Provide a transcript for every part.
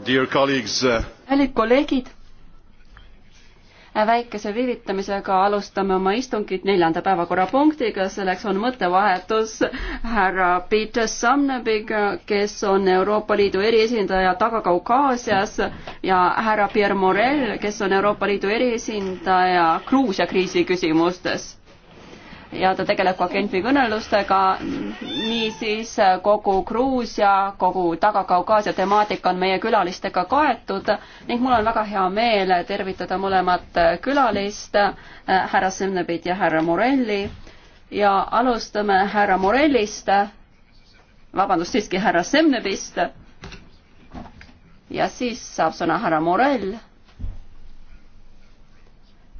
Uh, kallid kolleegid, väikese viivitamisega alustame oma istungit neljanda päevakorrapunktiga, selleks on mõttevahetus härra Peter Sumnebiga, kes on Euroopa Liidu eriesindaja Taga-Kaukaasias ja härra Pierre Morel, kes on Euroopa Liidu eriesindaja Gruusia kriisi küsimustes ja ta tegeleb ka Genfi kõnelustega. niisiis kogu Gruusia, kogu Taga-Kaukaasia temaatika on meie külalistega kaetud ning mul on väga hea meel tervitada mõlemat külalist, härra Semnebit ja härra Morelli. ja alustame härra Morellist, vabandust, siiski härra Semnebist. ja siis saab sõna härra Morell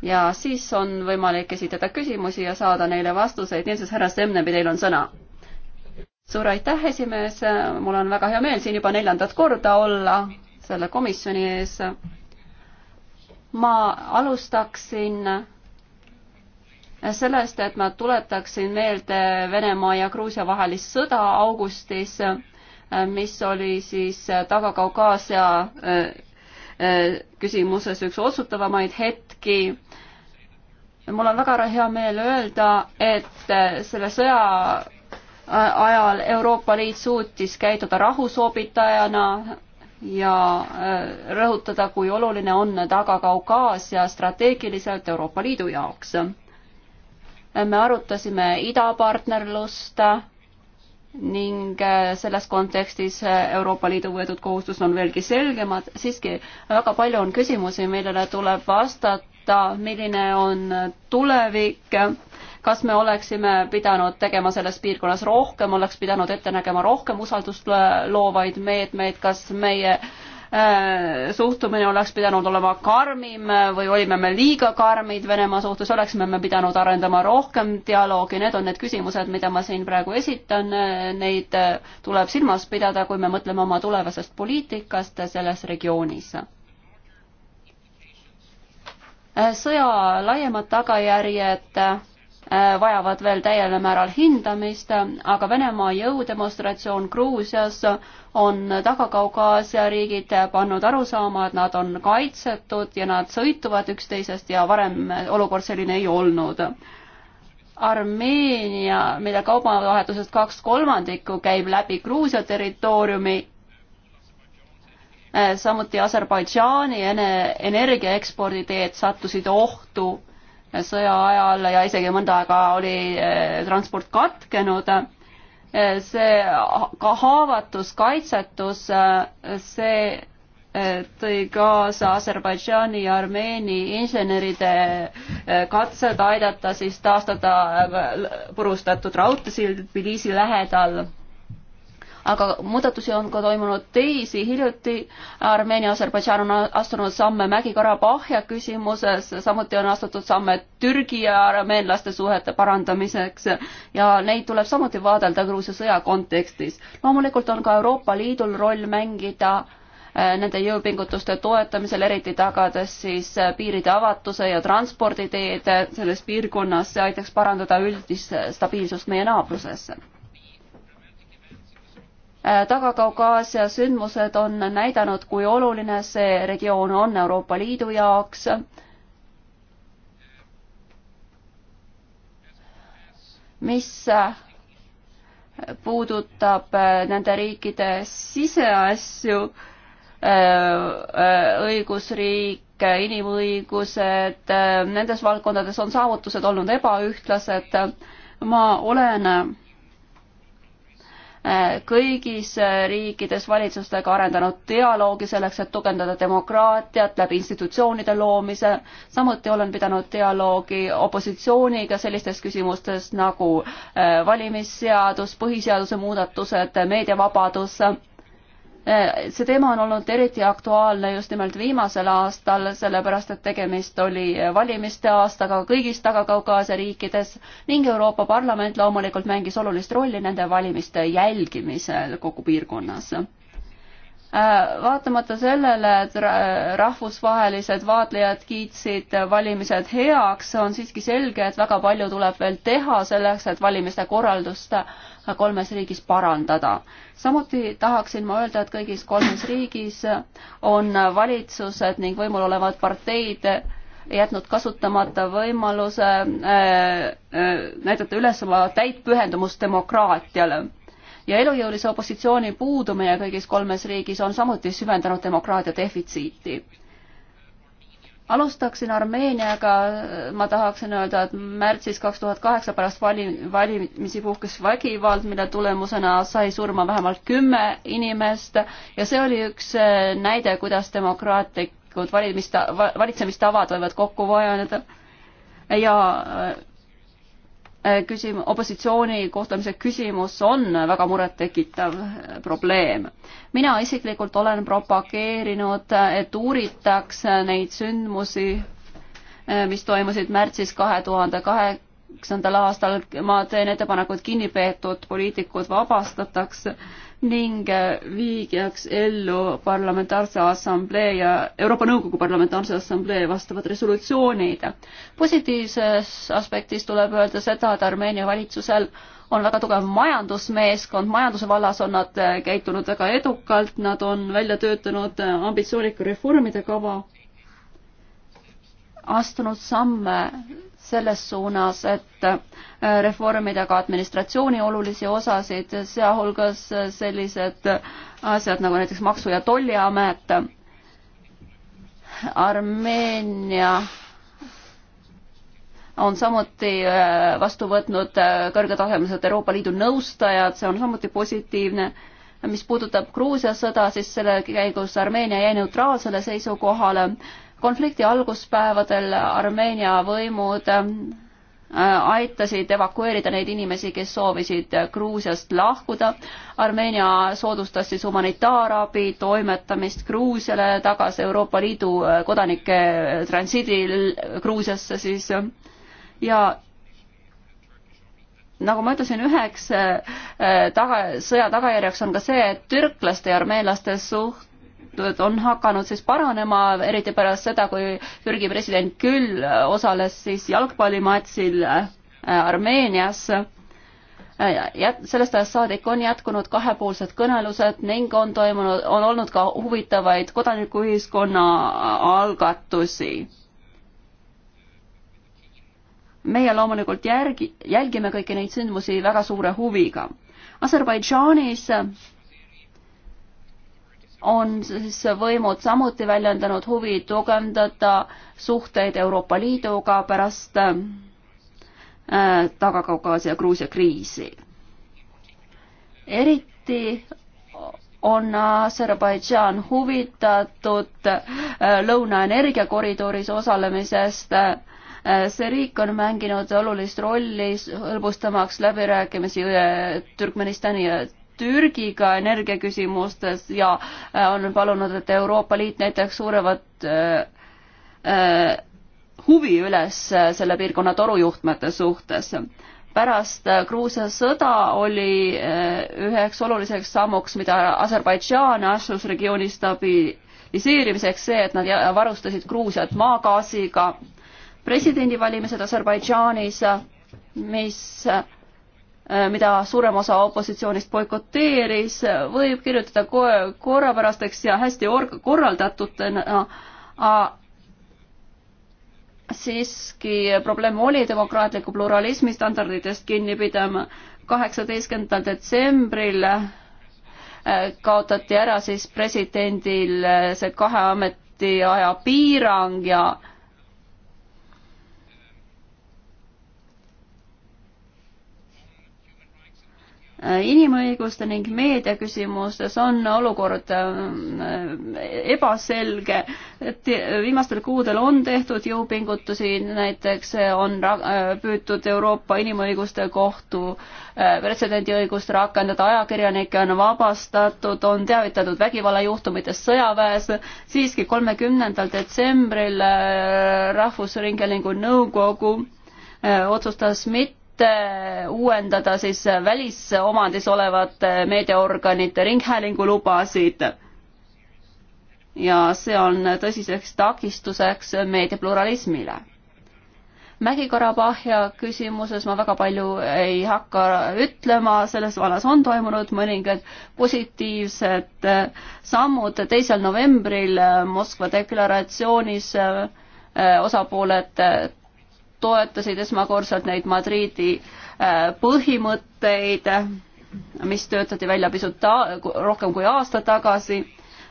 ja siis on võimalik esitada küsimusi ja saada neile vastuseid. niisiis, härra Stemnebi, teil on sõna. suur aitäh, esimees, mul on väga hea meel siin juba neljandat korda olla selle komisjoni ees. ma alustaksin sellest, et ma tuletaksin meelde Venemaa ja Gruusia vahelist sõda augustis, mis oli siis Taga-Kaukaasia Äh, küsimuses üks otsustavamaid hetki. mul on väga hea meel öelda, et äh, selle sõja äh, ajal Euroopa Liit suutis käituda rahusobitajana ja rõhutada, kui oluline on Taga-Kaukaasia strateegiliselt Euroopa Liidu jaoks. me arutasime idapartnerlust ning äh, selles kontekstis äh, Euroopa Liidu võetud kohustused on veelgi selgemad. siiski väga palju on küsimusi, millele tuleb vastata, milline on tulevik, kas me oleksime pidanud tegema selles piirkonnas rohkem, oleks pidanud ette nägema rohkem usaldust äh, loovaid meetmeid, kas meie äh, Äh, suhtumine oleks pidanud olema karmim või olime me liiga karmid Venemaa suhtes, oleksime me pidanud arendama rohkem dialoogi, need on need küsimused, mida ma siin praegu esitan, neid äh, tuleb silmas pidada, kui me mõtleme oma tulevasest poliitikast selles regioonis äh, sõja laiemad tagajärjed Äh, vajavad veel täiel määral hindamist, aga Venemaa jõudemonstratsioon Gruusias on Taga-Kaukaasia riigid pannud aru saama, et nad on kaitsetud ja nad sõltuvad üksteisest ja varem olukord selline ei olnud. Armeenia, mille kaubavahetusest kaks kolmandikku käib läbi Gruusia territooriumi, äh, samuti Aserbaidžaani energiaekspordi teed sattusid ohtu sõja ajal ja isegi mõnda aega oli eh, transport katkenud. Eh, see ka haavatus, kaitsetus, eh, see tõi kaasa Aserbaidžaani ja Armeeni inseneride katsed aidata siis taastada purustatud raudteesild Tbilisi lähedal aga muudatusi on ka toimunud teisi, hiljuti Armeenia, Aserbaidžaan on astunud samme Mägi-Karabahhi küsimuses, samuti on astutud samme Türgi ja armeenlaste suhete parandamiseks ja neid tuleb samuti vaadelda Gruusia sõja kontekstis. loomulikult on ka Euroopa Liidul roll mängida eh, nende jõupingutuste toetamisel, eriti tagades siis eh, piiride avatuse ja transporditeed selles piirkonnas, see aitaks parandada üldist eh, stabiilsust meie naabrusesse Äh, Taga-Kaukaasia sündmused on näidanud, kui oluline see regioon on Euroopa Liidu jaoks. mis äh, puudutab äh, nende riikide siseasju, õigusriik, inimõigused, nendes valdkondades on saavutused olnud ebaühtlased. ma olen Äh, kõigis äh, riikides valitsustega arendanud dialoogi selleks, et tugevdada demokraatiat läbi institutsioonide loomise. samuti olen pidanud dialoogi opositsiooniga sellistes küsimustes nagu äh, valimisseadus, põhiseaduse muudatused, meediavabadus Eh, see teema on olnud eriti aktuaalne just nimelt viimasel aastal, sellepärast et tegemist oli eh, valimiste aastaga kõigis Taga-Kaukaasia riikides ning Euroopa Parlament loomulikult mängis olulist rolli nende valimiste jälgimisel kogu piirkonnas. Eh, vaatamata sellele, et rahvusvahelised vaatlejad kiitsid valimised heaks, on siiski selge, et väga palju tuleb veel teha selleks, et valimiste korraldust kolmes riigis parandada. samuti tahaksin ma öelda, et kõigis kolmes riigis on valitsused ning võimul olevad parteid jätnud kasutamata võimaluse äh, äh, näidata üles oma täit pühendumust demokraatiale. ja elujõulise opositsiooni puudumine kõigis kolmes riigis on samuti süvendanud demokraatia defitsiiti alustaksin Armeeniaga, ma tahaksin öelda, et märtsis kaks tuhat kaheksa pärast vali-, valimisi puhkes vägivald, mille tulemusena sai surma vähemalt kümme inimest ja see oli üks eh, näide, kuidas demokraatlikud valimist, valitsemistavad võivad kokku vajaneda. ja eh, Äh, küsim-, opositsiooni kohtlemise küsimus on väga murettekitav äh, probleem. mina isiklikult olen propageerinud, äh, et uuritaks neid sündmusi, mis toimusid märtsis kahe tuhande kaheksandal aastal, ma teen ettepaneku, et kinnipeetud poliitikud vabastatakse ning äh, viigiaks ellu Parlamentaarse Assamblee ja Euroopa Nõukogu Parlamentaarse Assamblee vastavad resolutsioonid. positiivses aspektis tuleb öelda seda, et Armeenia valitsusel on väga tugev majandusmeeskond, majanduse vallas on nad äh, käitunud väga edukalt, nad on välja töötanud äh, ambitsioonika reformide kava, astunud samme selles suunas, et äh, reformida ka administratsiooni olulisi osasid, sealhulgas äh, sellised asjad nagu näiteks Maksu- ja Tolliamet, Armeenia on samuti äh, vastu võtnud kõrgetasemelised Euroopa Liidu nõustajad, see on samuti positiivne. mis puudutab Gruusia sõda, siis selle käigus Armeenia jäi neutraalsele seisukohale konflikti alguspäevadel Armeenia võimud äh, aitasid evakueerida neid inimesi, kes soovisid Gruusiast lahkuda. Armeenia soodustas siis humanitaarabi toimetamist Gruusiale tagasi Euroopa Liidu äh, kodanike äh, transiidil Gruusiasse siis ja nagu ma ütlesin, üheks taga, sõja tagajärjeks on ka see, et türklaste ja armeenlaste suht-, on hakanud siis paranema, eriti pärast seda, kui Türgi president Gül osales siis jalgpallimatsil äh, Armeenias. Äh, sellest ajast saadik on jätkunud kahepoolsed kõnelused ning on toimunud, on olnud ka huvitavaid kodanikuühiskonna äh, algatusi. meie loomulikult järgi, jälgime kõiki neid sündmusi väga suure huviga. Aserbaidžaanis on siis võimud samuti väljendanud huvi tugevdada suhteid Euroopa Liiduga pärast äh, Taga-Kaukaasia Gruusia kriisi. eriti on Aserbaidžaan huvitatud äh, Lõuna energiakoridoris osalemisest. Äh, see riik on mänginud olulist rolli hõlbustamaks läbirääkimisi Türkmenistani ja Türgiga energiaküsimustes ja äh, on palunud, et Euroopa Liit näiteks suuremat äh, äh, huvi üles selle piirkonna torujuhtmete suhtes. pärast Gruusia sõda oli üheks oluliseks sammuks, mida Aserbaidžaan astus regiooni stabiliseerimiseks, see, et nad varustasid Gruusiat maagaasiga. presidendivalimised Aserbaidžaanis, mis Äh, mida suurem osa opositsioonist boikoteeris, võib kirjutada korrapärasteks ja hästi korraldatutena, siiski probleem oli demokraatliku pluralismi standarditest kinni pidama. kaheksateistkümnendal detsembril äh, kaotati ära siis presidendil äh, see kahe ametiaja piirang ja Äh, inimõiguste ning meediaküsimustes on olukord äh, ebaselge. Äh, viimastel kuudel on tehtud jõupingutusi, näiteks on püütud Euroopa Inimõiguste Kohtu pretsedendiõigust rakendada, ajakirjanikke on vabastatud, on teavitatud vägivallajuhtumitest sõjaväes. siiski kolmekümnendal detsembril Rahvusringhäälingu nõukogu otsustas mitte mitte äh, uuendada siis äh, välisomandis olevate meediaorganite ringhäälingulubasid. ja see on tõsiseks takistuseks meediapluralismile. Mägi-Karabahhia küsimuses ma väga palju ei hakka ütlema, selles vallas on toimunud mõningad positiivsed äh, sammud, teisel novembril Moskva deklaratsioonis osapooled toetasid esmakordselt neid Madridi äh, põhimõtteid, mis töötati välja pisut rohkem kui aasta tagasi.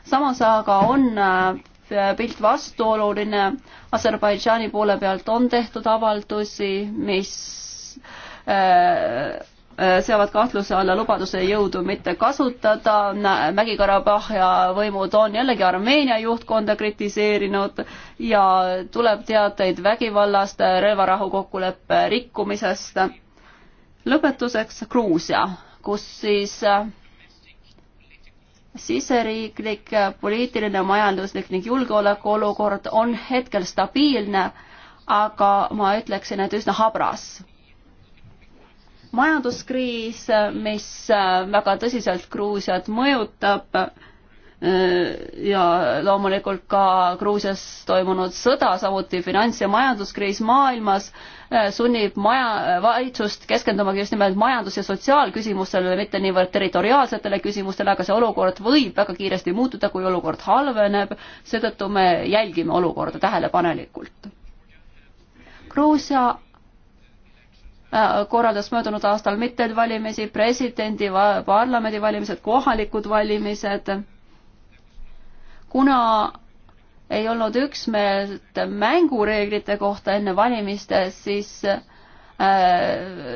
samas aga on äh, pilt vastuoluline. Aserbaidžaani poole pealt on tehtud avaldusi, mis äh, Äh, seavad kahtluse alla lubaduse jõudu mitte kasutada. Mägi-Karabahha võimud on jällegi Armeenia juhtkonda kritiseerinud ja tuleb teateid vägivallast, relvarahu kokkuleppe rikkumisest. lõpetuseks Gruusia, kus siis äh, siseriiklik poliitiline, majanduslik ning julgeolekuolukord on hetkel stabiilne, aga ma ütleksin, et üsna habras majanduskriis, mis äh, väga tõsiselt Gruusiat mõjutab äh, ja loomulikult ka Gruusias toimunud sõda, samuti finants- ja majanduskriis maailmas äh, sunnib maja, valitsust keskendumagi just nimelt majandus- ja sotsiaalküsimustele, mitte niivõrd territoriaalsetele küsimustele, aga see olukord võib väga kiiresti muutuda, kui olukord halveneb, seetõttu me jälgime olukorda tähelepanelikult. Gruusia Äh, korraldas möödunud aastal mitmeid valimisi, presidendi, parlamendivalimised, kohalikud valimised. kuna ei olnud üksmeelt mängureeglite kohta enne valimiste, siis äh,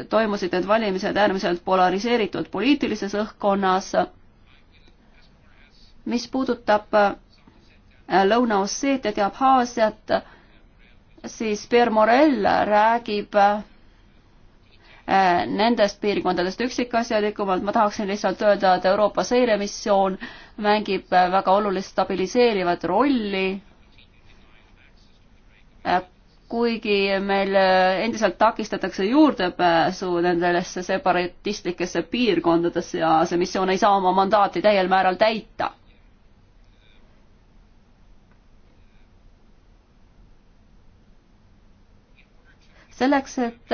toimusid need valimised äärmiselt polariseeritud poliitilises õhkkonnas. mis puudutab äh, Lõuna-Osseetiat ja Abhaasiat, siis Per Morell räägib äh, nendest piirkondadest üksikasjalikumalt, ma tahaksin lihtsalt öelda, et Euroopa seiremissioon mängib väga olulist stabiliseerivat rolli, kuigi meil endiselt takistatakse juurdepääsu nendesse separatistlikesse piirkondadesse ja see missioon ei saa oma mandaati täiel määral täita selleks, et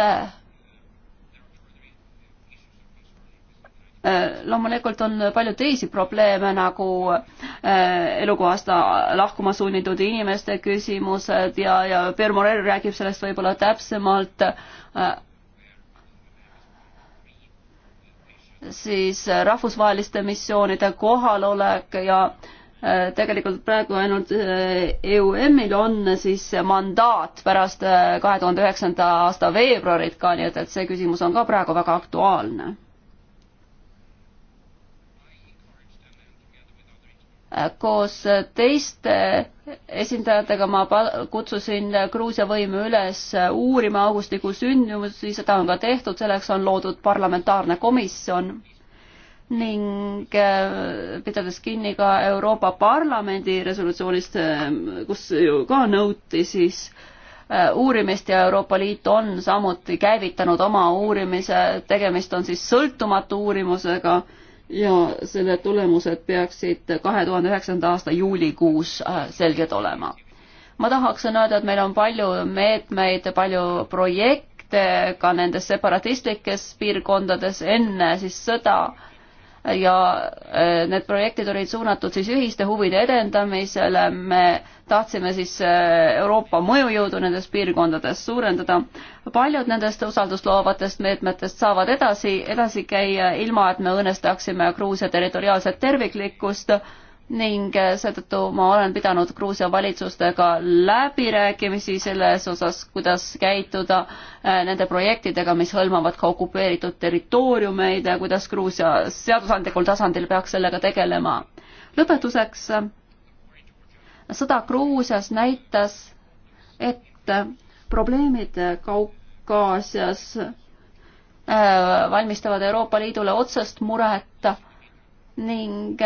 Äh, loomulikult on palju teisi probleeme nagu äh, elukohast lahkuma sunnitud inimeste küsimused ja, ja Per Morel räägib sellest võib-olla täpsemalt. Äh, siis rahvusvaheliste missioonide kohalolek ja tegelikult praegu ainult EUM-il on siis mandaat pärast kahe tuhande üheksanda aasta veebruarit ka, nii et, et see küsimus on ka praegu väga aktuaalne koos teiste esindajatega ma kutsusin Gruusia võimu üles uurima augustikuu sündmusi, seda on ka tehtud, selleks on loodud parlamentaarne komisjon ning äh, pidades kinni ka Euroopa Parlamendi resolutsioonist, äh, kus ju ka nõuti siis äh, uurimist ja Euroopa Liit on samuti käivitanud oma uurimise, tegemist on siis sõltumatu uurimusega ja selle tulemused peaksid kahe tuhande üheksanda aasta juulikuus äh, selged olema. ma tahaksin öelda, et meil on palju meetmeid, palju projekte ka nendes separatistlikes piirkondades enne siis sõda ja äh, need projektid olid suunatud siis ühiste huvide edendamisele, me tahtsime siis äh, Euroopa mõjujõudu nendes piirkondades suurendada. paljud nendest usaldust loovatest meetmetest saavad edasi, edasi käia, ilma et me õõnestaksime Gruusia territoriaalset terviklikkust ning äh, seetõttu ma olen pidanud Gruusia valitsustega läbirääkimisi selles osas, kuidas käituda äh, nende projektidega, mis hõlmavad ka okupeeritud territooriumeid ja kuidas Gruusia seadusandlikul tasandil peaks sellega tegelema. lõpetuseks, sõda Gruusias näitas, et probleemid Kaukaasias äh, valmistavad Euroopa Liidule otsest muret ning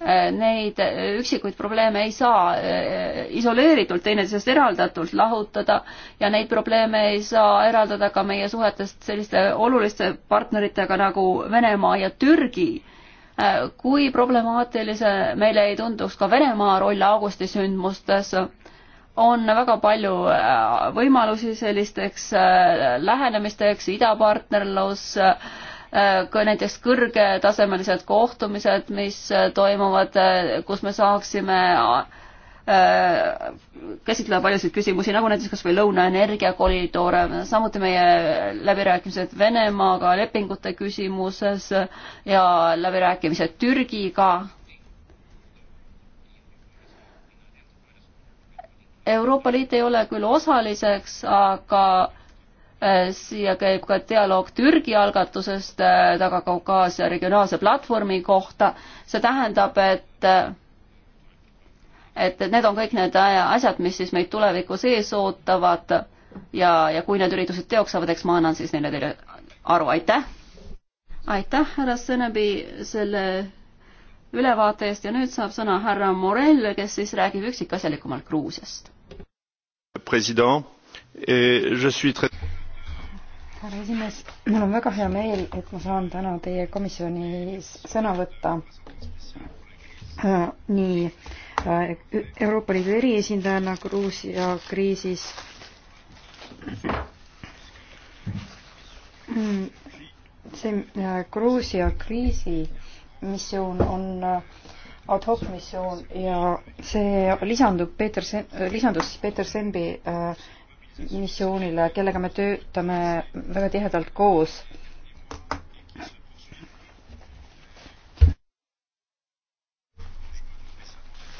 Äh, neid äh, üksikuid probleeme ei saa äh, isoleeritult teineteisest eraldatult lahutada ja neid probleeme ei saa eraldada ka meie suhetest selliste oluliste partneritega nagu Venemaa ja Türgi. kui problemaatilise meile ei tunduks ka Venemaa roll augusti sündmustes, on väga palju võimalusi sellisteks lähenemisteks, idapartnerlus äh,, Äh, ka näiteks kõrgetasemelised kohtumised, mis äh, toimuvad, äh, kus me saaksime käsitleda paljusid küsimusi, nagu näiteks kas või Lõuna-Energia koridor, samuti meie läbirääkimised Venemaaga lepingute küsimuses ja läbirääkimised Türgiga. Euroopa Liit ei ole küll osaliseks, aga Äh, siia käib ka dialoog Türgi algatusest äh, Taga-Kaukaasia regionaalse platvormi kohta. see tähendab, et äh, et need on kõik need asjad, mis siis meid tulevikus ees ootavad ja, ja kui need üritused teoks saavad, eks ma annan siis neile teile aru, aitäh! aitäh, härra Sõnebi, selle ülevaate eest ja nüüd saab sõna härra Morell, kes siis räägib üksikasjalikumalt Gruusiast. president, je suis très härra esimees, mul on väga hea meel, et ma saan täna teie komisjonis sõna võtta äh, nii äh, Euroopa Liidu eriesindajana Gruusia kriisis mm, see äh, Gruusia kriisimissioon on ad hoc missioon ja see lisandub Peeter, lisandus Peeter Sembi äh, missioonile, kellega me töötame väga tihedalt koos.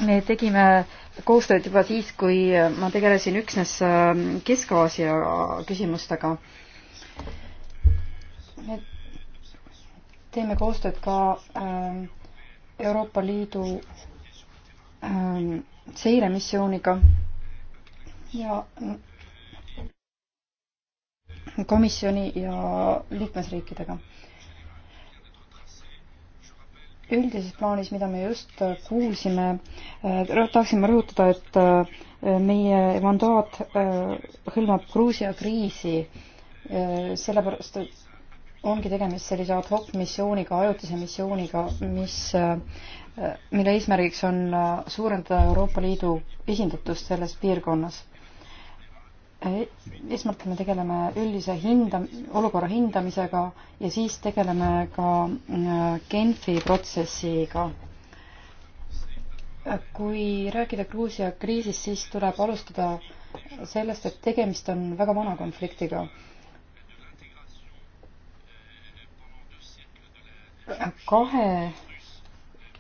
me tegime koostööd juba siis, kui ma tegelesin üksnes ähm, Kesk-Aasia küsimustega. me teeme koostööd ka ähm, Euroopa Liidu ähm, seiremissiooniga ja komisjoni ja liikmesriikidega. üldises plaanis, mida me just kuulsime, äh, tahaksin ma rõhutada, et äh, meie mandaat äh, hõlmab Gruusia kriisi, sellepärast ongi tegemist sellise ad hoc missiooniga, ajutise missiooniga, mis mille eesmärgiks on suurendada Euroopa Liidu esindatust selles piirkonnas. Äh, esmalt me tegeleme üldise hinda, olukorra hindamisega ja siis tegeleme ka äh, Genfi protsessiga. Äh, kui rääkida Gruusia kriisist, siis tuleb alustada sellest, et tegemist on väga vana konfliktiga. kahe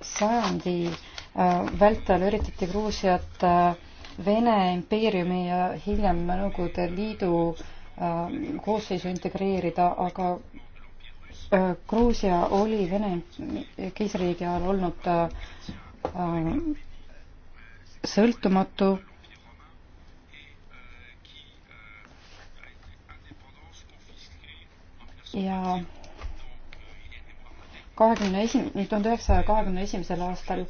sajandi vältel üritati Gruusiat äh, Vene impeeriumi ja hiljem Nõukogude Liidu äh, koosseisu integreerida, aga äh, Gruusia oli Vene keisriigi ajal olnud äh, sõltumatu ja kahekümne esim-, tuhande üheksasaja kahekümne esimesel aastal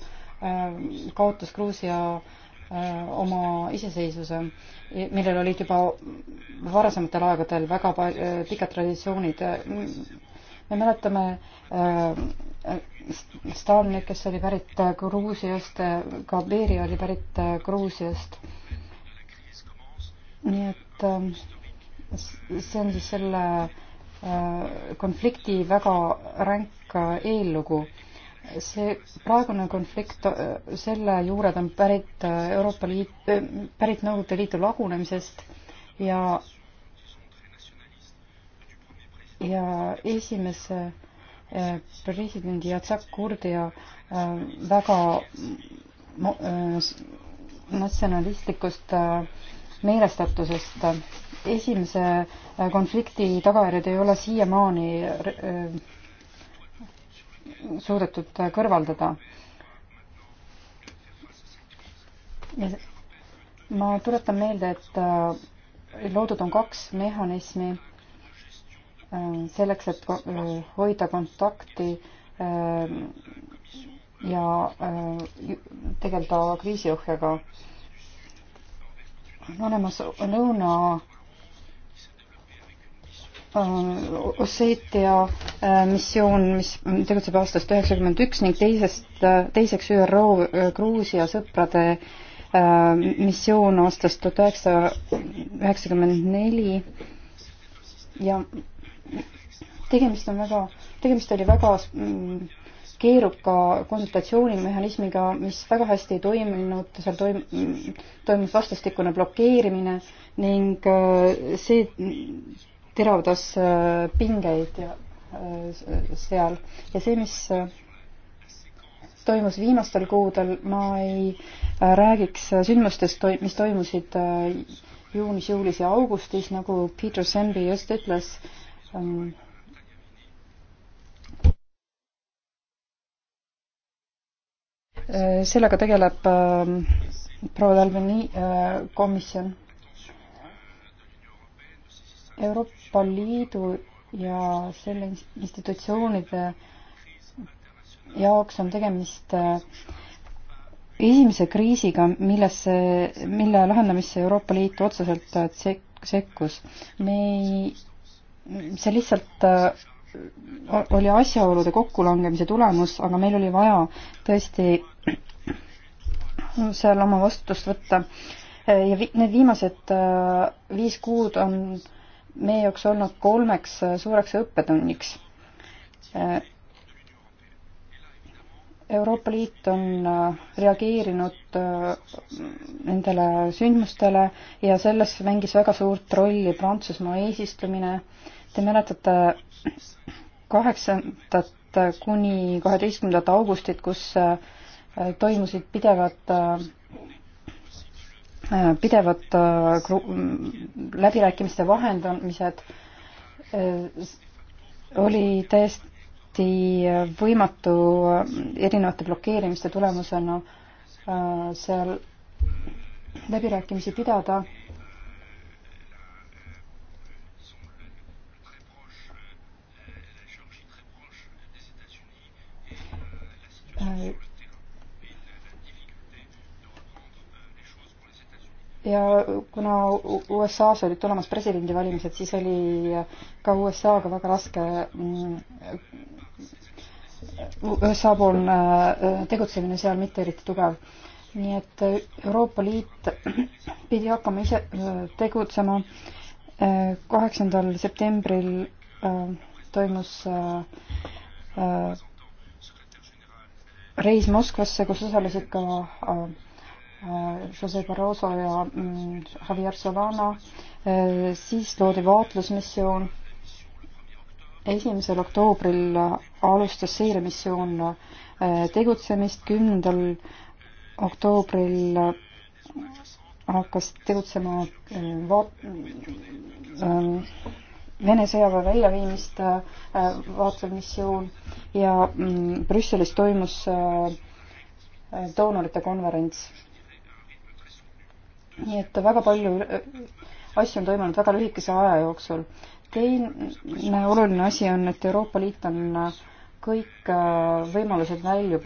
kaotas Gruusia äh, Äh, oma iseseisvuse, millel olid juba varasematel aegadel väga äh, pikad traditsioonid. me mäletame äh, Stalnit, kes oli pärit Gruusiast, ka Beri oli pärit Gruusiast. nii et see on siis selle konflikti väga ränk eellugu see praegune konflikt, selle juured on pärit äh, Euroopa Liit, äh, pärit Nõukogude Liidu lagunemisest ja, ja esimese äh, presidendi Jatsak Kurdia väga natsionalistlikust meelestatusest. esimese konflikti tagajärjed ei ole siiamaani suudetud kõrvaldada. ma tuletan meelde, et loodud on kaks mehhanismi äh, selleks, et äh, hoida kontakti äh, ja tegeleda kriisiohjaga. olemas Lõuna Äh, Osseetia äh, missioon, mis tegutseb aastast üheksakümmend üks ning teisest, äh, teiseks ÜRO Gruusia sõprade missioon aastast tuhat üheksasada üheksakümmend neli ja tegemist on väga, tegemist oli väga mm, keeruka konsultatsioonimehhanismiga, mis väga hästi ei toiminud, seal toim-, mm, toimus vastastikune blokeerimine ning see teravdas äh, pingeid ja äh, seal ja see, mis äh, toimus viimastel kuudel, ma ei räägiks sündmustest, mis toimusid juunis, juulis ja augustis, nagu Peter Sembi just ütles. Ähm, sellega tegeleb ähm, proua Talveni komisjon Euroopa Liidu ja selle institutsioonide jaoks on tegemist äh, esimese kriisiga, millesse, mille lahendamisse Euroopa Liit otseselt äh, sekkus. me ei, see lihtsalt äh, oli asjaolude kokkulangemise tulemus, aga meil oli vaja tõesti seal oma vastutust võtta. ja need viimased viis kuud on meie jaoks olnud kolmeks äh, suureks õppetunniks. Äh, Euroopa Liit on äh, reageerinud nendele sündmustele ja selles mängis väga suurt rolli Prantsusmaa eesistumine. Te mäletate kaheksandat kuni kaheteistkümnendat augustit, kus toimusid pidevad Äh, pidevad äh, mm, läbirääkimiste vahendamised äh, oli täiesti võimatu erinevate blokeerimiste tulemusena seal läbirääkimisi pidada. ja kuna USA-s olid tulemas presidendivalimised, siis oli ka USA-ga väga raske mm, USA-poolne äh, tegutsemine seal mitte eriti tugev. nii et Euroopa Liit pidi hakkama ise äh, tegutsema. Äh, kaheksandal septembril toimus reis Moskvasse, kus osalesid ka Äh, Jose Barroso ja mm, Javier Solana, äh, siis loodi vaatlusmissioon. esimesel oktoobril alustas seiremissioon äh, tegutsemist, kümnendal oktoobril hakkas tegutsema vaat-, Vene sõjaväe väljaviimist vaatlev missioon ja mm, Brüsselis toimus doonorite konverents nii et väga palju äh, asju on toimunud väga lühikese aja jooksul. teine oluline asi on, et Euroopa Liit on äh, kõik äh, võimalused välja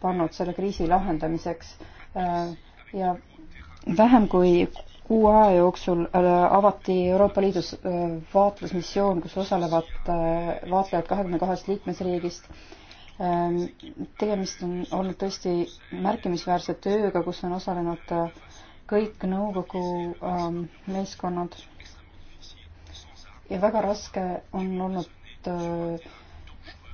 pannud selle kriisi lahendamiseks ja vähem kui kuu aja jooksul avati Euroopa Liidus vaatlusmissioon, kus osalevad vaatlejad kahekümne kahest liikmesriigist tegemist on olnud tõesti märkimisväärse tööga, kus on osalenud kõik nõukogu ähm, meeskonnad. ja väga raske on olnud äh,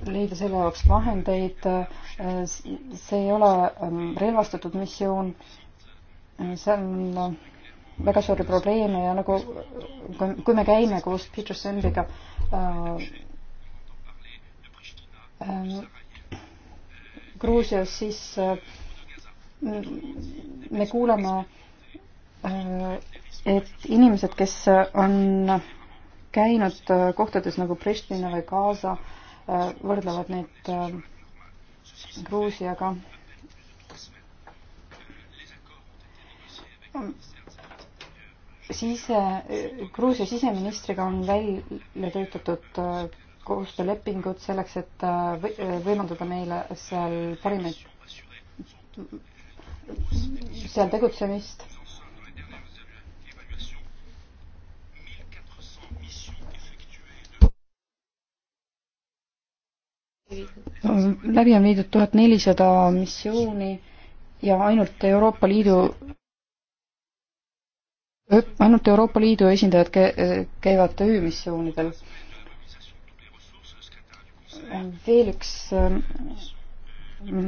leida selle jaoks vahendeid äh,. see ei ole ähm, relvastatud missioon äh,. seal on äh, väga suuri probleeme ja nagu kui, kui me käime koos Peter Sandriga äh, äh, Gruusias, siis äh, me kuulame äh, Äh, et inimesed, kes on käinud äh, kohtades nagu Pristina või Gaza, äh, võrdlevad neid Gruusiaga. sise, Gruusia siseministriga on välja töötatud koostöölepingud selleks, et võimaldada meile seal parimaid, seal tegutsemist läbi on viidud tuhat nelisada missiooni ja ainult Euroopa Liidu ainult Euroopa Liidu esindajad käivad öömissioonidel. veel üks ähm,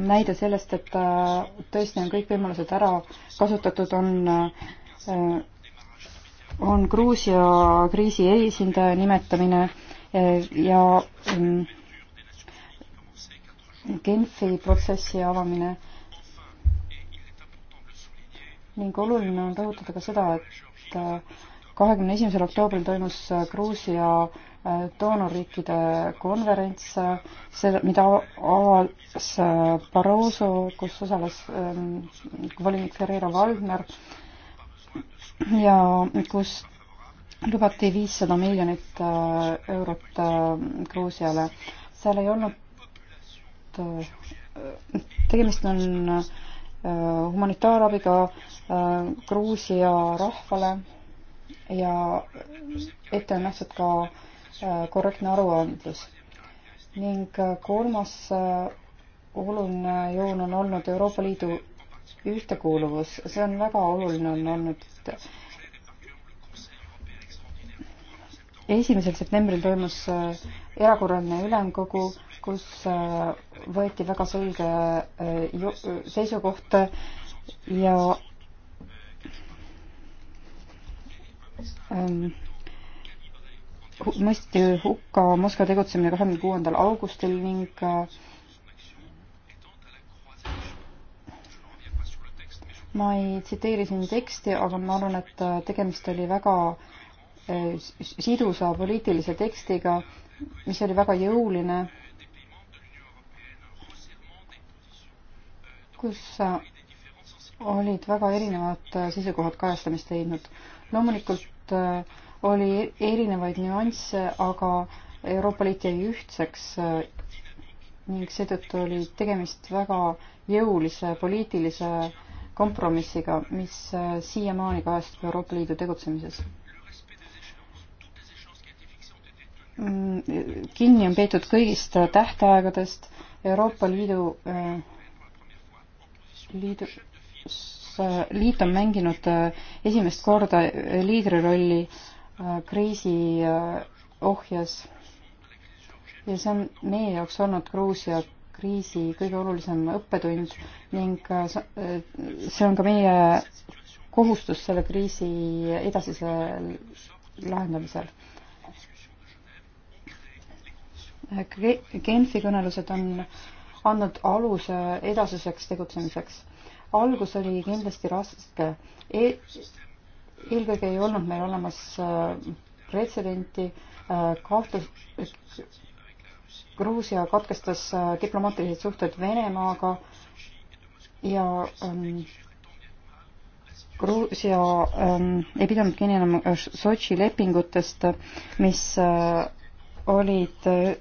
näide sellest, et äh, tõesti on kõik võimalused ära kasutatud, on, äh, on Gruusia kriisi esindaja nimetamine äh, ja ähm, Genfi protsessi avamine. ning oluline on rõhutada ka seda, et äh, kahekümne esimesel oktoobril toimus äh, Gruusia äh, doonorriikide konverents, selle, mida avas Barroso, kus osales ähm, volinik Ferreira Valdner ja kus lubati viissada miljonit eurot Gruusiale. seal ei olnud Äh, tegemist on äh, humanitaarabiga äh, Gruusia rahvale ja ette on nähtud ka korrektne aruandlus. ning kolmas oluline joon on olnud Euroopa Liidu ühtekuuluvus, see on väga oluline on olnud. esimesel septembril toimus erakorraline ülemkogu kus äh, võeti väga selge äh, seisukoht ja ähm, mõisti hukka Moskva tegutsemine kahekümne kuuendal augustil ning äh, ma ei tsiteeri siin teksti, aga ma arvan, et tegemist oli väga sidusa poliitilise tekstiga, mis oli väga jõuline kus äh, olid väga erinevad äh, seisukohad kajastamist leidnud. loomulikult äh, oli erinevaid nüansse, aga Euroopa Liit jäi ühtseks ning seetõttu oli tegemist väga jõulise poliitilise kompromissiga, mis siiamaani kajastub Euroopa Liidu tegutsemises. Mm, kinni on peetud kõigist tähtaegadest, Euroopa Liidu Liidus äh, liit on mänginud äh, esimest korda äh, liidri rolli kriisi ohjes ja see on meie jaoks olnud Gruusia kriisi kõige olulisem õppetund ning see on ka meie kohustus selle kriisi edasisel lahendamisel. Genfi kõnelused on andnud aluse edasiseks tegutsemiseks. algus oli kindlasti raske e. eelkõige ei olnud meil olemas äh, pretsedenti äh, kahtlus, Gruusia katkestas äh, diplomaatilised suhted Venemaaga ja ähm, Gruusia ähm, ei pidanud kinni enam Sotši lepingutest, mis äh, olid äh,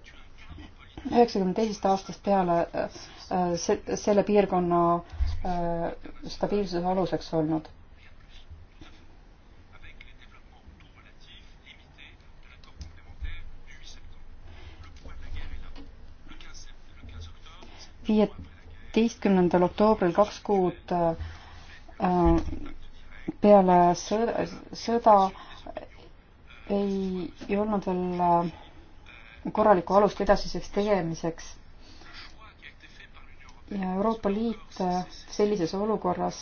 üheksakümne teisest aastast peale äh, se-, selle piirkonna äh, stabiilsuse aluseks olnud. viieteistkümnendal oktoobril kaks kuud äh, peale sõda, sõda ei, ei olnud veel korralikku alust edasiseks tegemiseks. ja Euroopa Liit äh, sellises olukorras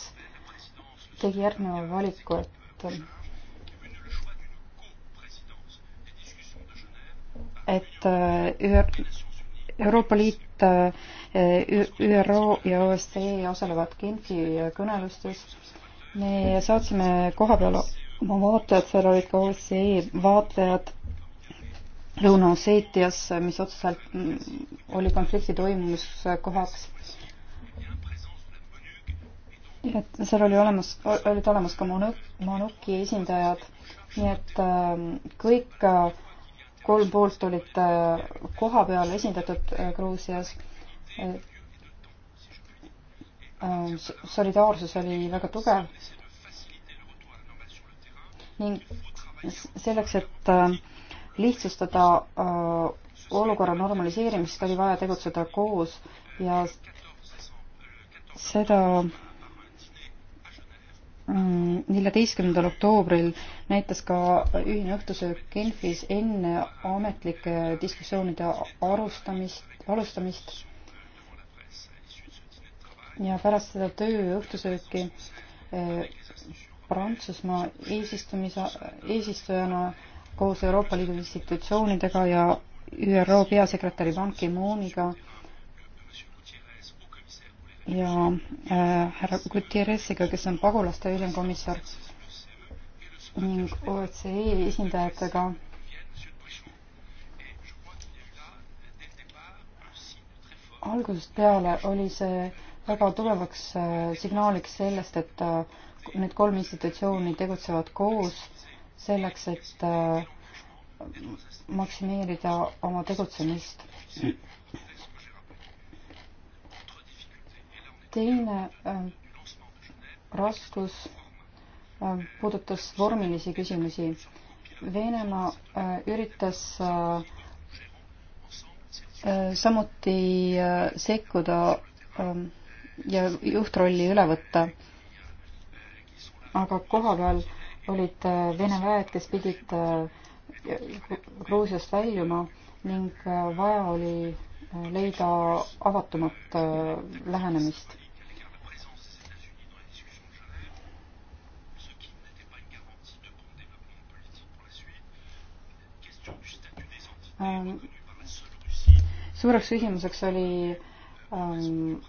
tegi järgneva valiku, et et äh, Euroopa Liit, äh, ÜRO ja OSCE osalevad Genfi kõnelustes. me saatsime koha peale oma vaatlejad, seal olid ka OSCE vaatlejad Lõuna-Osseetias, mis otseselt mm, oli konflikti toimumiskohaks. et seal oli olemas, olid olemas ka Manuki esindajad, nii et äh, kõik äh, kolm poolt olid äh, koha peal esindatud Gruusias. solidaarsus oli väga tugev ning selleks, et lihtsustada äh, olukorra normaliseerimist, oli vaja tegutseda koos ja seda mm, neljateistkümnendal oktoobril näitas ka ühine õhtusöök Genfis enne ametlike diskussioonide arustamist, alustamist ja pärast seda tööõhtusööki äh, Prantsusmaa eesistumise, eesistujana koos Euroopa Liidu institutsioonidega ja ÜRO peasekretäri Ban Ki-mooniga ja äh, härra äh, Gutierreziga, kes on pagulaste ülemkomissar ning OSCE e esindajatega algusest peale oli see väga tugevaks äh, signaaliks sellest, et äh, need kolm institutsiooni tegutsevad koos selleks, et äh, maksimeerida oma tegutsemist. teine äh, raskus äh, puudutas vormilisi küsimusi. Venemaa üritas samuti sekkuda ähm, ja juhtrolli üle võtta, aga kohapeal olid äh, Vene väed, kes pidid äh, Gruusiast väljuma ning äh, vaja oli leida avatumat lähenemist. Ähm, suureks küsimuseks oli ähm,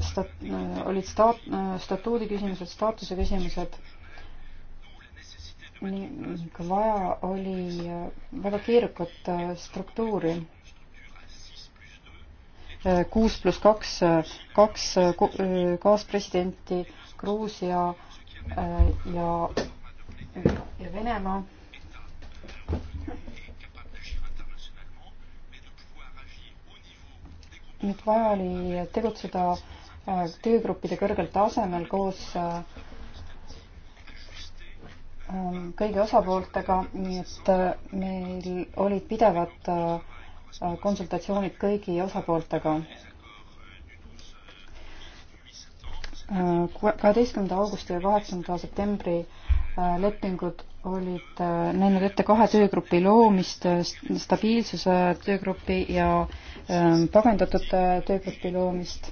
stat-, olid staat-, statuudi küsimused, staatuse küsimused ning vaja oli äh, väga keerukat äh, struktuuri. Äh, kuus pluss kaks, kaks kaaspresidenti, Gruusia ja, ja Venemaa. nüüd vaja oli tegutseda töögruppide kõrgel tasemel koos äh, Äh, kõigi osapooltega, nii et äh, meil olid pidevad äh, konsultatsioonid kõigi osapooltega. kaheteistkümnenda augusti ja kaheksanda septembri lepingud olid näinud ette kahe töögrupi loomist, stabiilsuse töögrupi ja pagendatud töögrupi loomist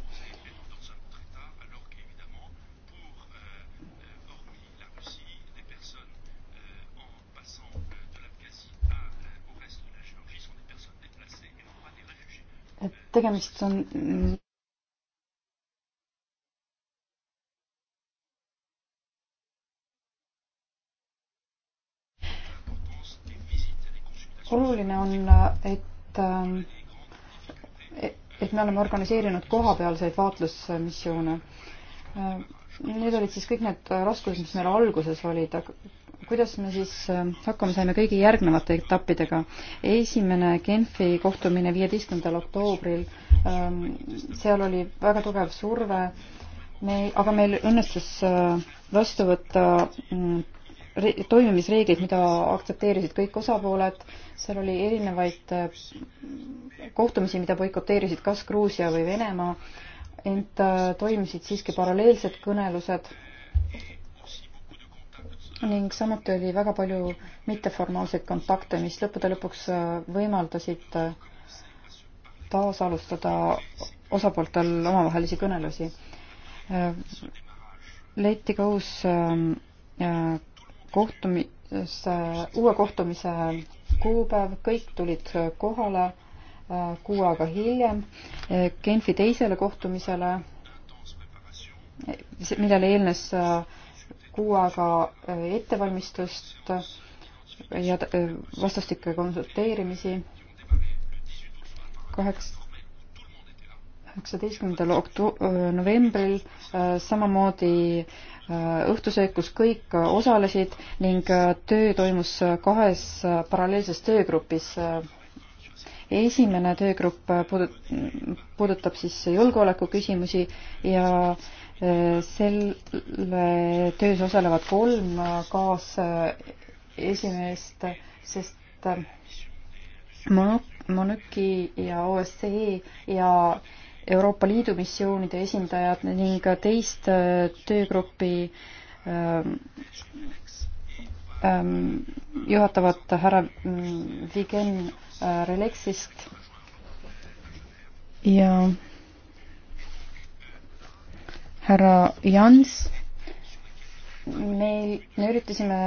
tegemist on oluline on, et ähm, et me oleme organiseerinud kohapealseid vaatlusmissioone. Äh, need olid siis kõik need raskused, mis meil alguses olid, aga kuidas me siis äh, hakkama saime kõigi järgnevate etappidega. esimene Genfi kohtumine viieteistkümnendal oktoobril, ähm, seal oli väga tugev surve, me, aga meil õnnestus äh, vastu võtta mm, toimimisreeglid, mida aktsepteerisid kõik osapooled, seal oli erinevaid äh, kohtumisi, mida boikoteerisid kas Gruusia või Venemaa, ent toimisid siiski paralleelsed kõnelused ning samuti oli väga palju mitteformaalseid kontakte, mis lõppude lõpuks äh, võimaldasid äh, taasalustada osapooltel omavahelisi kõnelusi. Äh, leiti ka uus kohtumise, uue kohtumise kuupäev, kõik tulid kohale kuu aega hiljem Genfi teisele kohtumisele, millele eelnes äh, kuu aega äh, ettevalmistust ja äh, vastastikke konsulteerimisi. kaheksateistkümnendal äh, novembril samamoodi õhtusöök, kus kõik osalesid ning töö toimus kahes paralleelses töögrupis. esimene töögrupp puudutab siis julgeoleku küsimusi ja äh, selle töös osalevad kolm kaasesimeest, sest Monüki ja OSCE ja Euroopa Liidu missioonide esindajad ning teist töögrupi ähm, ähm, juhatavat härra mm, Vigen äh, Relexist ja härra Jans. meil, me üritasime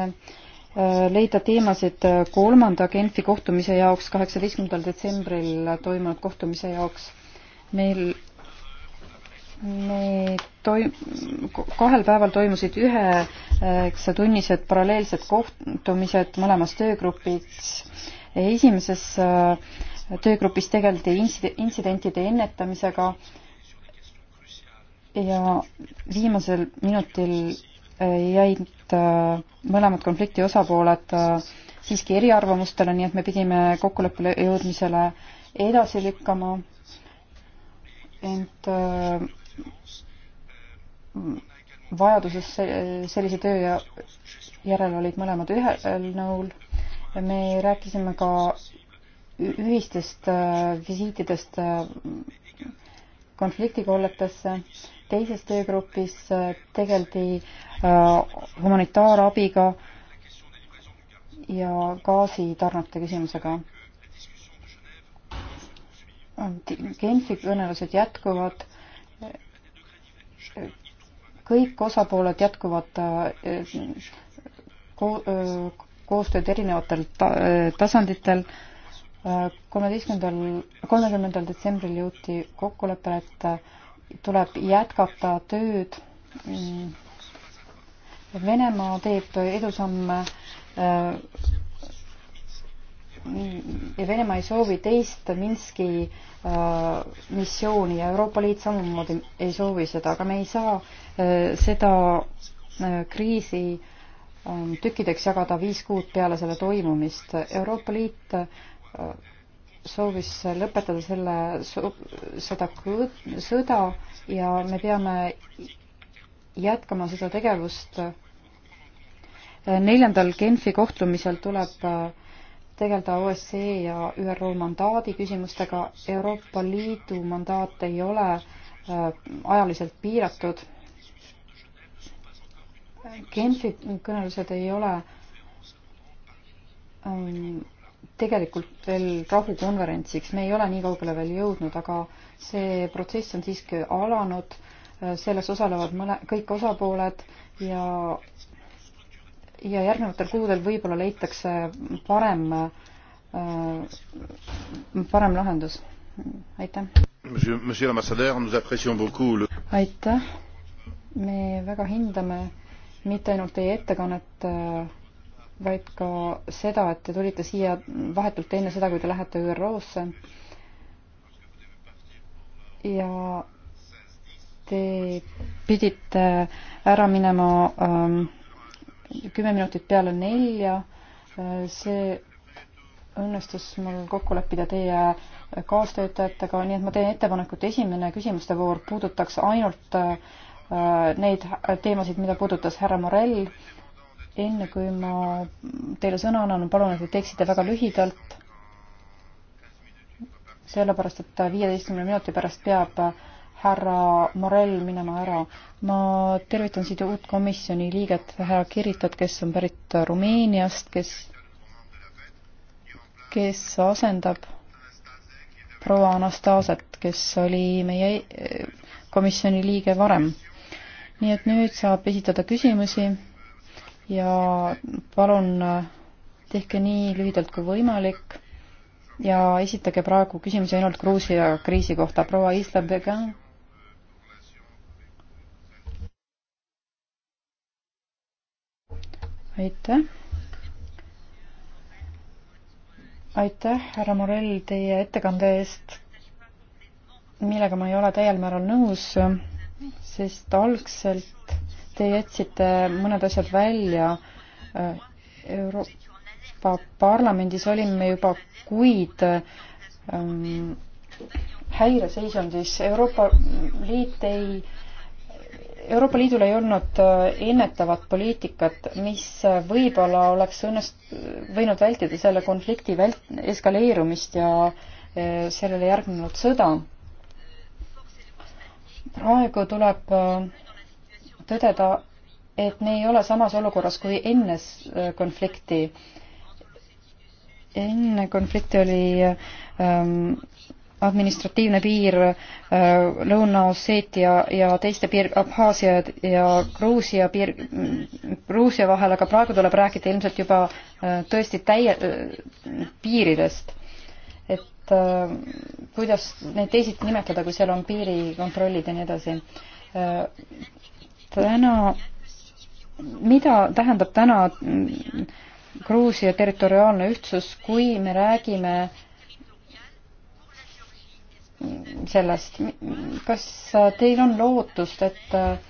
äh, leida teemasid äh, kolmanda Genfi kohtumise jaoks, kaheksateistkümnendal detsembril toimunud kohtumise jaoks. meil, me toim-, kahel päeval toimusid üheksatunnised paralleelsed kohtumised mõlemas töögrupis. esimeses äh, töögrupis tegeldi intsidentide ennetamisega ja viimasel minutil äh, jäid äh, mõlemad konflikti osapooled äh, siiski eriarvamustele, nii et me pidime kokkuleppele jõudmisele edasi lükkama. ent vajaduses sellise töö järel olid mõlemad ühel nõul. me rääkisime ka ühistest visiitidest konfliktikolletesse teises töögrupis tegeldi äh, humanitaarabiga ja gaasitarnete küsimusega. Genfi kõnelused jätkuvad. kõik osapooled jätkuvad äh, äh, koostööd erinevatel tasanditel kolmeteistkümnendal, kolmekümnendal detsembril jõuti kokkuleppele, et tuleb jätkata tööd. Venemaa teeb edusamme ja Venemaa ei soovi teist Minski äh, missiooni ja Euroopa Liit samamoodi ei soovi seda, aga me ei saa äh, seda äh, kriisi äh, tükkideks jagada viis kuud peale selle toimumist. Euroopa Liit äh, soovis lõpetada selle, seda sõda ja me peame jätkama seda tegevust. neljandal Genfi kohtumisel tuleb äh, tegeleda OSCE ja ÜRO mandaadi küsimustega. Euroopa Liidu mandaat ei ole äh, ajaliselt piiratud. Genfi kõnelused ei ole ähm, tegelikult veel rahukonverentsiks, me ei ole nii kaugele veel jõudnud, aga see protsess on siiski alanud, selles osalevad mõne, kõik osapooled ja ja järgnevatel kuudel võib-olla leitakse parem, äh, parem lahendus. aitäh. aitäh, me väga hindame mitte ainult teie ettekannet äh, vaid ka seda, et te tulite siia vahetult enne seda, kui te lähete ÜRO-sse. ja te pidite ära minema ähm, kümme ähm, minutit peale nelja. Äh, see õnnestus mul kokku leppida teie kaastöötajatega, nii et ma teen ettepaneku, et esimene küsimuste voor puudutaks ainult äh, neid teemasid, mida puudutas härra Morell enne kui ma teile sõna annan, palun, et te teeksite väga lühidalt, sellepärast et viieteistkümne minuti pärast peab härra Morell minema ära. ma tervitan siit uut komisjoni liiget, härra Kiritat, kes on pärit Rumeeniast, kes, kes asendab proua Anastasiat, kes oli meie komisjoni liige varem. nii et nüüd saab esitada küsimusi ja palun äh, tehke nii lühidalt kui võimalik ja esitage praegu küsimusi ainult Gruusia kriisi kohta. proua Isla Began. aitäh. aitäh, härra Morell, teie ettekande eest, millega ma ei ole täiel määral nõus, sest algselt Te jätsite mõned asjad välja. Euroopa Parlamendis olime juba kuid ähm, häireseisundis. Euroopa Liit ei Euroopa Liidul ei olnud äh, ennetavat poliitikat, mis äh, võib-olla oleks õnnest-, võinud vältida selle konflikti vält-, eskaleerumist ja äh, sellele järgnenud sõda. praegu tuleb tõdeda, et me ei ole samas olukorras kui enne konflikti. enne konflikti oli ähm, administratiivne piir äh, Lõuna-Osseetia ja teiste piir-, Abhaasia ja Gruusia piir, Gruusia vahel, aga praegu tuleb rääkida ilmselt juba äh, tõesti täie äh,, piiridest. et äh, kuidas neid teisiti nimetada, kui seal on piirikontrollid ja nii edasi äh, täna, mida tähendab täna Gruusia territoriaalne ühtsus, kui me räägime sellest, kas teil on lootust, et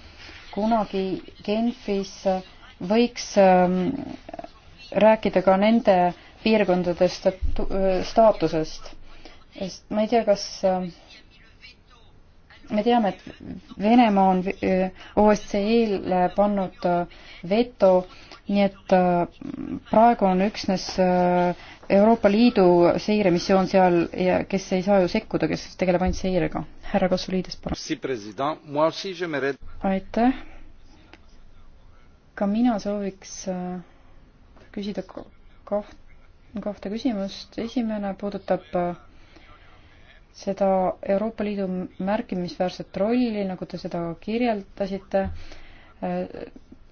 kunagi Genfis võiks ähm, rääkida ka nende piirkondade äh, staatusest? sest ma ei tea, kas ähm, me teame, et Venemaa on äh, OSCE-l äh, pannud äh, veto, nii et praegu on üksnes Euroopa Liidu seiremissioon seal ja kes ei saa ju sekkuda, kes tegeleb ainult seirega. härra Kasuliides, palun. aitäh. ka mina sooviks küsida kahte, kahte küsimust. esimene puudutab seda Euroopa Liidu märkimisväärset rolli, nagu te seda kirjeldasite,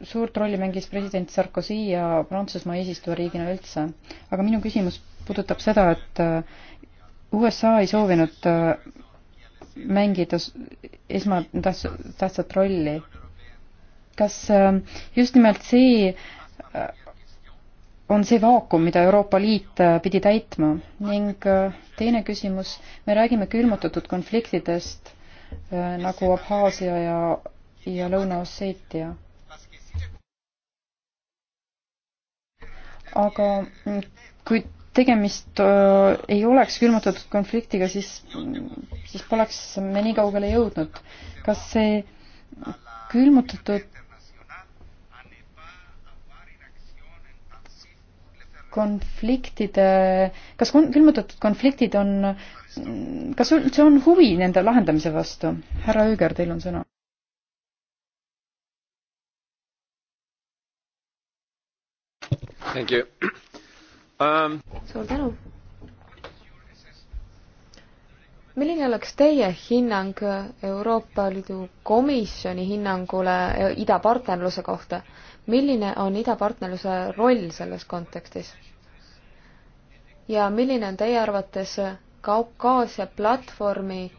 suurt rolli mängis president Sarkozy ja Prantsusmaa eesistujariigina üldse. aga minu küsimus puudutab seda, et äh, USA ei soovinud äh, mängida esmatähtsat rolli. kas äh, just nimelt see on see vaakum, mida Euroopa Liit äh, pidi täitma ning äh, teine küsimus, me räägime külmutatud konfliktidest äh, nagu Abhaasia ja, ja Lõuna-Osseetia. aga mm, kui tegemist äh, ei oleks külmutatud konfliktiga, siis, siis poleks me nii kaugele jõudnud. kas see külmutatud konfliktide, kas kon-, külmutatud konfliktid on, kas üldse on huvi nende lahendamise vastu? härra Ööger, teil on sõna. Um... suur tänu. milline oleks teie hinnang Euroopa Liidu Komisjoni hinnangule idapartnerluse kohta? milline on idapartnerluse roll selles kontekstis? ja milline on teie arvates Kaukaasia platvormi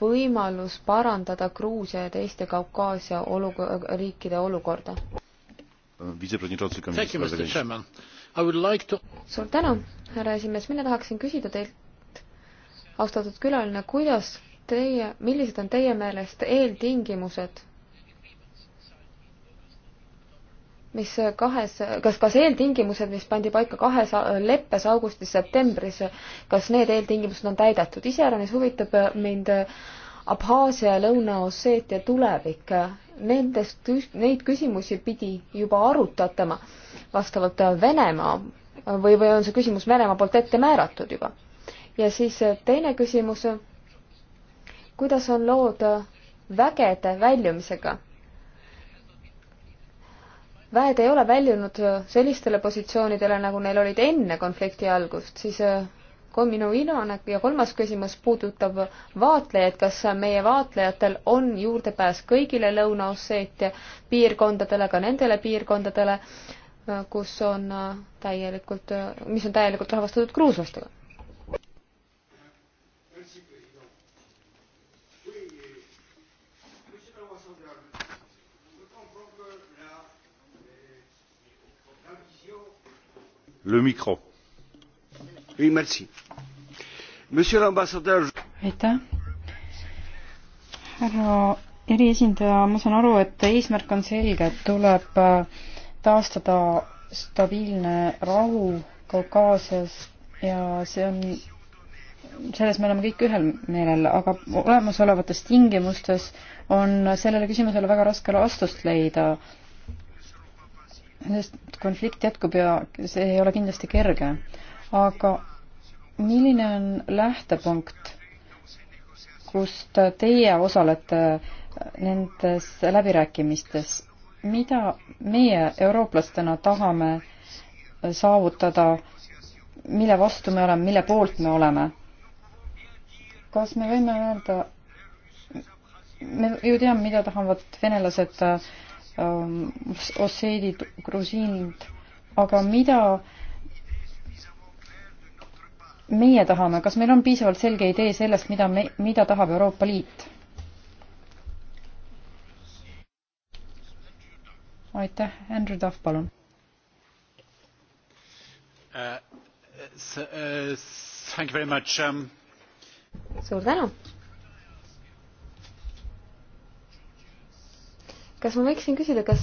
võimalus parandada Gruusia ja teiste Kaukaasia olugu-, riikide olukorda? suur tänu, härra esimees, mina tahaksin küsida teilt, austatud külaline, kuidas teie, millised on teie meelest eeltingimused mis kahes, kas, kas eeltingimused, mis pandi paika kahes leppes augustis-septembris, kas need eeltingimused on täidetud? iseäranis huvitab mind Abhaasia ja Lõuna-Osseetia tulevik. Nendest, neid küsimusi pidi juba arutatama vastavalt Venemaa või, või on see küsimus Venemaa poolt ette määratud juba? ja siis teine küsimus, kuidas on lood vägede väljumisega väed ei ole väljunud äh, sellistele positsioonidele, nagu neil olid enne konflikti algust, siis äh, minu viimane ja kolmas küsimus puudutab vaatlejaid, kas meie vaatlejatel on juurdepääs kõigile Lõuna-Osseetia piirkondadele, ka nendele piirkondadele, äh, kus on täielikult, mis on täielikult rahvastatud gruuslastega? aitäh härra eriesindaja ma saan aru et eesmärk on selge et tuleb äh, taastada stabiilne rahu Kaukaasias ja see on selles me oleme kõik ühel meelel, aga olemasolevates tingimustes on sellele küsimusele väga raske vastust leida sest konflikt jätkub ja see ei ole kindlasti kerge. aga milline on lähtepunkt, kust teie osalete nendes läbirääkimistes? mida meie eurooplastena tahame saavutada, mille vastu me oleme, mille poolt me oleme? kas me võime öelda, me ju teame, mida tahavad venelased äh, Ähm, osseedid, grusiinid, aga mida meie tahame, kas meil on piisavalt selge idee sellest, mida me, mida tahab Euroopa Liit? aitäh, Andrew Duff, palun uh,. Uh, uh um... suur tänu kas ma võiksin küsida, kas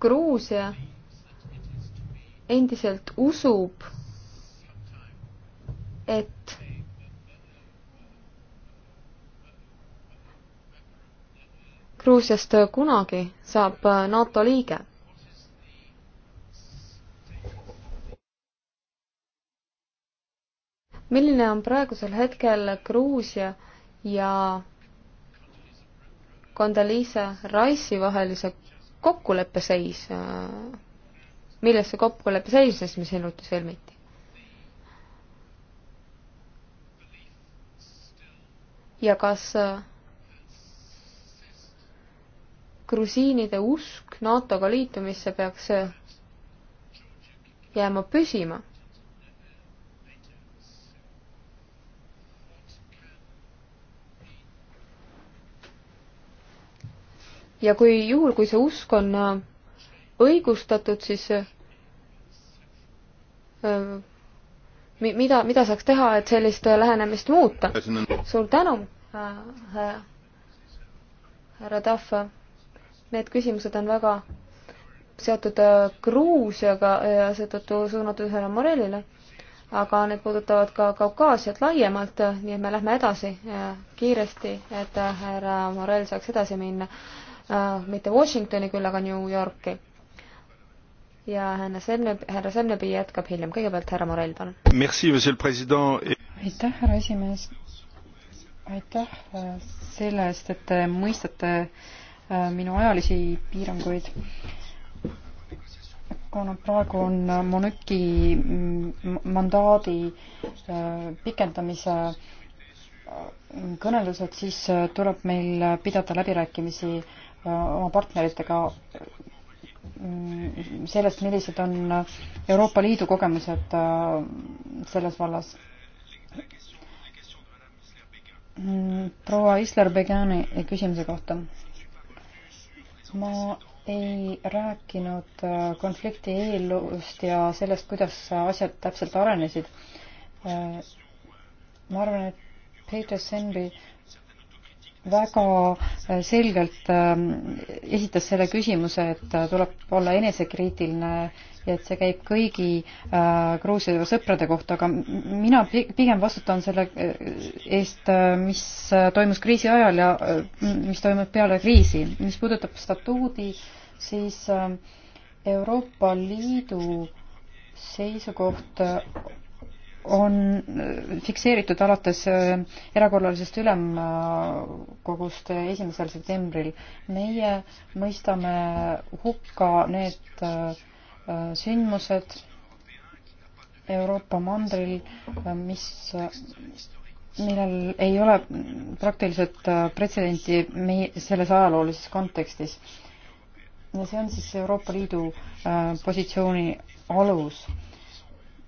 Gruusia endiselt usub, et Gruusiast kunagi saab NATO liige. milline on praegusel hetkel Gruusia ja Kondaliisa Rice'i vahelise kokkuleppe seis, milles see kokkulepe seisnes, mis hiljuti sõlmiti? ja kas äh, grusiinide usk NATO-ga liitumisse peaks äh, jääma püsima? ja kui juhul, kui see usk on äh, õigustatud, siis äh, äh, mida, mida saaks teha, et sellist lähenemist muuta? suur tänu, härra Tahv. Need küsimused on väga seotud Gruusiaga ja seetõttu suunatud härra Morellile, aga need puudutavad ka Kaukaasiat laiemalt, nii et me lähme edasi kiiresti, et härra Morell saaks edasi minna Äh, mitte Washingtoni, küll aga New Yorki. ja härra Sennep, härra Sennepi jätkab hiljem, kõigepealt härra Morell, palun. aitäh, härra esimees. aitäh äh, selle eest, et te mõistate äh, minu ajalisi piiranguid kuna praegu on Monüki mm, mandaadi pikendamise kõnelused, siis tuleb meil pidada läbirääkimisi oma partneritega mm, sellest, millised on Euroopa Liidu kogemused äh, selles vallas. Mm, proua Isler-Begani küsimuse kohta. ma ei rääkinud äh, konflikti eelust ja sellest, kuidas asjad täpselt arenesid. Äh, ma arvan, et Peter Senbi väga äh, selgelt äh, esitas selle küsimuse, et äh, tuleb olla enesekriitiline ja et see käib kõigi Gruusia sõprade kohta, aga mina pigem vastutan selle eest, mis toimus kriisi ajal ja mis toimub peale kriisi. mis puudutab statuudi, siis Euroopa Liidu seisukoht on äh, fikseeritud alates äh, erakorralisest ülemkogust äh, esimesel septembril. meie mõistame hukka need sündmused Euroopa mandril, mis, millel ei ole praktiliselt pretsedenti meie selles ajaloolises kontekstis. ja see on siis Euroopa Liidu positsiooni alus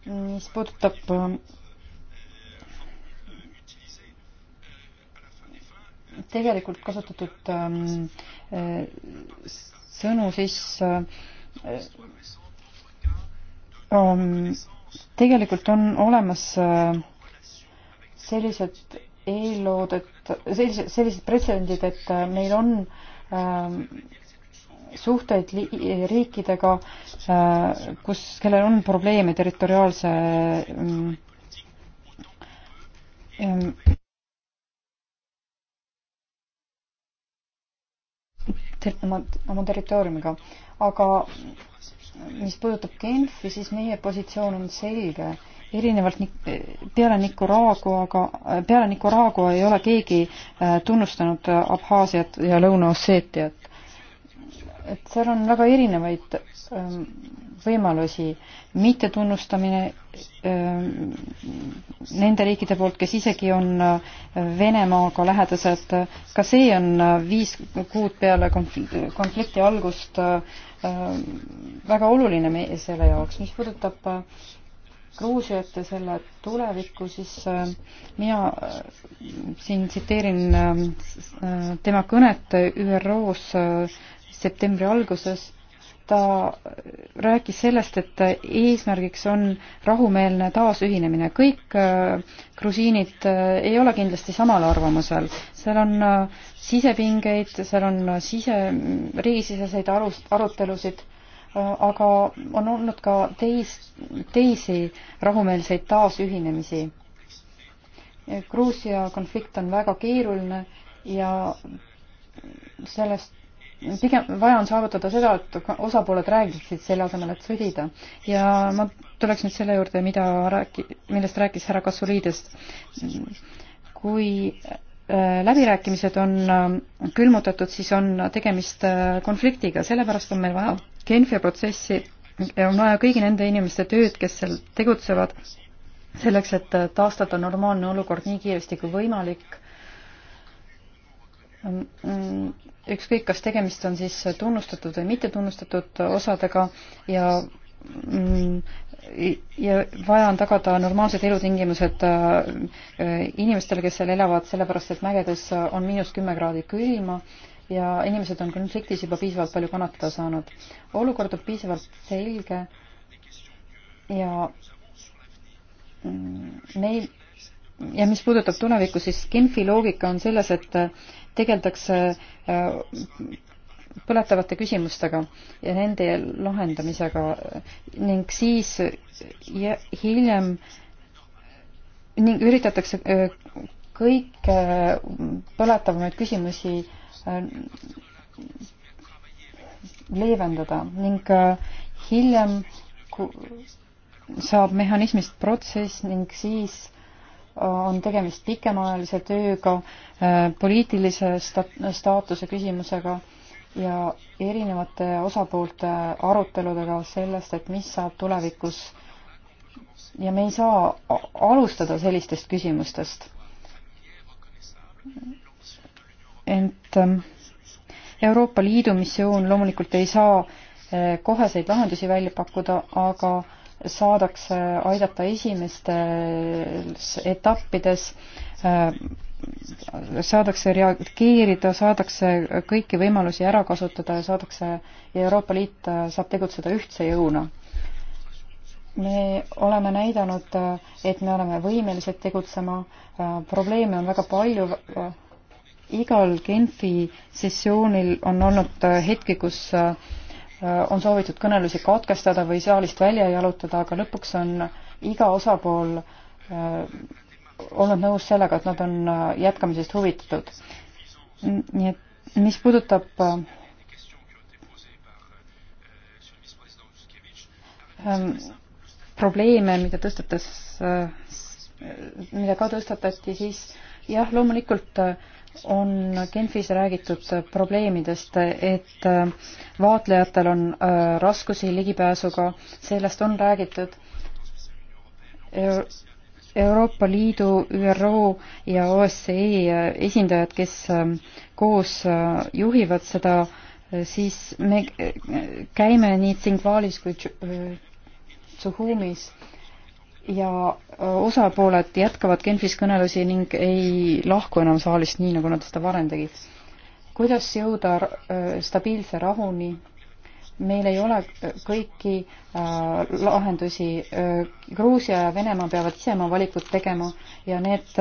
mis puudutab äh, tegelikult kasutatud ähm, äh, sõnu, siis äh, ähm, tegelikult on olemas sellised eellood, et sellised, sellised pretsedendid, et meil on ähm, suhteid riikidega, äh, kus, kellel on probleeme territoriaalse mm, mm, oma, oma territooriumiga. aga mis puudutab Genfi, siis meie positsioon on selge. erinevalt peale Nicaraguaga, peale Nicaragua ei ole keegi äh, tunnustanud Abhaasiat ja Lõuna-Osseetiat et seal on väga erinevaid ähm, võimalusi, mittetunnustamine ähm, nende riikide poolt, kes isegi on äh, Venemaaga lähedased, ka see on äh, viis kuud peale konflikti algust äh, väga oluline meie selle jaoks, mis puudutab Gruusiat ja selle tulevikku, siis mina siin tsiteerin tema kõnet ÜRO-s septembri alguses. ta rääkis sellest, et eesmärgiks on rahumeelne taasühinemine. kõik äh, grusiinid äh, ei ole kindlasti samal arvamusel. seal on äh, sisepingeid, seal on sise, riigisiseseid arust, arutelusid aga on olnud ka teis, teisi rahumeelseid taasühinemisi. Gruusia konflikt on väga keeruline ja sellest pigem vaja on saavutada seda, et osapooled räägiksid selle asemel, et sõdida. ja ma tuleks nüüd selle juurde, mida rääki-, millest rääkis härra Kasuliidest. kui äh, läbirääkimised on äh, külmutatud, siis on tegemist äh, konfliktiga, sellepärast on meil vaja Genfi protsessi, on vaja kõigi nende inimeste tööd, kes seal tegutsevad, selleks, et taastada normaalne olukord nii kiiresti kui võimalik Mm, mm, ükskõik, kas tegemist on siis tunnustatud või mittetunnustatud osadega ja mm, ja vaja on tagada normaalsed elutingimused äh, inimestele, kes seal elavad, sellepärast et mägedes on miinus kümme kraadi külma ja inimesed on konfliktis juba piisavalt palju kannatada saanud. olukord on piisavalt selge ja meil ja mis puudutab tulevikku, siis Genfi loogika on selles, et tegeldakse äh, põletavate küsimustega ja nende lahendamisega ning siis ja hiljem ning üritatakse äh, kõiki äh, põletavamaid küsimusi leevendada ning hiljem saab mehhanismist protsess ning siis on tegemist pikemaajalise tööga, äh, poliitilise staatuse küsimusega ja erinevate osapoolte aruteludega sellest, et mis saab tulevikus ja me ei saa alustada sellistest küsimustest. ent ähm, Euroopa Liidu missioon loomulikult ei saa äh, koheseid lahendusi välja pakkuda, aga saadakse aidata esimestes etappides, äh, saadakse reageerida, saadakse kõiki võimalusi ära kasutada ja saadakse ja Euroopa Liit äh, saab tegutseda ühtse jõuna. me oleme näidanud, äh, et me oleme võimelised tegutsema, probleeme on väga palju, igal Genfi sessioonil on olnud hetki, kus Äh, on soovitud kõnelusi katkestada või saalist välja jalutada, aga lõpuks on iga osapool äh, olnud nõus sellega, et nad on äh, jätkamisest huvitatud. nii et mis puudutab ähm, probleeme, mida tõstatas, mida ka tõstatati, siis jah, loomulikult äh, on Genfis räägitud probleemidest, et äh, vaatlejatel on äh, raskusi ligipääsuga, sellest on räägitud Euro. Euroopa Liidu, ÜRO ja OSCE äh, esindajad, kes ähm, koos juhivad seda, siis me käime nii Tsingvalis kui Tsuhumis ja osapooled jätkavad Genfis kõnelusi ning ei lahku enam saalist nii, nagu nad seda varem tegid. kuidas jõuda stabiilse rahuni? meil ei ole kõiki lahendusi. Gruusia ja Venemaa peavad ise oma valikud tegema ja need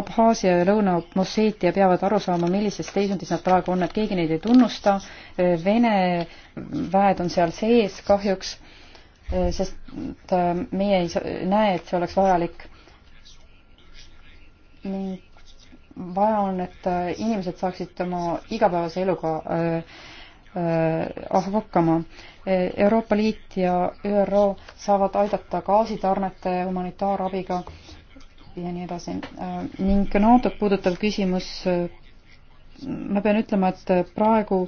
Abhaasia ja Lõuna-Osseetia peavad aru saama, millises seisundis nad praegu on, et keegi neid ei tunnusta. Vene väed on seal sees kahjuks Äh, sest äh, meie ei näe, et see oleks vajalik. ning vaja on, et äh, inimesed saaksid oma igapäevase eluga hakkama. Euroopa Liit ja ÜRO saavad aidata gaasitarnete humanitaarabiga ja nii edasi. ning NATO-t puudutav küsimus, ma pean ütlema, et praegu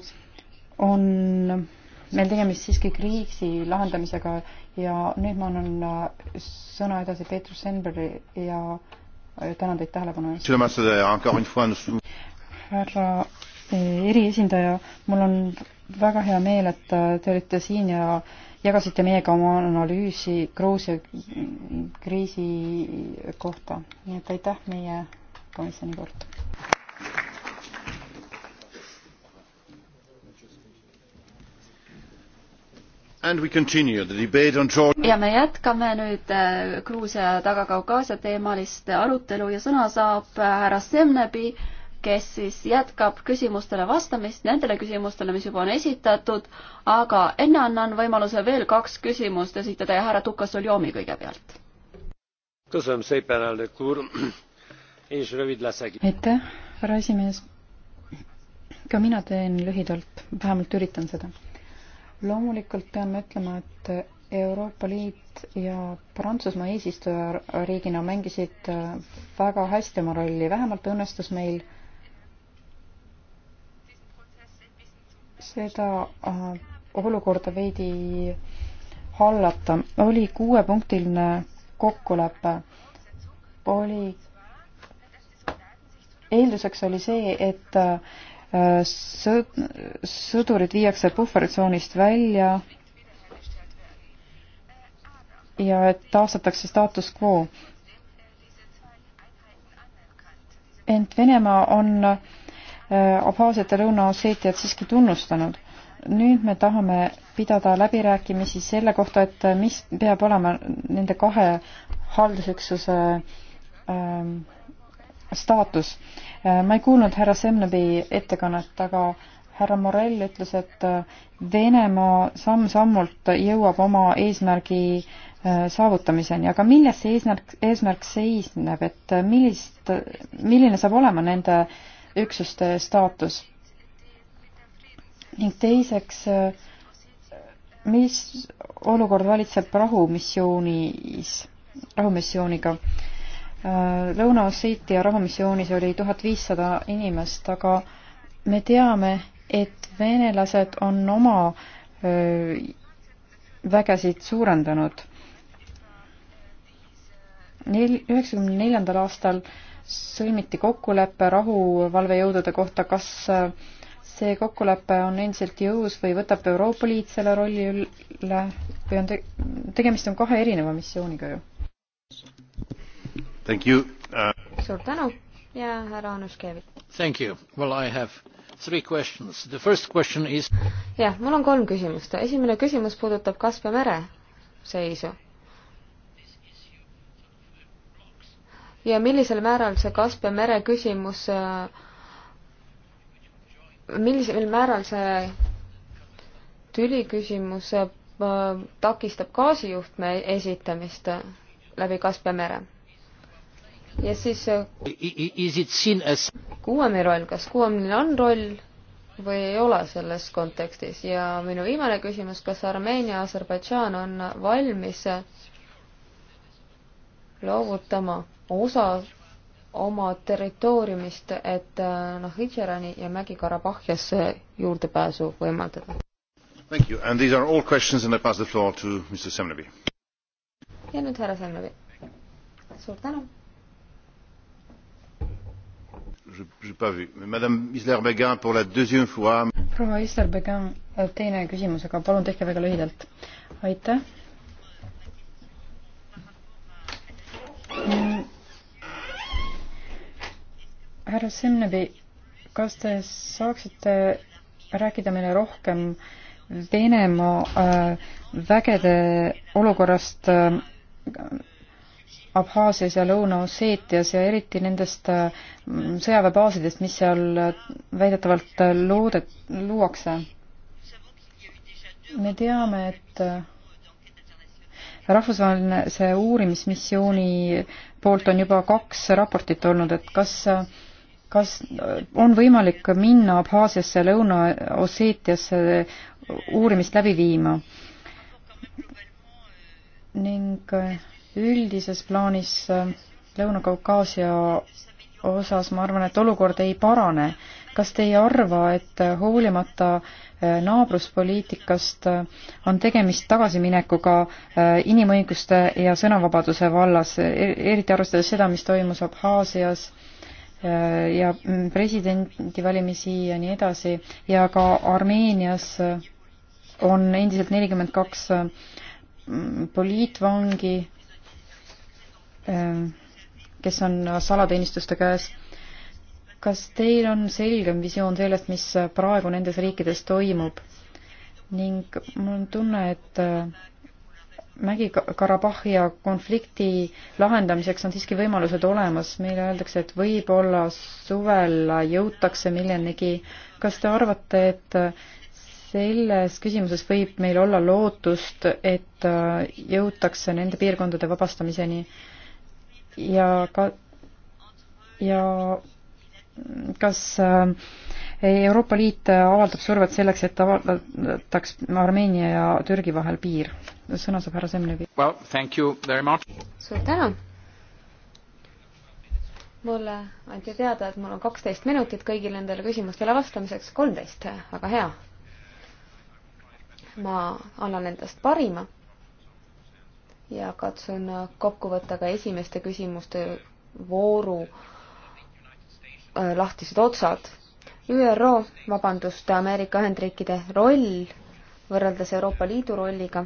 on meil tegemist siiski kriisi lahendamisega ja nüüd ma annan äh, sõna edasi Peetrus Senberi ja äh, tänan teid tähelepanu eest. härra äh, eriesindaja, mul on väga hea meel, et te olite siin ja jagasite meiega oma analüüsi Gruusia kriisi kohta, nii et aitäh meie komisjoni poolt. ja me jätkame nüüd äh, Gruusia Taga-Kaukaasia teemalist arutelu ja sõna saab äh, härra Semnebi, kes siis jätkab küsimustele vastamist, nendele küsimustele, mis juba on esitatud, aga enne annan võimaluse veel kaks küsimust esitada ja härra Tukas Oljomi kõigepealt. aitäh, härra esimees. ka mina teen lühidalt, vähemalt üritan seda loomulikult pean ma ütlema, et Euroopa Liit ja Prantsusmaa eesistujariigina mängisid äh, väga hästi oma rolli, vähemalt õnnestus meil seda äh, olukorda veidi hallata. oli kuuepunktiline kokkulepe, oli, eelduseks oli see, et äh, sõdurid viiakse puhvertsoonist välja ja et taastatakse status quo. ent Venemaa on äh, Abhaasiat ja Lõuna-Osseetiat siiski tunnustanud. nüüd me tahame pidada läbirääkimisi selle kohta, et äh, mis peab olema nende kahe haldusüksuse ähm, staatus. Äh, ma ei kuulnud härra Semnebi ettekannet, aga härra Morell ütles, et äh, Venemaa samm-sammult jõuab oma eesmärgi äh, saavutamiseni, aga milles see eesmärk, eesmärk seisneb, et millist, milline saab olema nende üksuste staatus? ning teiseks, mis olukord valitseb rahumissioonis, rahumissiooniga? Äh, Lõuna-Osseetia rahumissioonis oli tuhat viissada inimest, aga me teame, et venelased on oma äh, vägesid suurendanud. Nel-, üheksakümne neljandal aastal sõlmiti kokkulepe rahuvalvejõudude kohta, kas äh, see kokkulepe on endiselt jõus või võtab Euroopa Liit selle rolli üle või on te-, tegemist on kahe erineva missiooniga ju? Uh... suur tänu ja härra Anuskevitš. Thank you. Well I have three questions. The first question is. jah, mul on kolm küsimust. esimene küsimus puudutab Kaspia mere seisu. ja millisel määral see Kaspia mere küsimus, äh, millisel määral see tüli küsimus äh, takistab gaasijuhtme esitamist läbi Kaspia mere? ja siis äh, kuuemi roll, kas kuuemil on roll või ei ole selles kontekstis ja minu viimane küsimus, kas Armeenia ja Aserbaidžaan on valmis loovutama osa oma territooriumist, et äh, noh, Hidžerani ja Mägi-Karabahhiasse juurdepääsu võimaldada. ja nüüd härra Semnevi. suur tänu proua Isler-Began, teine küsimus, aga palun tehke väga lühidalt. aitäh. härra Semnebi, kas te saaksite rääkida meile rohkem Venemaa äh, vägede olukorrast äh, Abhaasias ja Lõuna-Osseetias ja eriti nendest äh, sõjaväebaasidest, mis seal äh, väidetavalt äh, loodet-, luuakse. me teame, et rahvusvahelise uurimismissiooni poolt on juba kaks raportit olnud, et kas, kas on võimalik minna Abhaasiasse ja Lõuna-Osseetiasse uurimist läbi viima? ning üldises plaanis äh, Lõuna-Kaukaasia osas ma arvan, et olukord ei parane. kas te ei arva, et äh, hoolimata äh, naabruspoliitikast on tegemist tagasiminekuga inimõiguste ja sõnavabaduse vallas, e-, eriti arvestades seda, mis toimus Abhaasias ja mm, presidendivalimisi ja nii edasi ja ka Armeenias on endiselt nelikümmend kaks mm, poliitvangi Ehm, kes on salateenistuste käes. kas teil on selgem visioon sellest, mis praegu nendes riikides toimub? ning mul on tunne, et äh, Mägi-Karabahhia konflikti lahendamiseks on siiski võimalused olemas. meile öeldakse, et võib-olla suvel jõutakse millenegi. kas te arvate, et äh, selles küsimuses võib meil olla lootust, et äh, jõutakse nende piirkondade vabastamiseni? ja ka, ja kas äh, Euroopa Liit avaldab survet selleks, et avaldataks Armeenia ja Türgi vahel piir? sõna saab härra Semlevi well,. suur tänu! mulle anti teada, et mul on kaksteist minutit kõigile nendele küsimustele vastamiseks, kolmteist, väga hea. ma annan endast parima ja katsun kokku võtta ka esimeste küsimuste vooru äh, lahtised otsad. ÜRO, vabandust, Ameerika Ühendriikide roll võrreldes Euroopa Liidu rolliga.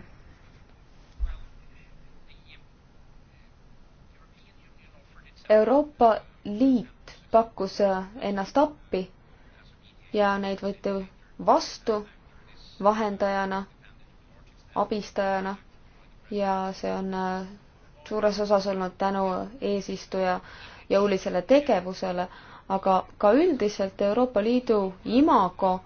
Euroopa Liit pakkus äh, ennast appi ja neid võeti vastu vahendajana, abistajana ja see on äh, suures osas olnud tänu eesistuja jõulisele tegevusele, aga ka üldiselt Euroopa Liidu imago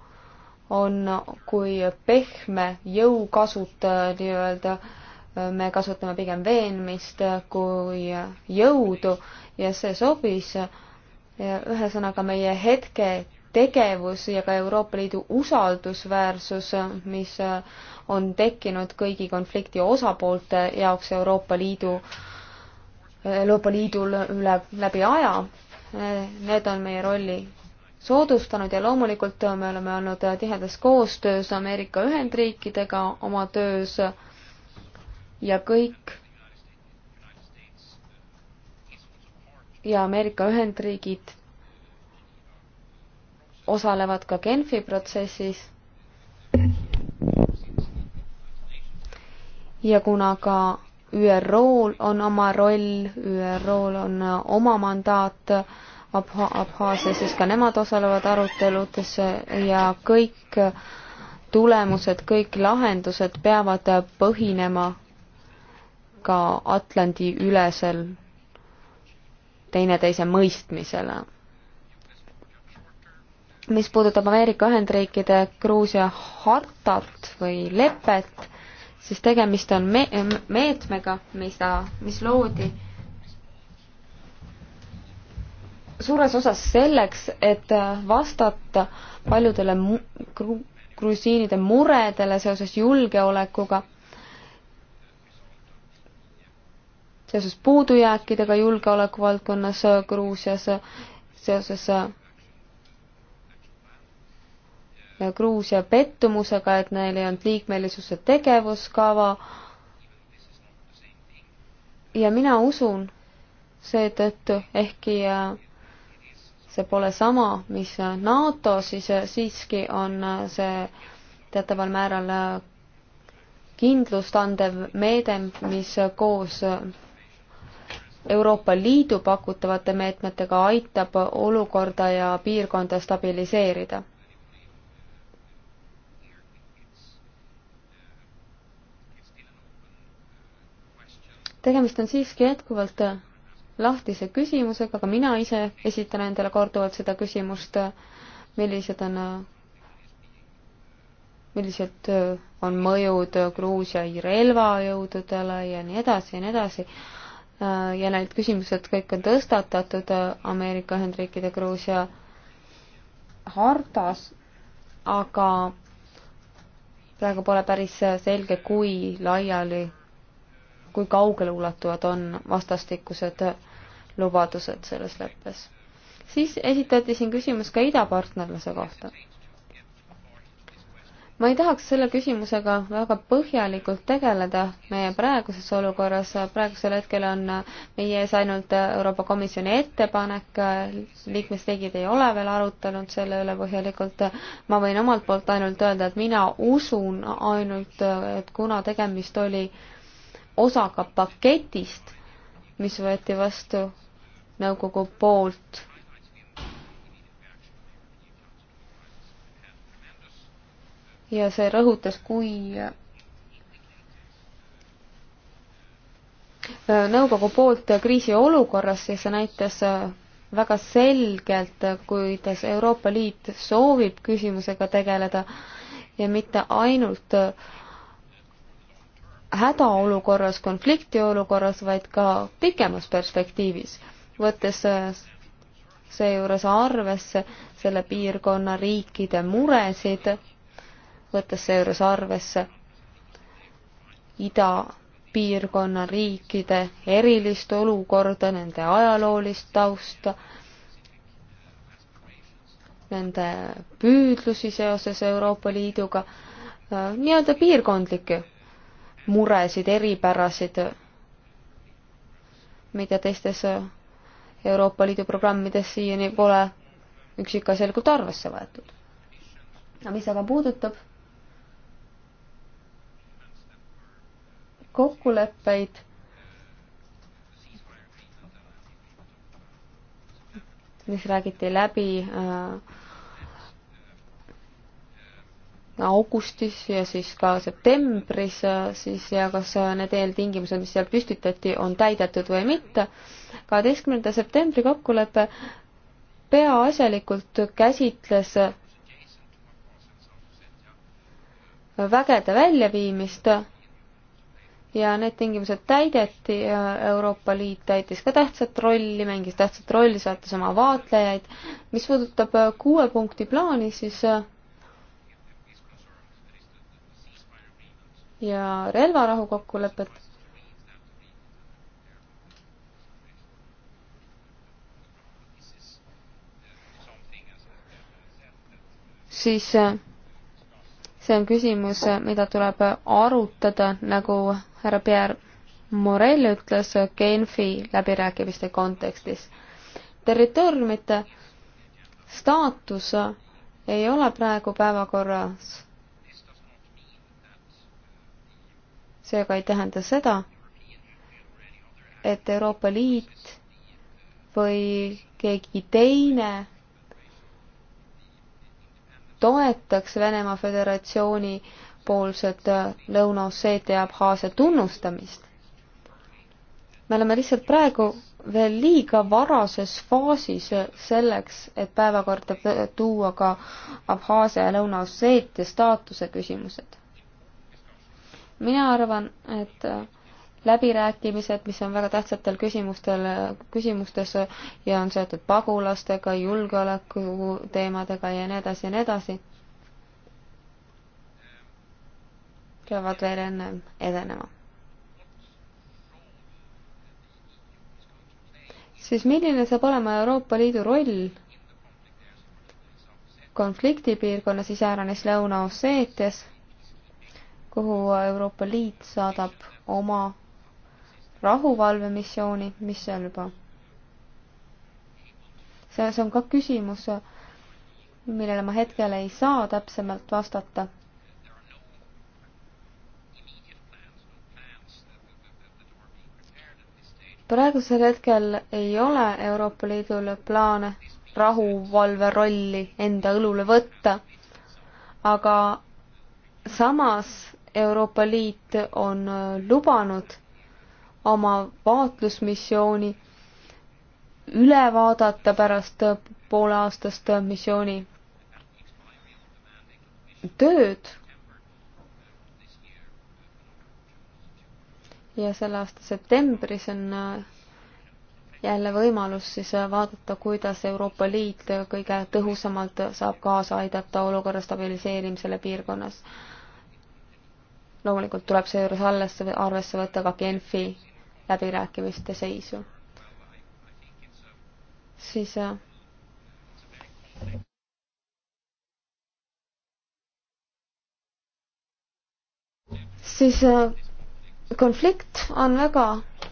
on kui pehme jõukasutaja äh, nii-öelda, äh, me kasutame pigem veenmist kui jõudu ja see sobis. ühesõnaga, meie hetke tegevus ja ka Euroopa Liidu usaldusväärsus, mis äh, on tekkinud kõigi konflikti osapoolte jaoks Euroopa Liidu, Euroopa Liidul üle, läbi aja. Need on meie rolli soodustanud ja loomulikult me oleme olnud tihedas koostöös Ameerika Ühendriikidega oma töös ja kõik ja Ameerika Ühendriigid osalevad ka Genfi protsessis. ja kuna ka ÜRO-l on oma roll, ÜRO-l on oma mandaat Abha-, Abhaasia, siis ka nemad osalevad aruteludes ja kõik tulemused, kõik lahendused peavad põhinema ka Atlandi ülesel teineteise mõistmisele mis puudutab Ameerika Ühendriikide Gruusia hartat või lepet, siis tegemist on me-, meetmega, mida, mis loodi suures osas selleks, et vastata paljudele mu-, gru-, grusiinide muredele seoses julgeolekuga, seoses puudujääkidega julgeolekuvaldkonnas Gruusias, seoses Gruusia pettumusega, et neil ei olnud liikmelisuse tegevuskava. ja mina usun seetõttu, ehkki äh, see pole sama, mis äh, NATO, siis äh, siiski on see teataval määral kindlust andev meede, mis koos Euroopa Liidu pakutavate meetmetega aitab olukorda ja piirkonda stabiliseerida tegemist on siiski jätkuvalt äh, lahtise küsimusega, ka mina ise esitan endale korduvalt seda küsimust, äh, millised on, äh, millised on mõjud Gruusia relvajõududele ja nii edasi ja nii edasi. ja need küsimused kõik on tõstatatud Ameerika Ühendriikide Gruusia hartas, aga praegu pole päris selge, kui laiali kui kaugeleulatuvad on vastastikused lubadused selles leppes. siis esitati siin küsimus ka idapartnerluse kohta. ma ei tahaks selle küsimusega väga põhjalikult tegeleda meie praeguses olukorras, praegusel hetkel on meie ees ainult Euroopa Komisjoni ettepanek, liikmesriigid ei ole veel arutanud selle üle põhjalikult, ma võin omalt poolt ainult öelda, et mina usun ainult, et kuna tegemist oli äh, osaga paketist, mis võeti vastu nõukogu poolt. ja see rõhutas, kui äh, nõukogu poolt kriisiolukorras ja see näitas äh, väga selgelt, äh, kuidas Euroopa Liit soovib küsimusega tegeleda ja mitte ainult äh, hädaolukorras, konfliktiolukorras, vaid ka pikemas perspektiivis, võttes äh, seejuures arvesse selle piirkonna riikide muresid, võttes seejuures arvesse idapiirkonna riikide erilist olukorda, nende ajaloolist tausta, nende püüdlusi seoses Euroopa Liiduga, äh, nii-öelda piirkondlikke muresid, eripärasid, mida teistes Euroopa Liidu programmides siiani pole üksikasjalikult arvesse võetud. no mis aga puudutab kokkuleppeid mis räägiti läbi äh, augustis ja siis ka septembris siis ja kas need eeltingimused, mis seal püstitati, on täidetud või mitte. kaheteistkümnenda septembri kokkulepe peaasjalikult käsitles vägede väljaviimist ja need tingimused täideti ja Euroopa Liit täitis ka tähtsat rolli, mängis tähtsat rolli, saates oma vaatlejaid. mis puudutab kuue punkti plaani, siis ja relvarahu kokkulepet. siis äh, see on küsimus, äh, mida tuleb arutada, nagu härra Pierre Morell ütles äh, Genfi läbirääkimiste kontekstis. territooriumite staatus ei ole praegu päevakorras see aga ei tähenda seda, et Euroopa Liit või keegi teine toetaks Venemaa Föderatsiooni poolset Lõuna-Osseetia ja Abhaasia tunnustamist. me oleme lihtsalt praegu veel liiga varases faasis selleks, et päevakorda tuua ka Abhaasia ja Lõuna-Osseetia staatuse küsimused mina arvan, et äh, läbirääkimised, mis on väga tähtsatel küsimustel, äh, küsimustes äh, ja on seotud pagulastega, julgeoleku teemadega ja nii edasi ja nii edasi, peavad veel ennem edenema. siis milline saab olema Euroopa Liidu roll konfliktipiirkonna siseäranis Lõuna-Osseetias? kuhu Euroopa Liit saadab oma rahuvalvemissiooni, mis seal juba. see, see on ka küsimus, millele ma hetkel ei saa täpsemalt vastata. praegusel hetkel ei ole Euroopa Liidul plaane rahuvalve rolli enda õlule võtta, aga samas Euroopa Liit on äh, lubanud oma vaatlusmissiooni üle vaadata pärast äh, pooleaastast äh, missiooni tööd. ja selle aasta septembris on jälle võimalus siis vaadata, kuidas Euroopa Liit kõige tõhusamalt saab kaasa aidata olukorra stabiliseerimisele piirkonnas loomulikult tuleb seejuures alles arvesse võtta ka Genfi läbirääkimiste seisu. siis äh, siis äh, konflikt on väga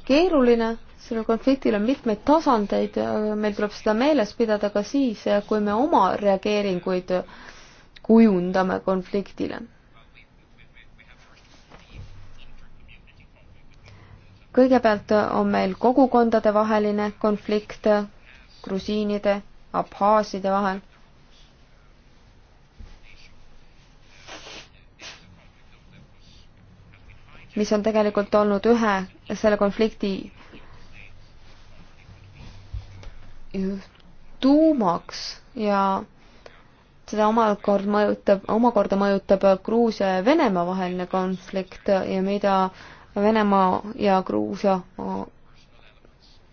keeruline, sellel konfliktil on mitmeid tasandeid ja äh, meil tuleb seda meeles pidada ka siis, kui me oma reageeringuid kujundame konfliktile kõigepealt on meil kogukondade vaheline konflikt grusiinide, abhaaside vahel. mis on tegelikult olnud ühe selle konflikti tuumaks ja seda omakorda mõjutab, omakorda mõjutab Gruusia ja Venemaa vaheline konflikt ja mida Venemaa ja Gruusia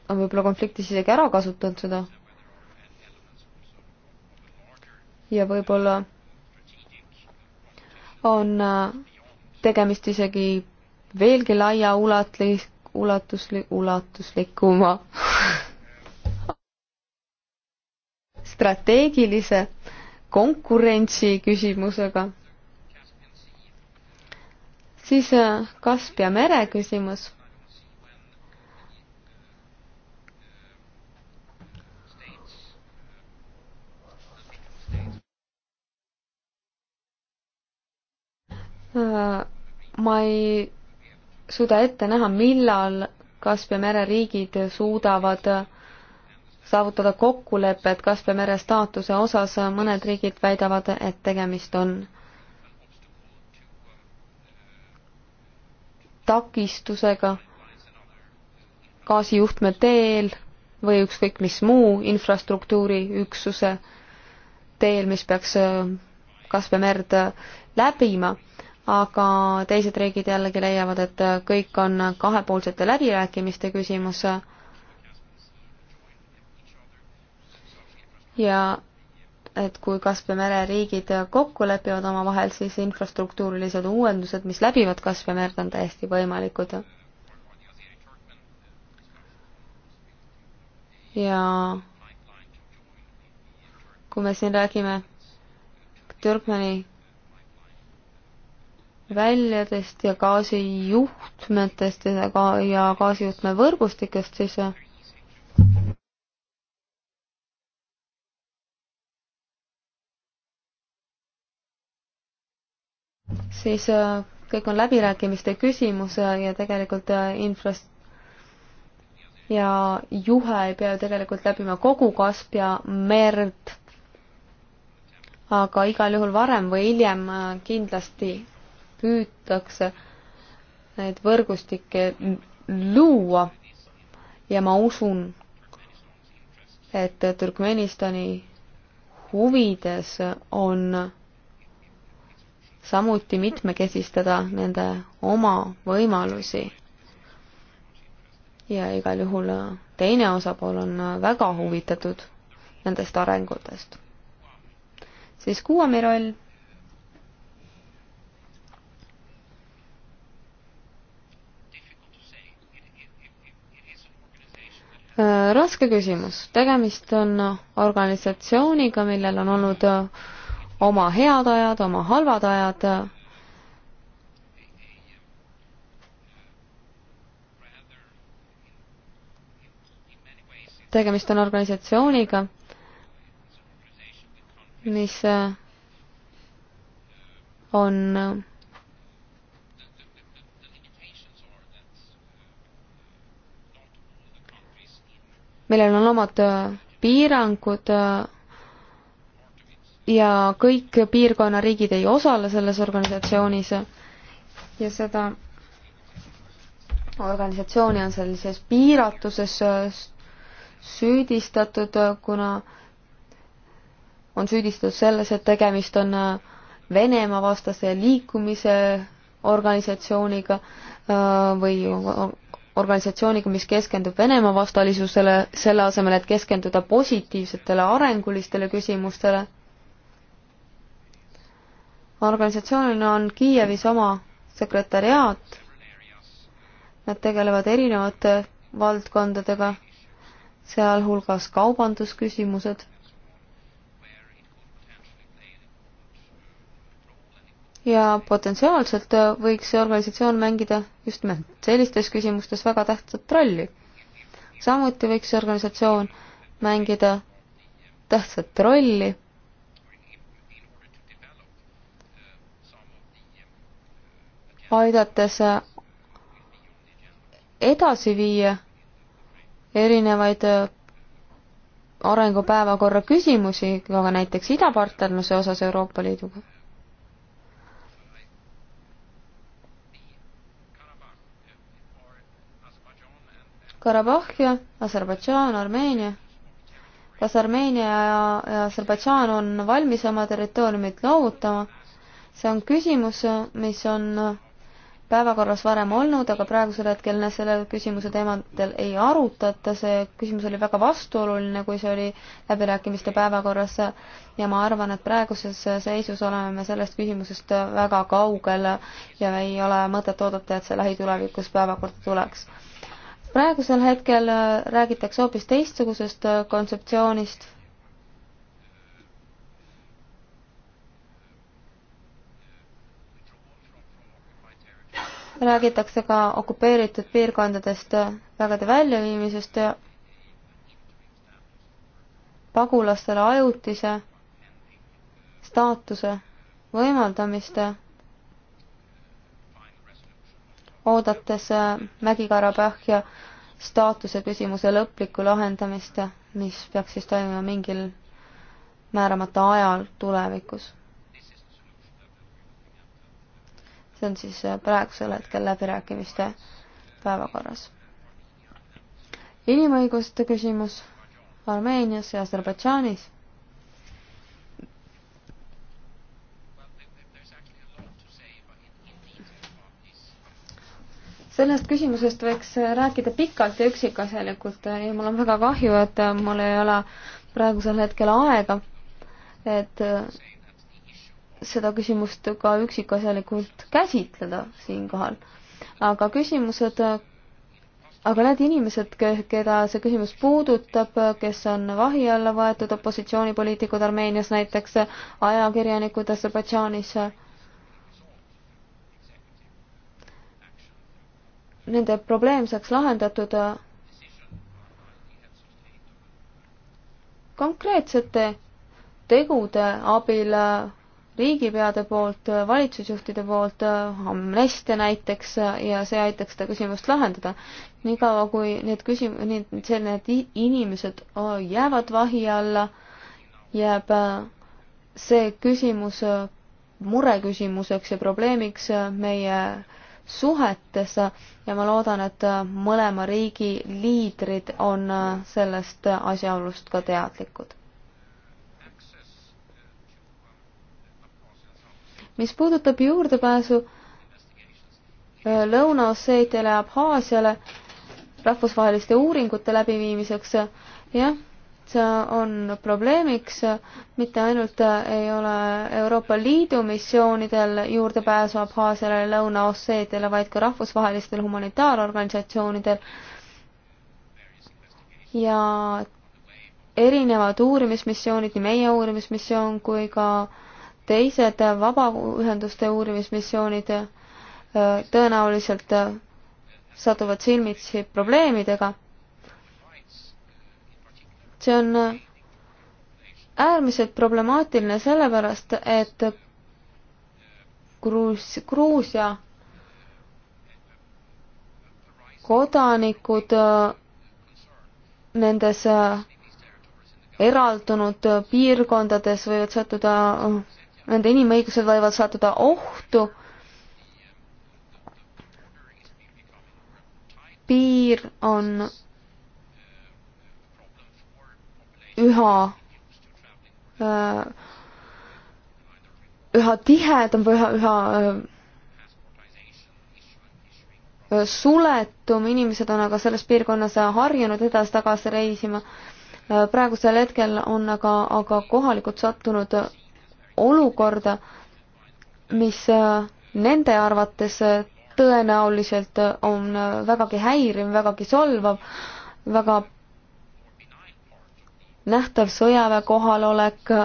on võib-olla konfliktis isegi ära kasutanud seda. ja võib-olla on äh, tegemist isegi veelgi laiaulatli-, ulatusli-, ulatuslikuma strateegilise konkurentsi küsimusega siis äh, Kaspia mere küsimus. Äh, ma ei suuda ette näha, millal Kaspia mere riigid suudavad äh, saavutada kokkulepet Kaspia mere staatuse osas, mõned riigid väidavad, et tegemist on takistusega gaasijuhtme teel või ükskõik mis muu infrastruktuuri üksuse teel, mis peaks äh, Kaspia merd äh, läbima, aga teised riigid jällegi leiavad, et äh, kõik on kahepoolsete läbirääkimiste küsimus ja et kui Kaspia mere riigid kokku lepivad omavahel, siis infrastruktuurilised uuendused, mis läbivad Kaspia merd, on täiesti võimalikud. ja kui me siin räägime Türkmeni väljadest ja gaasijuhtmetest ja ka ja gaasijuhtme võrgustikest, siis siis äh, kõik on läbirääkimiste küsimus äh, ja tegelikult äh, infrast- ja juhe ei pea ju tegelikult läbima kogu Kaspia merd, aga igal juhul varem või hiljem kindlasti püütakse neid võrgustikke luua ja ma usun, et Turkmenistani huvides on samuti mitmekesistada nende oma võimalusi. ja igal juhul teine osapool on väga huvitatud nendest arengutest. siis Kuuami roll. Äh, raske küsimus, tegemist on organisatsiooniga, millel on olnud oma head ajad, oma halvad ajad. tegemist on organisatsiooniga, mis on millel on omad piirangud ja kõik piirkonna riigid ei osale selles organisatsioonis ja seda organisatsiooni on sellises piiratuses äh, süüdistatud, äh, kuna on süüdistatud selles, et tegemist on äh, Venemaa vastase liikumise organisatsiooniga või organisatsiooniga, mis keskendub Venemaa vastalisusele, selle asemel, et keskenduda positiivsetele arengulistele küsimustele organisatsioonil on Kiievis oma sekretariaat, nad tegelevad erinevate valdkondadega, sealhulgas kaubandusküsimused. ja potentsiaalselt võiks see organisatsioon mängida just nimelt sellistes küsimustes väga tähtsat rolli. samuti võiks see organisatsioon mängida tähtsat rolli aidates edasi viia erinevaid äh, arengupäevakorra küsimusi, aga näiteks idapartnerluse osas Euroopa Liiduga. Karabahh ja Aserbaidžaan, Armeenia. kas Armeenia ja, ja Aserbaidžaan on valmis oma territooriumit loovutama? see on küsimus, mis on päevakorras varem olnud, aga praegusel hetkel selle küsimuse teemadel ei arutata, see küsimus oli väga vastuoluline, kui see oli läbirääkimiste päevakorras ja ma arvan, et praeguses seisus oleme me sellest küsimusest väga kaugel ja ei ole mõtet oodata, et see lähitulevikus päevakorda tuleks. praegusel hetkel räägitakse hoopis teistsugusest kontseptsioonist räägitakse ka okupeeritud piirkondadest vägede väljaviimisest ja pagulastele ajutise staatuse võimaldamist, oodates Mägi-Karabahhi staatuse küsimuse lõplikku lahendamist, mis peaks siis toimuma mingil määramata ajal tulevikus see on siis äh, praegusel hetkel läbirääkimiste päevakorras. inimõiguste küsimus Armeenias ja Aserbaidžaanis. sellest küsimusest võiks rääkida pikalt ja üksikasjalikult ja mul on väga kahju, et mul ei ole praegusel hetkel aega, et äh, seda küsimust ka üksikasjalikult käsitleda siinkohal. aga küsimused, aga need inimesed, keda see küsimus puudutab, kes on vahi alla võetud, opositsioonipoliitikud Armeenias näiteks, ajakirjanikud Aserbaidžaanis, nende probleem saaks lahendatud konkreetsete tegude abil riigipeade poolt, valitsusjuhtide poolt, amnestia näiteks ja see aitaks seda küsimust lahendada. niikaua, kui need küsim-, need, need inimesed jäävad vahi alla, jääb see küsimus mureküsimuseks ja probleemiks meie suhetes ja ma loodan, et mõlema riigi liidrid on sellest asjaolust ka teadlikud mis puudutab juurdepääsu äh, Lõuna-Osseetiale ja Abhaasiale rahvusvaheliste uuringute läbiviimiseks, äh, jah, see on probleemiks, äh, mitte ainult ei ole Euroopa Liidu missioonidel juurdepääsu Abhaasiale ja Lõuna-Osseetiale, vaid ka rahvusvahelistel humanitaarorganisatsioonidel ja erinevad uurimismissioonid, nii meie uurimismissioon kui ka äh, teised vabaühenduste uurimismissioonid äh, tõenäoliselt äh, satuvad silmitsi probleemidega. see on äh, äärmiselt problemaatiline sellepärast, et Gruus-, Gruusia kodanikud nendes eraldunud piirkondades võivad sattuda nende inimõigused võivad sattuda ohtu. piir on üha äh, üha tihedam või üha, üha äh, suletum, inimesed on aga selles piirkonnas harjunud edasi-tagasi reisima. Äh, praegusel hetkel on aga, aga kohalikud sattunud olukorda, mis äh, nende arvates äh, tõenäoliselt äh, on vägagi häiriv, vägagi solvav, väga nähtav sõjaväe kohalolek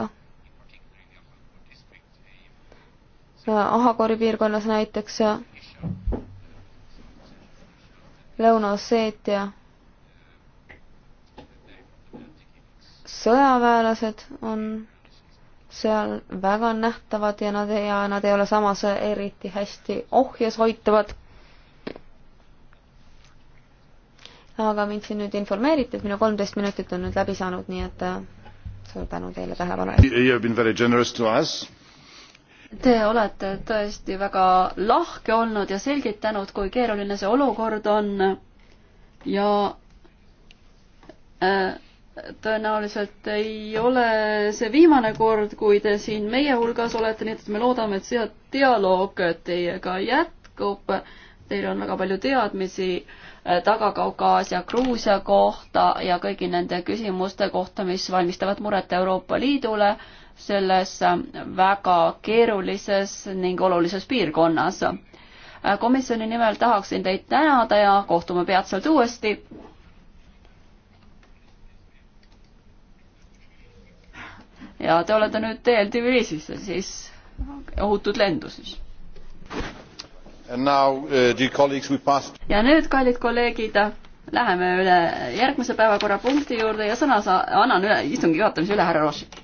Ahakori piirkonnas näiteks ja Lõuna-Osseetia sõjaväelased on seal väga nähtavad ja nad ei, ja nad ei ole samas eriti hästi ohjes hoitavad. aga mind siin nüüd informeeriti, et minu kolmteist minutit on nüüd läbi saanud, nii et äh, suur tänu teile tähelepanu eest. Te olete tõesti väga lahke olnud ja selgitanud, kui keeruline see olukord on ja äh, tõenäoliselt ei ole see viimane kord, kui te siin meie hulgas olete, nii et me loodame, et see dialoog teiega jätkub. Teil on väga palju teadmisi eh, Taga-Kaukaasia, Gruusia kohta ja kõigi nende küsimuste kohta, mis valmistavad muret Euroopa Liidule selles eh, väga keerulises ning olulises piirkonnas. Eh, komisjoni nimel tahaksin teid tänada ja kohtume peatselt uuesti ja te olete nüüd teel Tbilisisse, siis ohutut lendu siis. Uh, ja nüüd, kallid kolleegid, läheme üle järgmise päevakorrapunkti juurde ja sõna sa-, annan üle istungi juhatamise üle härra Rošik.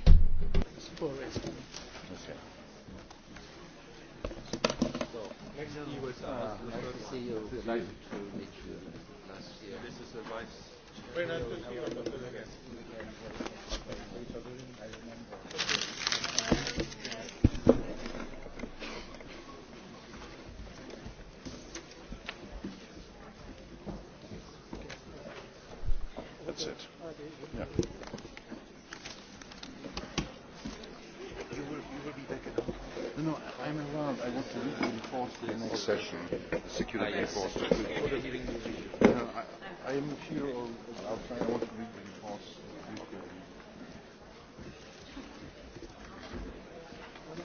session, security ah, yes. force. Uh, I, I am here or outside. I want to read the report. I want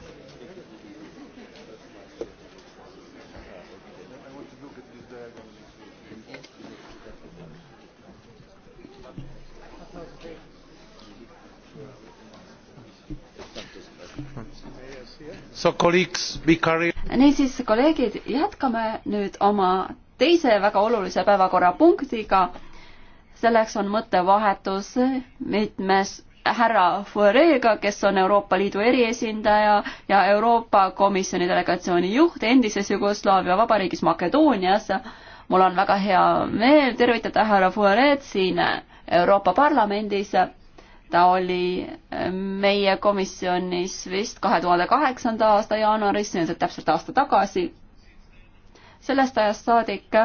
to look at this diagram. So colleagues, be careful niisiis, kolleegid, jätkame nüüd oma teise väga olulise päevakorrapunktiga. selleks on mõttevahetus mitmes härra Fuerega, kes on Euroopa Liidu eriesindaja ja Euroopa Komisjoni delegatsiooni juht endises Jugoslaavia vabariigis Makedoonias. mul on väga hea meel tervitada härra Fuered siin Euroopa Parlamendis ta oli äh, meie komisjonis vist kahe tuhande kaheksanda aasta jaanuaris, nii et täpselt aasta tagasi. sellest ajast saadik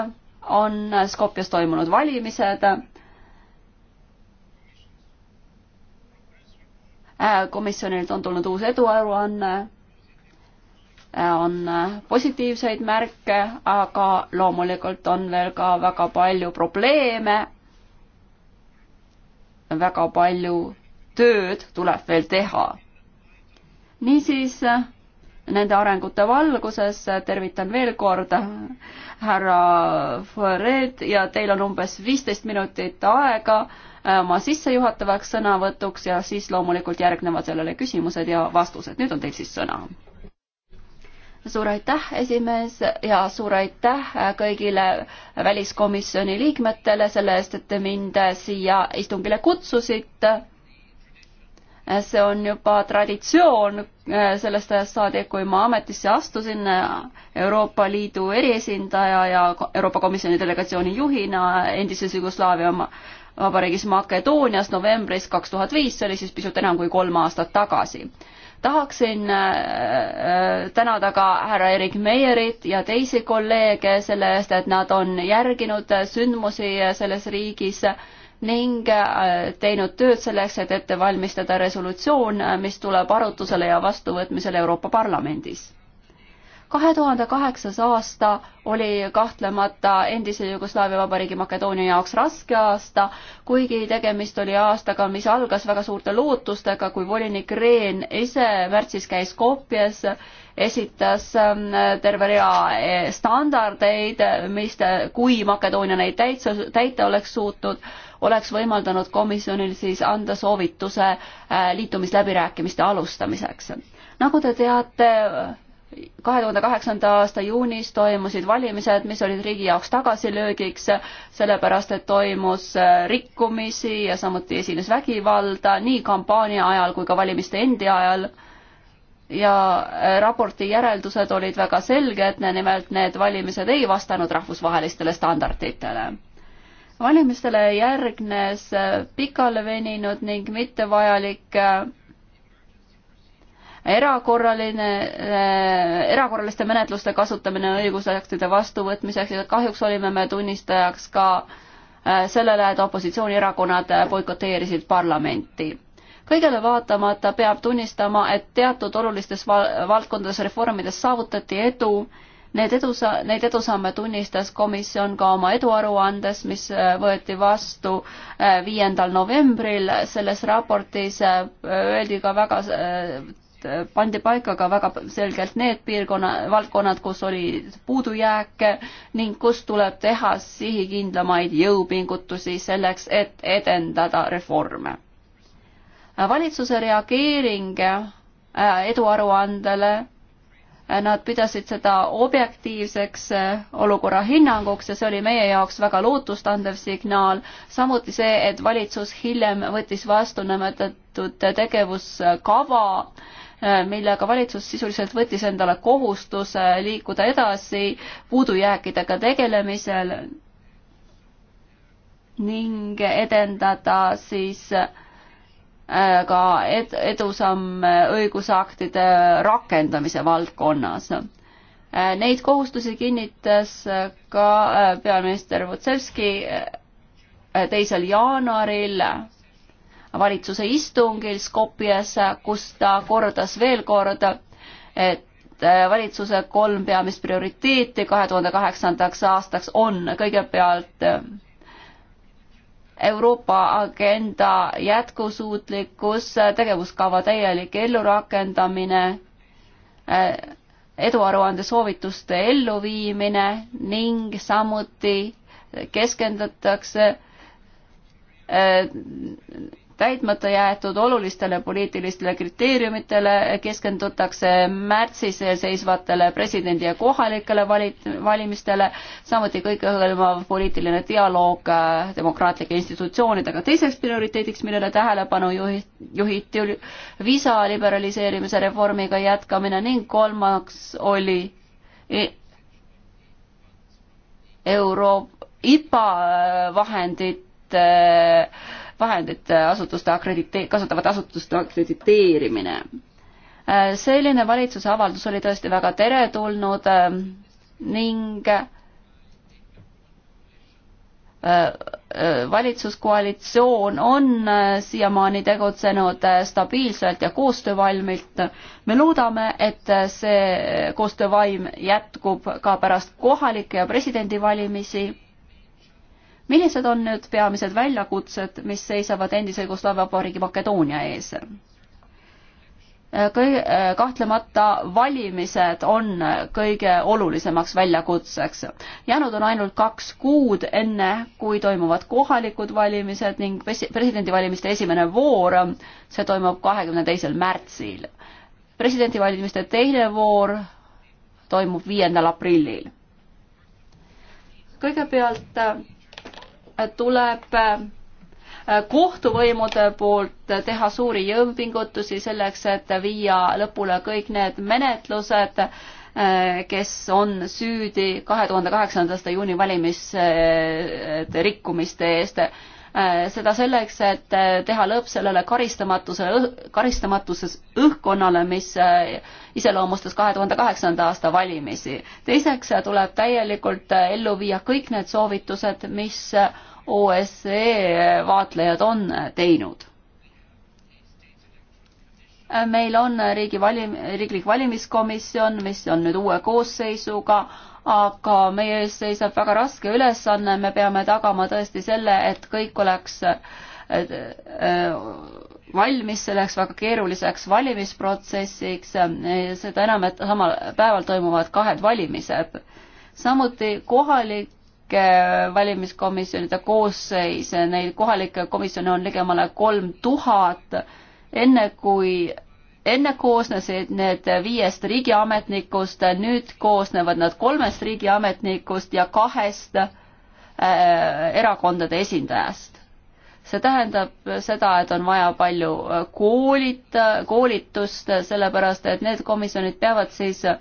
on Skopjas toimunud valimised. Äh, komisjonilt on tulnud uus eduaruanne, äh, on positiivseid märke, aga loomulikult on veel ka väga palju probleeme väga palju tööd tuleb veel teha. niisiis nende arengute valguses tervitan veel kord härra Fuared ja teil on umbes viisteist minutit aega oma sissejuhatavaks sõnavõtuks ja siis loomulikult järgnevad sellele küsimused ja vastused. nüüd on teil siis sõna suur aitäh, esimees ja suur aitäh kõigile väliskomisjoni liikmetele selle eest, et te mind siia istungile kutsusite. see on juba traditsioon sellest ajast saadik, kui ma ametisse astusin Euroopa Liidu eriesindaja ja Euroopa Komisjoni delegatsiooni juhina endises Jugoslaavia vabariigis Makedoonias novembris kaks tuhat viis, see oli siis pisut enam kui kolm aastat tagasi tahaksin äh, äh, tänada ka härra Erik Meierit ja teisi kolleege selle eest, et nad on järginud sündmusi selles riigis ning äh, teinud tööd selleks, et ette valmistada resolutsioon, mis tuleb arutusele ja vastuvõtmisele Euroopa Parlamendis kahe tuhande kaheksas aasta oli kahtlemata endise Jugoslaavia Vabariigi Makedoonia jaoks raske aasta, kuigi tegemist oli aastaga, mis algas väga suurte lootustega, kui volinik Rehn ise märtsis käis Skopjes, esitas ähm, terve rea äh, standardeid, mis, kui Makedoonia neid täitsa, täita oleks suutnud, oleks võimaldanud komisjonil siis anda soovituse äh, liitumisläbirääkimiste alustamiseks. nagu te teate, kahe tuhande kaheksanda aasta juunis toimusid valimised, mis olid riigi jaoks tagasilöögiks, sellepärast et toimus äh, rikkumisi ja samuti esines vägivalda nii kampaania ajal kui ka valimiste endi ajal. ja äh, raporti järeldused olid väga selged, nimelt need valimised ei vastanud rahvusvahelistele standarditele valimistele järgnes äh, pikaleveninud ning mittevajalik erakorraline äh,, erakorraliste menetluste kasutamine õigusaktide vastuvõtmiseks ja kahjuks olime me tunnistajaks ka äh, sellele, et opositsioonierakonnad äh, boikoteerisid parlamenti kõigele vaatamata peab tunnistama, et teatud olulistes val valdkondades reformides saavutati edu. Need edusa-, neid edusamme tunnistas komisjon ka oma eduaruandes, mis äh, võeti vastu äh, viiendal novembril. selles raportis öeldi ka väga pandi paika ka väga selgelt need piirkonna, valdkonnad, kus oli puudujääke ning kus tuleb teha sihikindlamaid jõupingutusi selleks, et edendada reforme. valitsuse reageering äh, eduaruandele äh, nad pidasid seda objektiivseks äh, olukorra hinnanguks ja see oli meie jaoks väga lootustandev signaal. samuti see, et valitsus hiljem võttis vastu nimetatud tegevuskava Äh, millega valitsus sisuliselt võttis endale kohustuse liikuda edasi puudujääkidega tegelemisel ning edendada siis äh, ka ed edusamme õigusaktide rakendamise valdkonnas. Äh, neid kohustusi kinnitas ka peaminister Vutselski teisel jaanuaril valitsuse istungil Skopjes, kus ta kordas veel kord, et äh, valitsuse kolm peamist prioriteeti kahe tuhande kaheksandaks aastaks on kõigepealt äh, Euroopa agenda jätkusuutlikkus, tegevuskava täielik ellurakendamine, äh, eduaruande soovituste elluviimine ning samuti keskendutakse täitmata jäetud olulistele poliitilistele kriteeriumitele keskendutakse märtsis seisvatele presidendi ja kohalikele valit-, valimistele, samuti kõikehõlmav poliitiline dialoog äh, demokraatlike institutsioonidega. teiseks prioriteediks, millele tähelepanu juhi-, juhiti, oli viisa liberaliseerimise reformiga jätkamine ning kolmaks oli e-, Euro-, IPA äh, vahendite vahendite asutuste akreditee-, kasutavate asutuste akrediteerimine. Äh, selline valitsuse avaldus oli tõesti väga teretulnud äh, ning äh, valitsuskoalitsioon on siiamaani tegutsenud stabiilselt ja koostöövalmilt. me loodame, et see koostöövaim jätkub ka pärast kohalikke ja presidendivalimisi millised on nüüd peamised väljakutsed, mis seisavad endise Jugoslaavia Vabariigi Makedoonia ees? kõi-, kahtlemata valimised on kõige olulisemaks väljakutseks. jäänud on ainult kaks kuud enne, kui toimuvad kohalikud valimised ning presidendivalimiste esimene voor, see toimub kahekümne teisel märtsil. presidendivalimiste teine voor toimub viiendal aprillil. kõigepealt tuleb äh, kohtuvõimude poolt teha suuri jõupingutusi selleks, et viia lõpule kõik need menetlused, äh, kes on süüdi kahe tuhande kaheksanda aasta juuni valimiste äh, rikkumiste eest Äh, seda selleks, et äh, teha lõpp sellele karistamatuse, karistamatuses õhkkonnale, mis äh, iseloomustas kahe tuhande kaheksanda aasta valimisi. teiseks tuleb täielikult ellu viia kõik need soovitused, mis OSCE vaatlejad on teinud. meil on riigi valim-, riiklik valimiskomisjon, mis on nüüd uue koosseisuga aga meie ees seisab väga raske ülesanne, me peame tagama tõesti selle, et kõik oleks äh, äh, valmis selleks väga keeruliseks valimisprotsessiks, seda enam, et samal päeval toimuvad kahed valimised. samuti kohalik kohalike valimiskomisjonide koosseis, neid kohalikke komisjone on ligemale kolm tuhat. enne kui enne koosnesid need viiest riigiametnikust, nüüd koosnevad nad kolmest riigiametnikust ja kahest äh, erakondade esindajast. see tähendab seda, et on vaja palju äh, koolita, koolitust, sellepärast et need komisjonid peavad siis äh,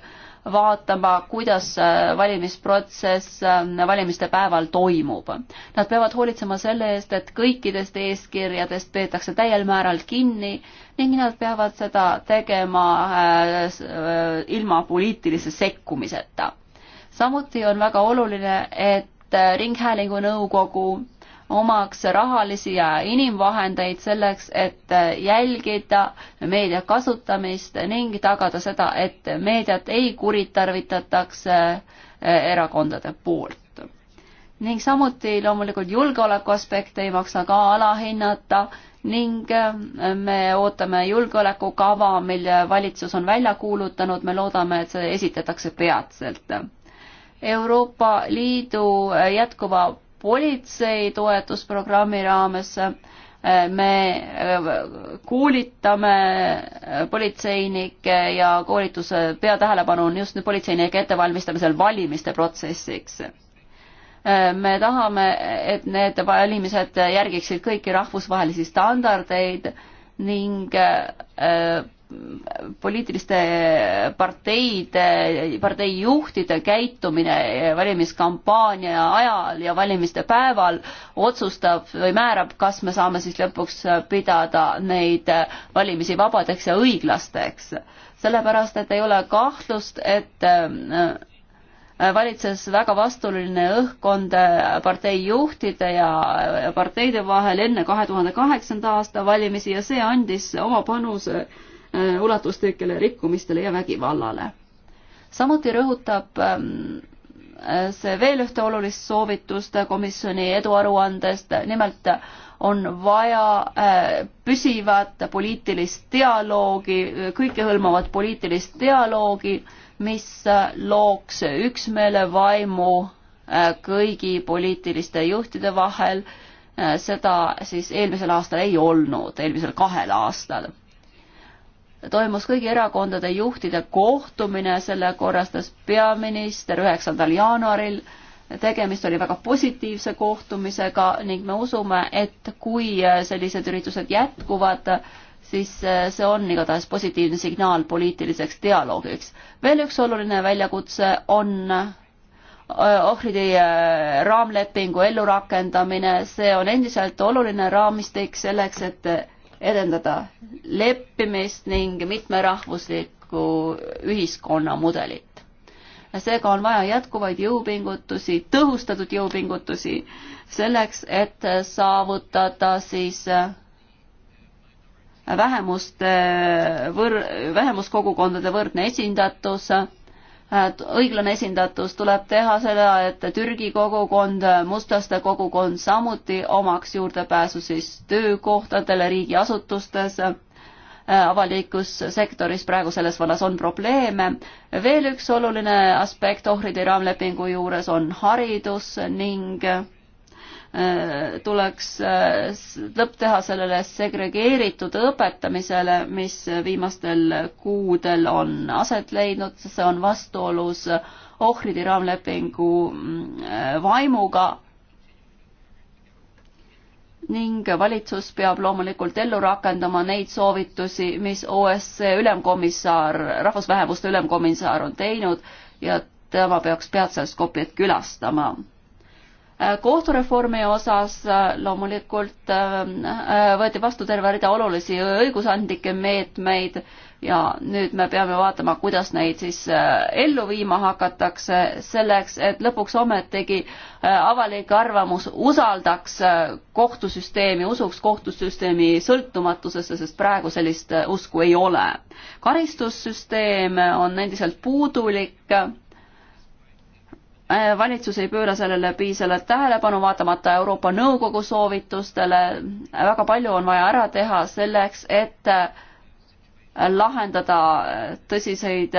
vaatama, kuidas äh, valimisprotsess ähm, valimiste päeval toimub. Nad peavad hoolitsema selle eest, et kõikidest eeskirjadest peetakse täiel määral kinni ning nad peavad seda tegema äh, äh, ilma poliitilise sekkumiseta. samuti on väga oluline, et Ringhäälingu nõukogu omaks rahalisi ja inimvahendeid selleks, et jälgida meedia kasutamist ning tagada seda, et meediat ei kuritarvitataks eh, erakondade poolt. ning samuti loomulikult julgeoleku aspekte ei maksa ka alahinnata ning eh, me ootame julgeolekukava, mille valitsus on välja kuulutanud, me loodame, et see esitatakse peatselt Euroopa Liidu jätkuva politsei toetusprogrammi raames me äh, koolitame äh, politseinikke ja koolituse peatähelepanu on just nüüd politseinike ettevalmistamisel valimiste protsessiks. Äh, me tahame, et need valimised järgiksid kõiki rahvusvahelisi standardeid ning poliitiliste parteide, parteijuhtide käitumine valimiskampaania ajal ja valimiste päeval otsustab või määrab, kas me saame siis lõpuks pidada neid valimisi vabadeks ja õiglasteks. sellepärast, et ei ole kahtlust, et äh, valitses väga vastuoluline õhkkond äh, parteijuhtide ja äh, parteide vahel enne kahe tuhande kaheksanda aasta valimisi ja see andis oma panuse Äh, ulatuslikele rikkumistele ja vägivallale. samuti rõhutab ähm, äh, see veel ühte olulist soovitust komisjoni eduaruandest, nimelt on vaja äh, püsivat poliitilist dialoogi, kõikehõlmavat poliitilist dialoogi, mis looks üksmeele vaimu kõigi poliitiliste juhtide vahel. seda siis eelmisel aastal ei olnud, eelmisel kahel aastal toimus kõigi erakondade juhtide kohtumine, selle korrastas peaminister üheksandal jaanuaril. tegemist oli väga positiivse kohtumisega ning me usume, et kui sellised üritused jätkuvad, siis see on igatahes positiivne signaal poliitiliseks dialoogiks. veel üks oluline väljakutse on ohvridi raamlepingu ellurakendamine, see on endiselt oluline raamistik selleks, et edendada leppimist ning mitmerahvuslikku ühiskonnamudelit. seega on vaja jätkuvaid jõupingutusi, tõhustatud jõupingutusi selleks, et saavutada siis äh, vähemuste võr-, vähemuskogukondade võrdne esindatus õiglane esindatus tuleb teha seda, et Türgi kogukond, mustlaste kogukond samuti omaks juurdepääsu siis töökohtadele riigiasutustes, avalikus sektoris praegu selles vallas on probleeme. veel üks oluline aspekt ohvridi raamlepingu juures on haridus ning Äh, tuleks äh, lõpp teha sellele segregeeritud õpetamisele, mis viimastel kuudel on aset leidnud, see on vastuolus ohvridi raamlepingu mm, äh, vaimuga ning valitsus peab loomulikult ellu rakendama neid soovitusi, mis OSCE ülemkomissar, rahvusvähemuste ülemkomissar on teinud ja tema peaks peatselt Skopjet külastama Äh, kohtureformi osas äh, loomulikult äh, võeti vastu terve rida olulisi õigusandlikke meetmeid ja nüüd me peame vaatama, kuidas neid siis ellu viima hakatakse, selleks et lõpuks ometigi avalik arvamus usaldaks kohtusüsteemi, usuks kohtusüsteemi sõltumatusesse, sest praegu sellist usku ei ole. karistussüsteem on endiselt puudulik Äh, valitsus ei pööra sellele piisavalt tähelepanu, vaatamata Euroopa Nõukogu soovitustele. väga palju on vaja ära teha selleks, et äh, lahendada äh, tõsiseid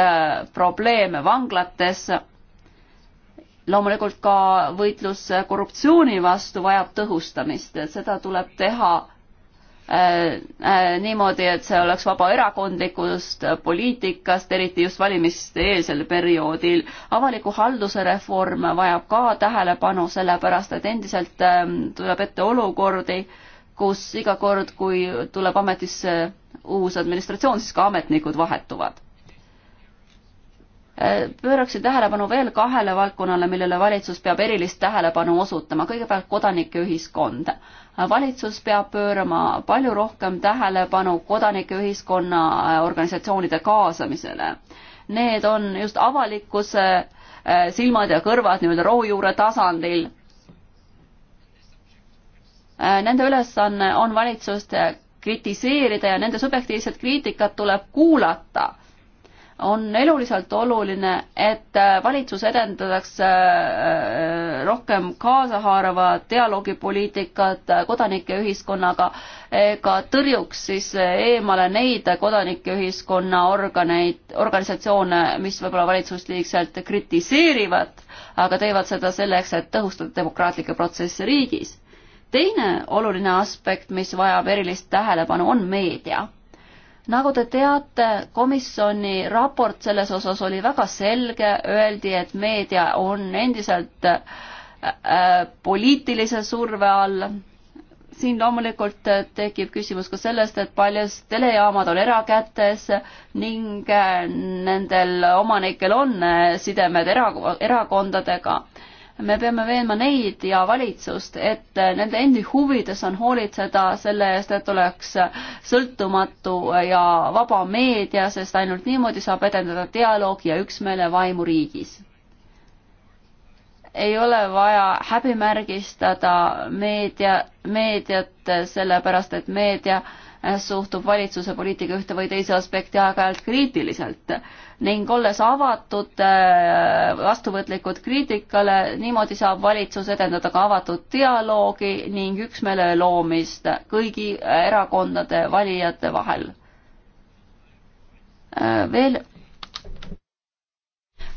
probleeme vanglates. loomulikult ka võitlus korruptsiooni vastu vajab tõhustamist, seda tuleb teha Äh, äh, niimoodi, et see oleks vaba erakondlikust äh, poliitikast, eriti just valimiste-eelsel perioodil. avaliku halduse reform vajab ka tähelepanu, sellepärast et endiselt ähm, tuleb ette olukordi, kus iga kord, kui tuleb ametisse uus administratsioon, siis ka ametnikud vahetuvad. pööraksin tähelepanu veel kahele valdkonnale, millele valitsus peab erilist tähelepanu osutama, kõigepealt kodanike ühiskond valitsus peab pöörama palju rohkem tähelepanu kodanikeühiskonna äh, organisatsioonide kaasamisele. Need on just avalikkuse äh, silmad ja kõrvad nii-öelda rohujuure tasandil. Äh, nende ülesanne on, on valitsust kritiseerida ja nende subjektiivset kriitikat tuleb kuulata on eluliselt oluline, et äh, valitsus edendaks äh, rohkem kaasahaarava dialoogipoliitikat äh, kodanike ühiskonnaga ega tõrjuks siis eemale neid kodanike ühiskonna organeid, organisatsioone, mis võib-olla valitsust liigselt kritiseerivad, aga teevad seda selleks, et tõhustada demokraatlikke protsesse riigis. teine oluline aspekt, mis vajab erilist tähelepanu, on meedia nagu te teate, komisjoni raport selles osas oli väga selge, öeldi, et meedia on endiselt äh, äh, poliitilise surve all. siin loomulikult tekib küsimus ka sellest, et paljud telejaamad on erakätes ning äh, nendel omanikel on sidemed era, erakondadega me peame veenma neid ja valitsust, et nende endi huvides on hoolitseda selle eest, et oleks sõltumatu ja vaba meedia, sest ainult niimoodi saab edendada dialoogi ja üksmeele vaimu riigis. ei ole vaja häbimärgistada meedia, meediat, sellepärast et meedia suhtub valitsuse poliitika ühte või teise aspekti aeg-ajalt kriitiliselt ning olles avatud, äh, vastuvõtlikud kriitikale, niimoodi saab valitsus edendada ka avatud dialoogi ning üksmeele loomist kõigi erakondade valijate vahel. Äh, veel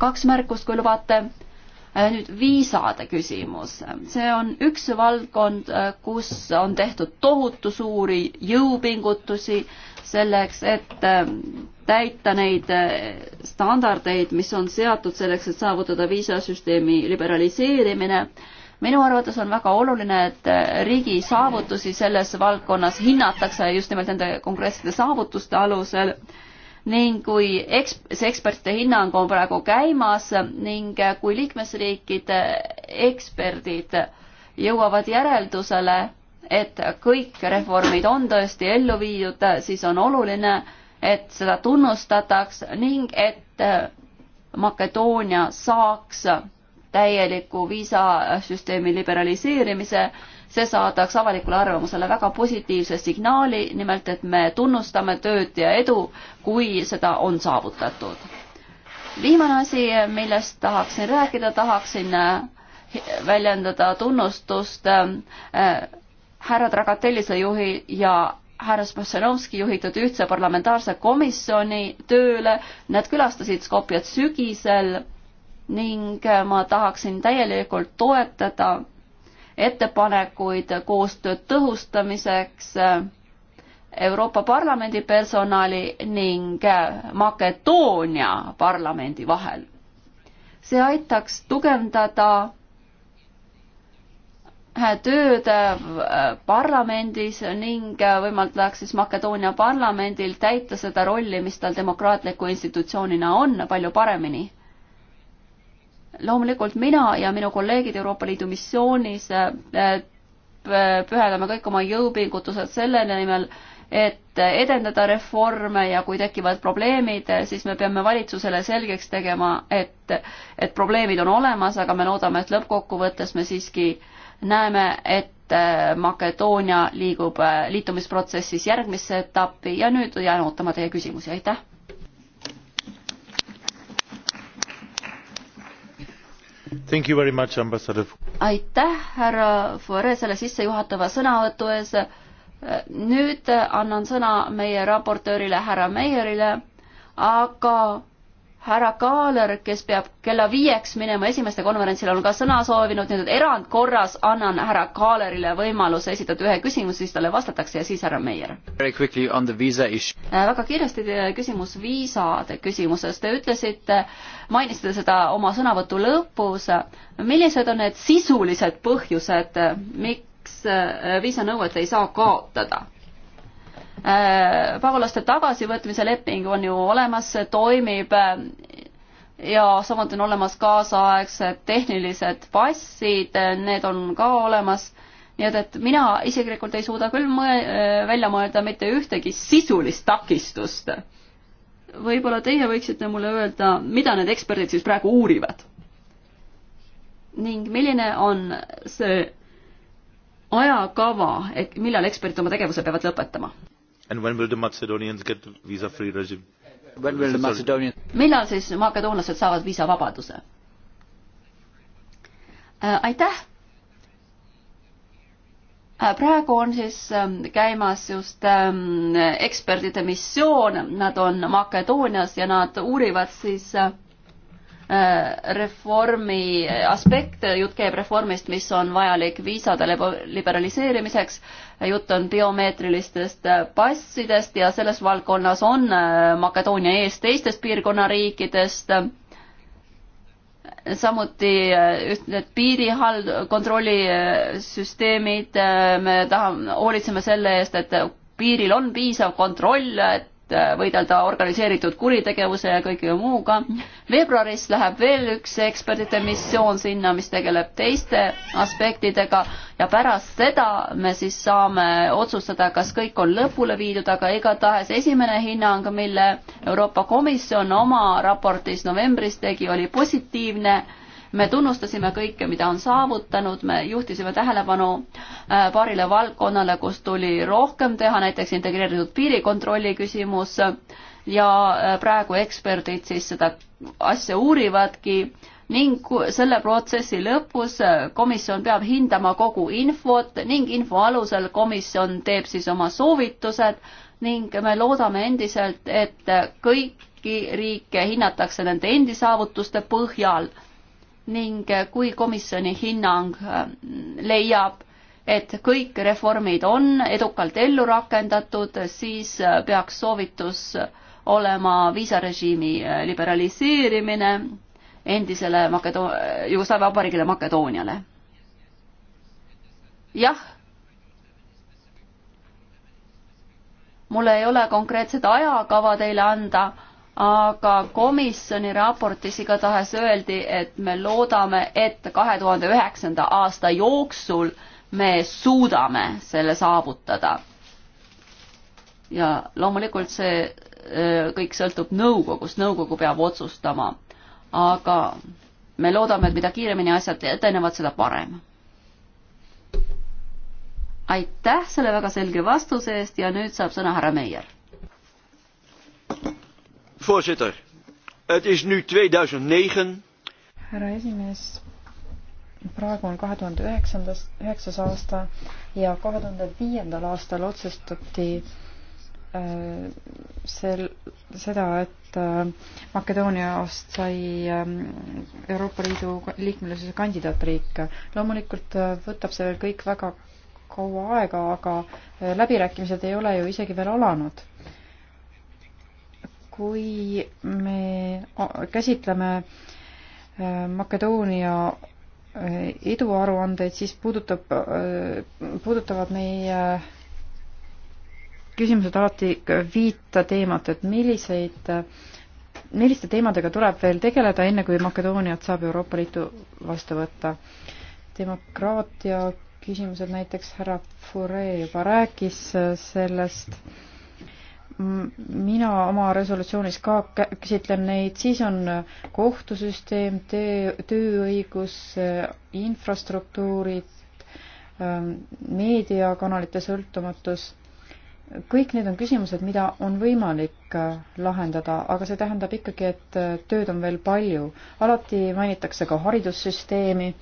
kaks märkust, kui lubate äh, nüüd viisade küsimus, see on üks valdkond, kus on tehtud tohutu suuri jõupingutusi selleks, et äh, täita neid äh, standardeid, mis on seatud selleks, et saavutada viisasüsteemi liberaliseerimine. minu arvates on väga oluline, et äh, riigi saavutusi selles valdkonnas hinnatakse just nimelt nende konkreetsete saavutuste alusel ning kui eks-, see ekspertide hinnang on praegu käimas ning kui liikmesriikide eksperdid jõuavad järeldusele, et kõik reformid on tõesti ellu viidud, siis on oluline, et seda tunnustataks ning et Makedoonia saaks täieliku viisasüsteemi liberaliseerimise, see saadaks avalikule arvamusele väga positiivse signaali, nimelt et me tunnustame tööd ja edu, kui seda on saavutatud. viimane asi, millest tahaksin rääkida, tahaksin väljendada tunnustust äh, härra Dragatellise juhi ja härra Spassenovski juhitud ühtse parlamentaarse komisjoni tööle. Nad külastasid Skopjat sügisel ning äh, ma tahaksin täielikult toetada ettepanekuid koostööd tõhustamiseks äh, Euroopa Parlamendi personali ning äh, Makedoonia parlamendi vahel. see aitaks tugevdada tööd äh, äh, parlamendis ning äh, võimaldaks siis Makedoonia parlamendil täita seda rolli, mis tal demokraatliku institutsioonina on, palju paremini. loomulikult mina ja minu kolleegid Euroopa Liidu missioonis pühendame kõik oma jõupingutused selle nimel, et edendada reforme ja kui tekivad probleemid, siis me peame valitsusele selgeks tegema, et, et probleemid on olemas, aga me loodame, et lõppkokkuvõttes me siiski äh, näeme, et äh, Makedoonia liigub äh, liitumisprotsessis järgmisse etappi ja nüüd jään ootama teie küsimusi, aitäh. aitäh, härra Fuere, selle sissejuhatava sõnavõtu ees. nüüd annan sõna meie raportöörile, härra Meierile, aga härra Kaaler, kes peab kella viieks minema esimeste konverentsile, on ka sõna soovinud, nii et erandkorras annan härra Kaalerile võimaluse esitada ühe küsimuse, siis talle vastatakse ja siis härra Meier. Äh, väga kiiresti küsimus viisade küsimuses. Te ütlesite, mainisite seda oma sõnavõtu lõpus, millised on need sisulised põhjused, miks äh, viisanõuet ei saa kaotada? Äh, pagulaste tagasivõtmise leping on ju olemas, see toimib äh, ja samuti on olemas kaasaegsed tehnilised passid, äh, need on ka olemas. nii et, et mina isiklikult ei suuda küll mõe-, välja mõelda mitte ühtegi sisulist takistust. võib-olla teie võiksite mulle öelda, mida need eksperdid siis praegu uurivad? ning milline on see ajakava, et millal eksperdid oma tegevuse peavad lõpetama? And when will the Macedonians get visa free regime? When will the Macedonian... millal siis makedoonlased saavad viisavabaduse? Äh, aitäh! Äh, praegu on siis ähm, käimas just ähm, eksperdide missioon, nad on Makedoonias ja nad uurivad siis äh, reformi aspekte, jutt käib reformist, mis on vajalik viisade liberaliseerimiseks jutt on biomeetrilistest äh, passidest ja selles valdkonnas on äh, Makedoonia ees teistest piirkonna riikidest. samuti just äh, need piirihald-, kontrollisüsteemid, me tahame, hoolitseme selle eest, et piiril on piisav kontroll, et et äh, võidelda organiseeritud kuritegevuse ja kõige muuga. veebruaris läheb veel üks ekspertide missioon sinna, mis tegeleb teiste aspektidega ja pärast seda me siis saame otsustada, kas kõik on lõpule viidud, aga igatahes esimene hinnang, mille Euroopa Komisjon oma raportis novembris tegi, oli positiivne me tunnustasime kõike, mida on saavutanud, me juhtisime tähelepanu äh, paarile valdkonnale, kus tuli rohkem teha, näiteks integreeritud piirikontrolli küsimus ja äh, praegu eksperdid siis seda asja uurivadki ning selle protsessi lõpus äh, komisjon peab hindama kogu infot ning info alusel komisjon teeb siis oma soovitused ning me loodame endiselt, et kõiki riike hinnatakse nende endi saavutuste põhjal ning eh, kui komisjoni hinnang eh, leiab, et kõik reformid on edukalt ellu rakendatud, siis eh, peaks soovitus olema viisarežiimi liberaliseerimine endisele Makedo-, Jugoslaavia Vabariigile Makedooniale. jah, mul ei ole konkreetset ajakava teile anda aga komisjoni raportis igatahes öeldi, et me loodame, et kahe tuhande üheksanda aasta jooksul me suudame selle saavutada. ja loomulikult see e, kõik sõltub nõukogust, nõukogu peab otsustama, aga me loodame, et mida kiiremini asjad edenevad, seda parem. aitäh selle väga selge vastuse eest ja nüüd saab sõna härra Meier voorzitter het is nu 2009. härra esimees praegu on kahe tuhande üheksandas üheksas aasta ja kahe tuhande viiendal aastal otsustati äh, sel seda et äh, Makedooniast sai äh, Euroopa Liidu liikmelisuse kandidaatriik loomulikult äh, võtab see veel kõik väga kaua aega aga äh, läbirääkimised ei ole ju isegi veel alanud kui me käsitleme äh, Makedoonia äh, eduaruandeid, siis puudutab, äh, puudutavad meie küsimused alati viita teemat, et milliseid, milliste teemadega tuleb veel tegeleda, enne kui Makedooniat saab Euroopa Liitu vastu võtta. demokraatia küsimused näiteks, härra Fure juba rääkis sellest mina oma resolutsioonis ka käsitlen neid, siis on kohtusüsteem, töö, tööõigus, infrastruktuurid, ähm, meediakanalite sõltumatus, kõik need on küsimused, mida on võimalik äh, lahendada, aga see tähendab ikkagi, et äh, tööd on veel palju. alati mainitakse ka haridussüsteemi.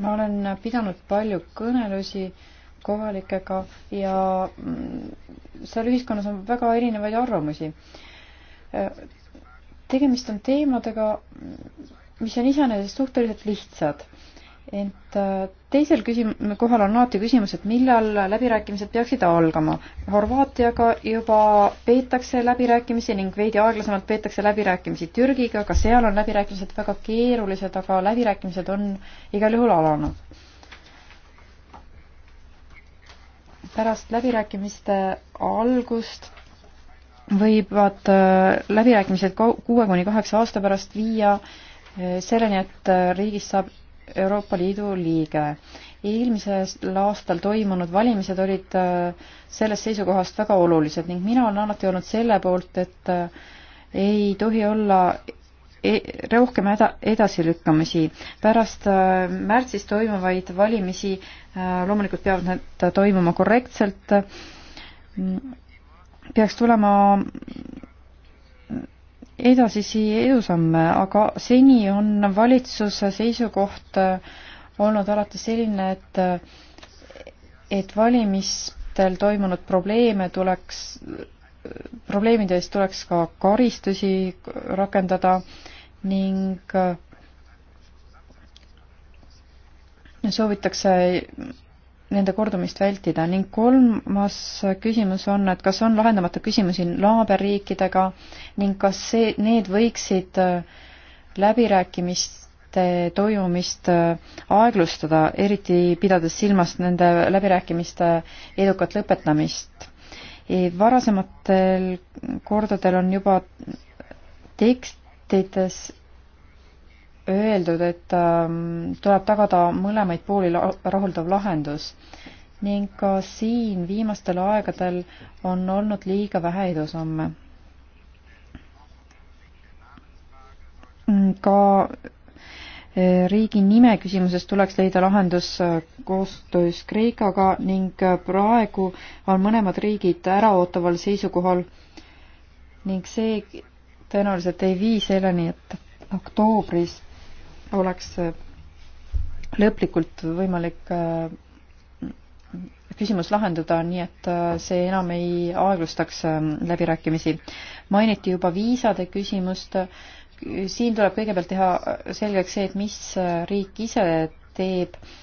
ma olen pidanud palju kõnelusi äh, kohalikega ja mm, seal ühiskonnas on väga erinevaid arvamusi. tegemist on teemadega, mis on iseenesest suhteliselt lihtsad ent äh, teisel küsim-, kohal on alati küsimus, et millal läbirääkimised peaksid algama. Horvaatiaga juba peetakse läbirääkimisi ning veidi aeglasemalt peetakse läbirääkimisi Türgiga, ka seal on läbirääkimised väga keerulised, aga läbirääkimised on igal juhul alanud. pärast läbirääkimiste algust võivad äh, läbirääkimised kuue kuni kaheksa aasta pärast viia äh, selleni, et äh, riigist saab Euroopa Liidu liige. eelmisel aastal toimunud valimised olid sellest seisukohast väga olulised ning mina olen alati olnud selle poolt, et ei tohi olla E-, rohkem eda-, edasilükkamisi. pärast äh, märtsis toimuvaid valimisi äh, loomulikult peavad need toimuma korrektselt, peaks tulema edasisi edusamme, aga seni on valitsuse seisukoht äh, olnud alati selline, et, et valimistel toimunud probleeme tuleks, probleemide eest tuleks ka karistusi rakendada äh, ning äh, soovitakse nende kordumist vältida ning kolmas küsimus on, et kas on lahendamata küsimusi naaberriikidega ning kas see, need võiksid äh, läbirääkimiste toimumist äh, aeglustada, eriti pidades silmas nende läbirääkimiste edukat lõpetamist. E, varasematel kordadel on juba tekst, teates öeldud, et ähm, tuleb tagada mõlemaid pooli rahuldav lahendus ning ka siin viimastel aegadel on olnud liiga vähe edusamme. ka äh, riigi nime küsimuses tuleks leida lahendus äh, koostöös Kreekaga ning äh, praegu on mõlemad riigid äraootaval seisukohal ning see tõenäoliselt ei vii selleni, et oktoobris oleks lõplikult võimalik äh, küsimus lahendada, nii et äh, see enam ei aeglustaks ähm, läbirääkimisi. mainiti juba viisade küsimust. siin tuleb kõigepealt teha selgeks see, et mis äh, riik ise teeb äh,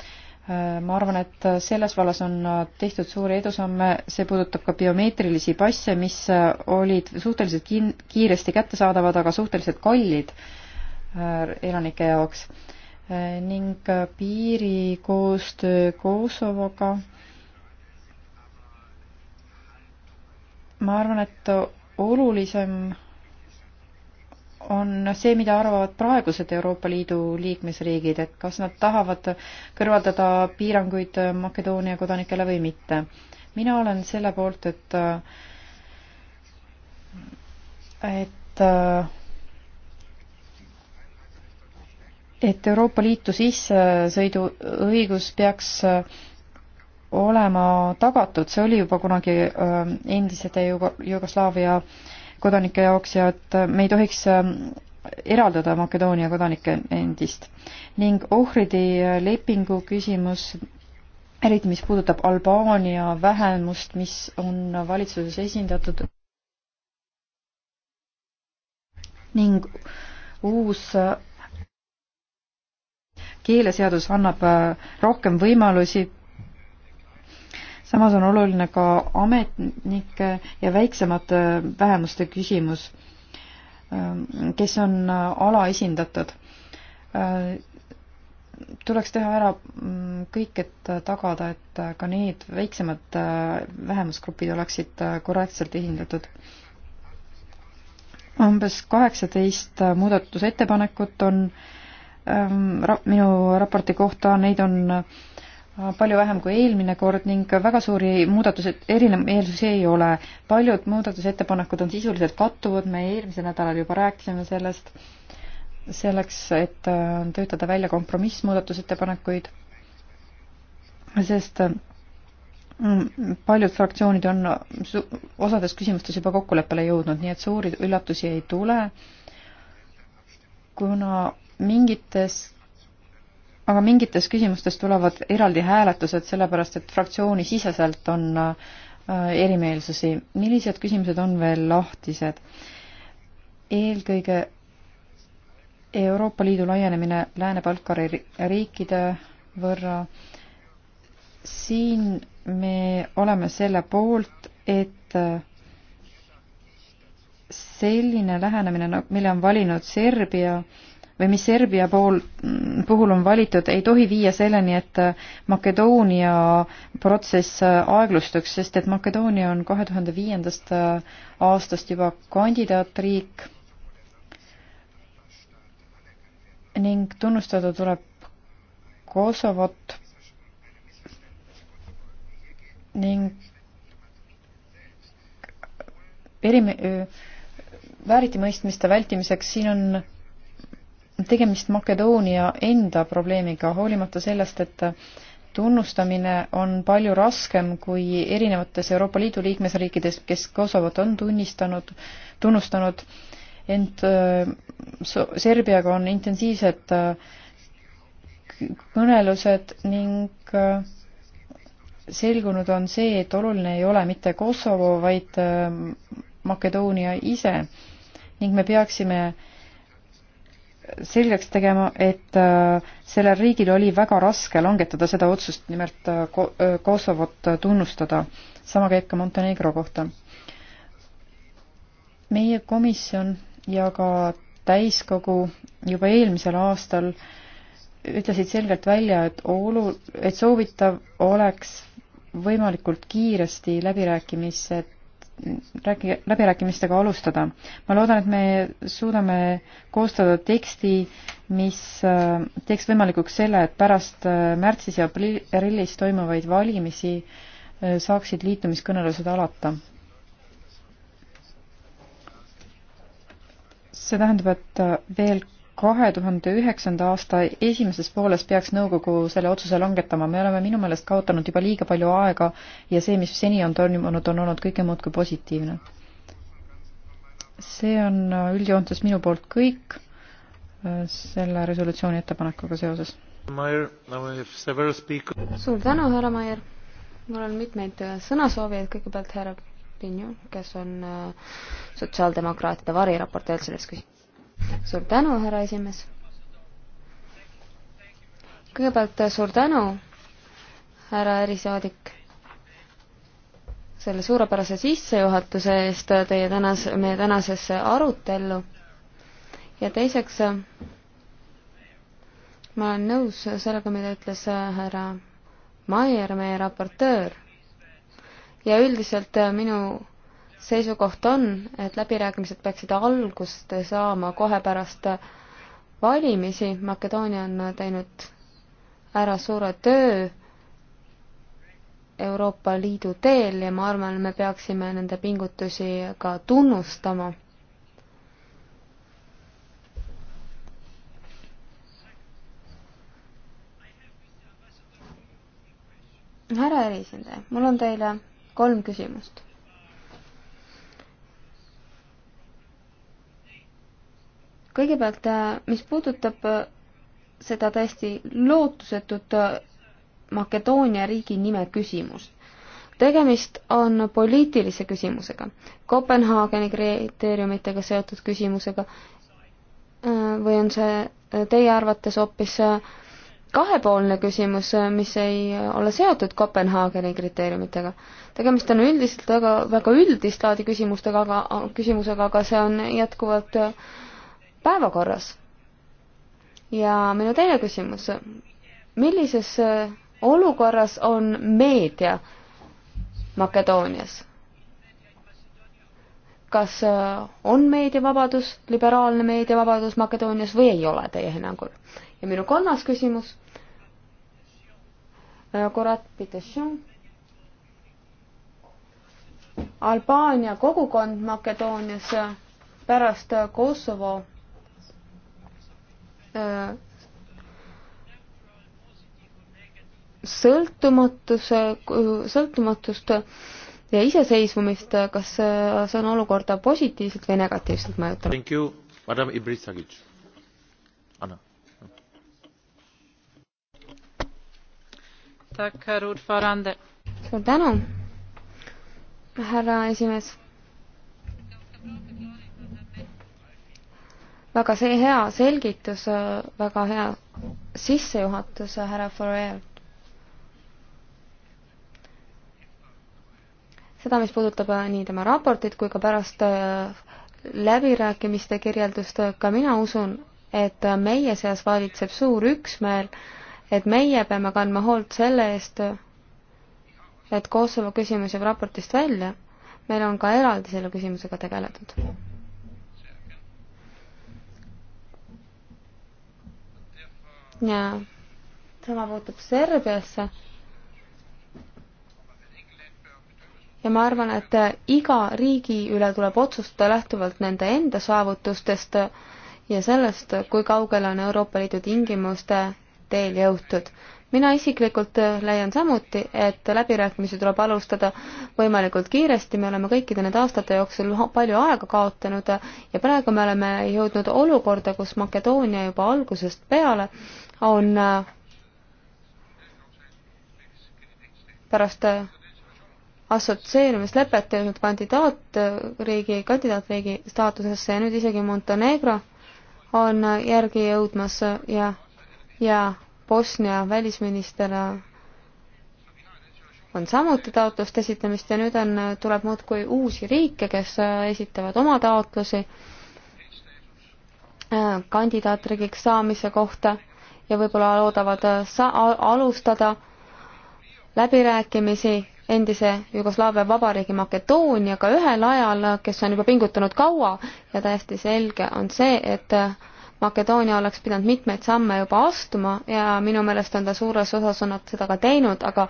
Äh, ma arvan, et selles vallas on äh, tehtud suuri edusamme, see puudutab ka biomeetrilisi passe, mis äh, olid suhteliselt kin-, kiiresti kättesaadavad, aga suhteliselt kallid elanike jaoks. ning piirikoostöö Kosovoga, ma arvan, et olulisem on see, mida arvavad praegused Euroopa Liidu liikmesriigid, et kas nad tahavad kõrvaldada piiranguid Makedoonia kodanikele või mitte. mina olen selle poolt, et et et Euroopa Liitu sissesõidu õigus peaks olema tagatud, see oli juba kunagi äh, endisete Jugoslaavia äh, kodanike jaoks ja et me ei tohiks äh, eraldada Makedoonia kodanikke endist. ning ohvridi äh, lepingu küsimus, eriti mis puudutab Albaania vähemust, mis on valitsuses esindatud. ning uus äh, keeleseadus annab rohkem võimalusi samas on oluline ka ametnike ja väiksemate vähemuste küsimus, kes on alaesindatud. tuleks teha ära kõik, et tagada, et ka need väiksemad vähemusgrupid oleksid korrektselt esindatud. umbes kaheksateist muudatusettepanekut on ähm, minu raporti kohta, neid on äh, palju vähem kui eelmine kord ning väga suuri muudatused, erinevusi ei ole. paljud muudatusettepanekud on sisuliselt kattuvad, me eelmisel nädalal juba rääkisime sellest, selleks, et äh, töötada välja kompromissmuudatusettepanekuid, sest mm, paljud fraktsioonid on osades küsimustes juba kokkuleppele jõudnud, nii et suuri üllatusi ei tule, kuna mingites aga mingites küsimustes tulevad eraldi hääletused, sellepärast et fraktsiooni siseselt on äh, erimeelsusi. millised küsimused on veel lahtised? eelkõige Euroopa Liidu laienemine Lääne-Balkari riikide võrra. siin me oleme selle poolt, et äh, selline lähenemine, mille on valinud Serbia, või mis Serbia pool, puhul on valitud, ei tohi viia selleni, et Makedoonia protsess aeglustuks, sest et Makedoonia on kahe tuhande viiendast aastast juba kandidaatriik ning tunnustada tuleb Kosovot ning erime-, vääritimõistmiste vältimiseks siin on tegemist Makedoonia enda probleemiga, hoolimata sellest, et tunnustamine on palju raskem kui erinevates Euroopa Liidu liikmesriikides, kes Kosovot on tunnistanud, tunnustanud, ent äh, Serbiaga on intensiivsed äh, kõnelused ning äh, selgunud on see, et oluline ei ole mitte Kosovo, vaid Makedoonia ise ning me peaksime äh, selgeks tegema, et äh, sellel riigil oli väga raske langetada seda otsust, nimelt äh, äh, Kosovot tunnustada. sama käib ka Montenegro kohta. meie komisjon ja ka täiskogu juba eelmisel aastal ütlesid selgelt välja, et olu, et soovitav oleks võimalikult kiiresti läbirääkimised räägi, läbirääkimistega alustada. ma loodan, et me suudame koostada teksti, mis äh, teeks võimalikuks selle, et pärast äh, märtsis ja aprillis toimuvaid valimisi äh, saaksid liitumiskõnelused alata. see tähendab, et veel kahe tuhande üheksanda aasta esimeses pooles peaks nõukogu selle otsuse langetama. me oleme minu meelest kaotanud juba liiga palju aega ja see, mis seni on toimunud, on olnud kõike muud kui positiivne. see on üldjoontes minu poolt kõik äh, selle resolutsiooni ettepanekuga seoses. suur tänu, härra Maier. mul on mitmeid äh, sõnasoovijaid, kõigepealt härra Pinju, kes on äh, sotsiaaldemokraatide variraportöör selles küsimuses suur tänu, härra esimees. kõigepealt eh, suur tänu, härra erisaadik, selle suurepärase sissejuhatuse eest eh, teie tänas, meie tänasesse arutellu. ja teiseks, eh, ma olen nõus sellega, mida ütles härra Maier, meie raportöör. ja üldiselt minu seisukoht on, et läbirääkimised peaksid algust saama kohe pärast valimisi, Makedoonia on teinud ära suure töö Euroopa Liidu teel ja ma arvan, me peaksime nende pingutusi ka tunnustama. härra eriesindaja, mul on teile kolm küsimust kõigepealt, äh, mis puudutab äh, seda täiesti lootusetut äh, Makedoonia riigi nime küsimust. tegemist on poliitilise küsimusega, Kopenhaageni kriteeriumitega seotud küsimusega või on see teie arvates hoopis kahepoolne küsimus, mis ei ole seotud Kopenhaageni kriteeriumitega. tegemist on üldiselt väga, väga üldist laadi küsimustega, aga, küsimusega, aga see on jätkuvalt äh, päevakorras. ja minu teine küsimus, millises äh, olukorras on meedia Makedoonias? kas äh, on meediavabadus, liberaalne meediavabadus Makedoonias või ei ole teie hinnangul? ja minu kolmas küsimus. Äh, Albaania kogukond Makedoonias pärast Kosovo sõltumatuse, sõltumatust ja iseseisvumist, kas see on olukorda positiivselt või negatiivselt mõjutanud? Thank you, madam Ibrisagic. Anna. suur tänu, härra esimees väga see hea selgitus, äh, väga hea sissejuhatus, äh, härra Fourier. seda, mis puudutab äh, nii tema raportit kui ka pärast läbirääkimiste kirjeldust, ka mina usun, et meie seas valitseb suur üksmeel, et meie peame kandma hoolt selle eest, et Kosovo küsimus jääb raportist välja. meil on ka eraldi selle küsimusega tegeletud. ja sama puutub Serbiasse. ja ma arvan, et iga riigi üle tuleb otsustada lähtuvalt nende enda saavutustest ja sellest, kui kaugele on Euroopa Liidu tingimuste teel jõutud mina isiklikult äh, leian samuti, et läbirääkimisi tuleb alustada võimalikult kiiresti, me oleme kõikide nende aastate jooksul palju aega kaotanud ja praegu me oleme jõudnud olukorda, kus Makedoonia juba algusest peale on äh, pärast äh, assotsieerumislepet jõudnud kandidaatriigi, kandidaatriigi staatusesse ja nüüd isegi Montenegro on järgi jõudmas ja, ja Bosnia välisminister on samuti taotluste esitamist ja nüüd on, tuleb muudkui uusi riike, kes äh, esitavad oma taotlusi äh, kandidaatriigiks saamise kohta ja võib-olla loodavad äh, sa-, alustada läbirääkimisi endise Jugoslaavia vabariigi Makedooniaga ühel ajal, kes on juba pingutanud kaua ja täiesti selge on see, et Makedoonia oleks pidanud mitmeid samme juba astuma ja minu meelest on ta suures osas on nad seda ka teinud, aga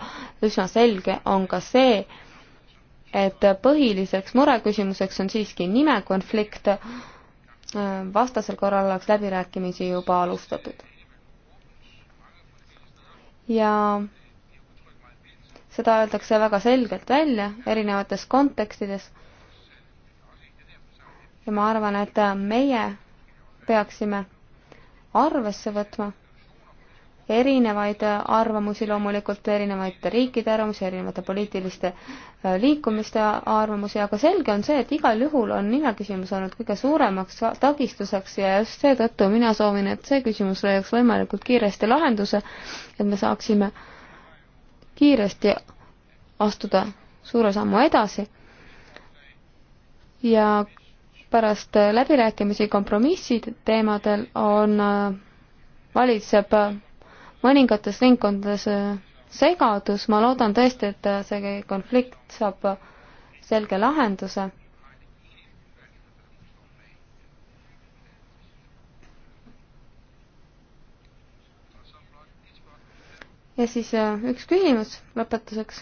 üsna selge on ka see, et põhiliseks mureküsimuseks on siiski nimekonflikt, vastasel korral oleks läbirääkimisi juba alustatud. ja seda öeldakse väga selgelt välja erinevates kontekstides ja ma arvan, et meie peaksime arvesse võtma erinevaid arvamusi loomulikult, erinevate riikide arvamusi, erinevate poliitiliste äh, liikumiste arvamusi, aga selge on see, et igal juhul on nimeküsimus olnud kõige suuremaks takistuseks ja just seetõttu mina soovin, et see küsimus leiaks võimalikult kiiresti lahenduse, et me saaksime kiiresti astuda suure sammu edasi ja pärast läbirääkimisi kompromissi teemadel on, äh, valitseb äh, mõningates ringkondades äh, segadus, ma loodan tõesti, et see konflikt saab selge lahenduse. ja siis üks küsimus lõpetuseks.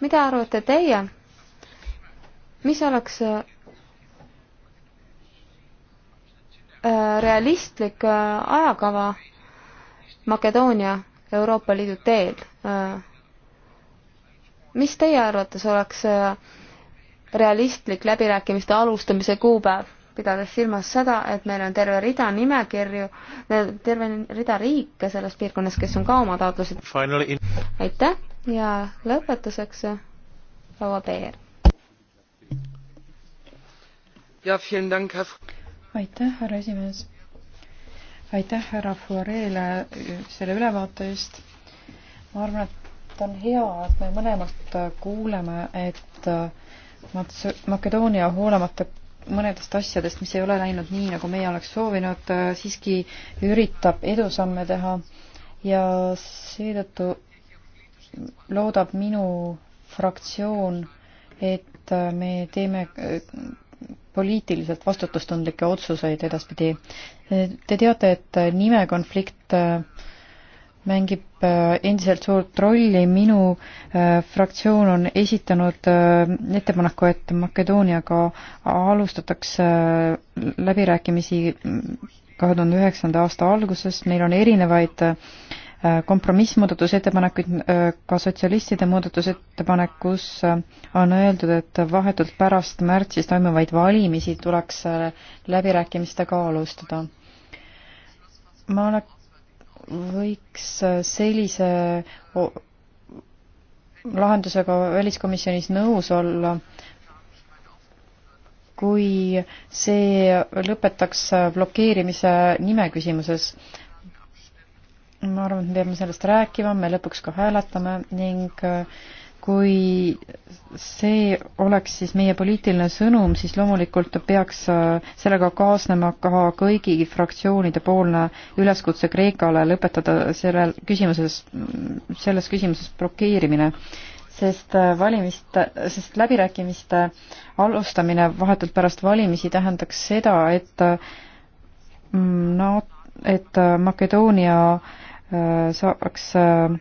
mida arvate teie, mis oleks Äh, realistlik äh, ajakava Makedoonia Euroopa Liidu teel? Äh, mis teie arvates oleks realistlik läbirääkimiste alustamise kuupäev, pidades silmas seda, et meil on terve rida nimekirju, terve rida riike selles piirkonnas, kes on ka oma taotlused. aitäh ja lõpetuseks proua Peer aitäh, härra esimees. aitäh härra Fuareele äh, selle ülevaate eest. ma arvan, et on hea, et me mõlemalt äh, kuuleme, et äh, Makedoonia hoolimata mõnedest asjadest, mis ei ole läinud nii, nagu meie oleks soovinud, siiski üritab edusamme teha ja seetõttu loodab minu fraktsioon, et me teeme poliitiliselt vastutustundlikke otsuseid edaspidi. Te teate, et nimekonflikt äh, mängib äh, endiselt suurt rolli, minu äh, fraktsioon on esitanud ettepaneku, et Makedooniaga alustatakse läbirääkimisi mm, kahe tuhande üheksanda aasta alguses, meil on erinevaid äh, Äh, kompromissmuudatusettepanekuid, äh, ka sotsialistide muudatusettepanekus äh, on öeldud, et vahetult pärast märtsis toimuvaid valimisi tuleks läbirääkimistega alustada. ma ole-, võiks sellise lahendusega väliskomisjonis nõus olla, kui see lõpetaks blokeerimise nime küsimuses ma arvan, et me peame sellest rääkima, me lõpuks ka hääletame ning äh, kui see oleks siis meie poliitiline sõnum, siis loomulikult peaks äh, sellega kaasnema ka kõigi fraktsioonide poolne üleskutse Kreekale lõpetada sellel küsimuses, mm, selles küsimuses blokeerimine sest äh, valimiste, sest läbirääkimiste alustamine vahetult pärast valimisi tähendaks seda, et mm, no et Makedoonia Äh, saaks äh,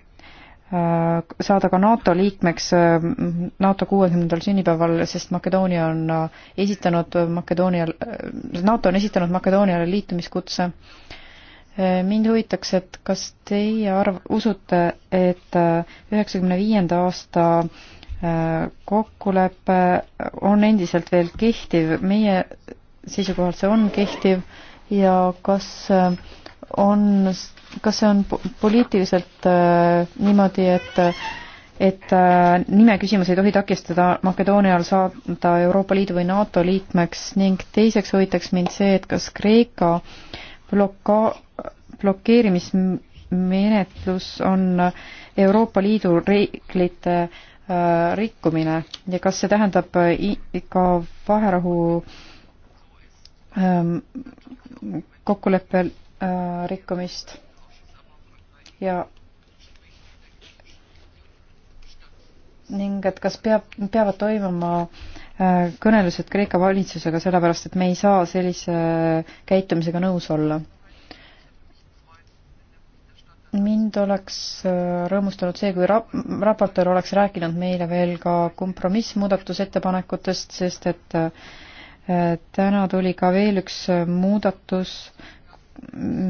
saada ka NATO liikmeks äh, NATO kuuekümnendal sünnipäeval, sest Makedoonia on esitanud Makedoonial, NATO on esitanud Makedooniale liitumiskutse. mind huvitaks, et kas teie arv-, usute, et üheksakümne viienda aasta kokkulepe on endiselt veel kehtiv, meie seisukohalt see on kehtiv ja kas äh, on, kas see on poliitiliselt äh, niimoodi, et et äh, nime küsimus ei tohi takistada Makedoonial saada Euroopa Liidu või NATO liikmeks ning teiseks huvitaks mind see, et kas Kreeka bloka-, blokeerimismenetlus on Euroopa Liidu reeglite äh, rikkumine ja kas see tähendab äh, ka vaherahu ähm, kokkuleppel Äh, rikkumist ja ning et kas peab, peavad toimuma äh, kõnelused Kreeka valitsusega, sellepärast et me ei saa sellise käitumisega nõus olla. mind oleks äh, rõõmustanud see, kui rap-, raportöör oleks rääkinud meile veel ka kompromissmuudatusettepanekutest, sest et täna tuli ka veel üks muudatus,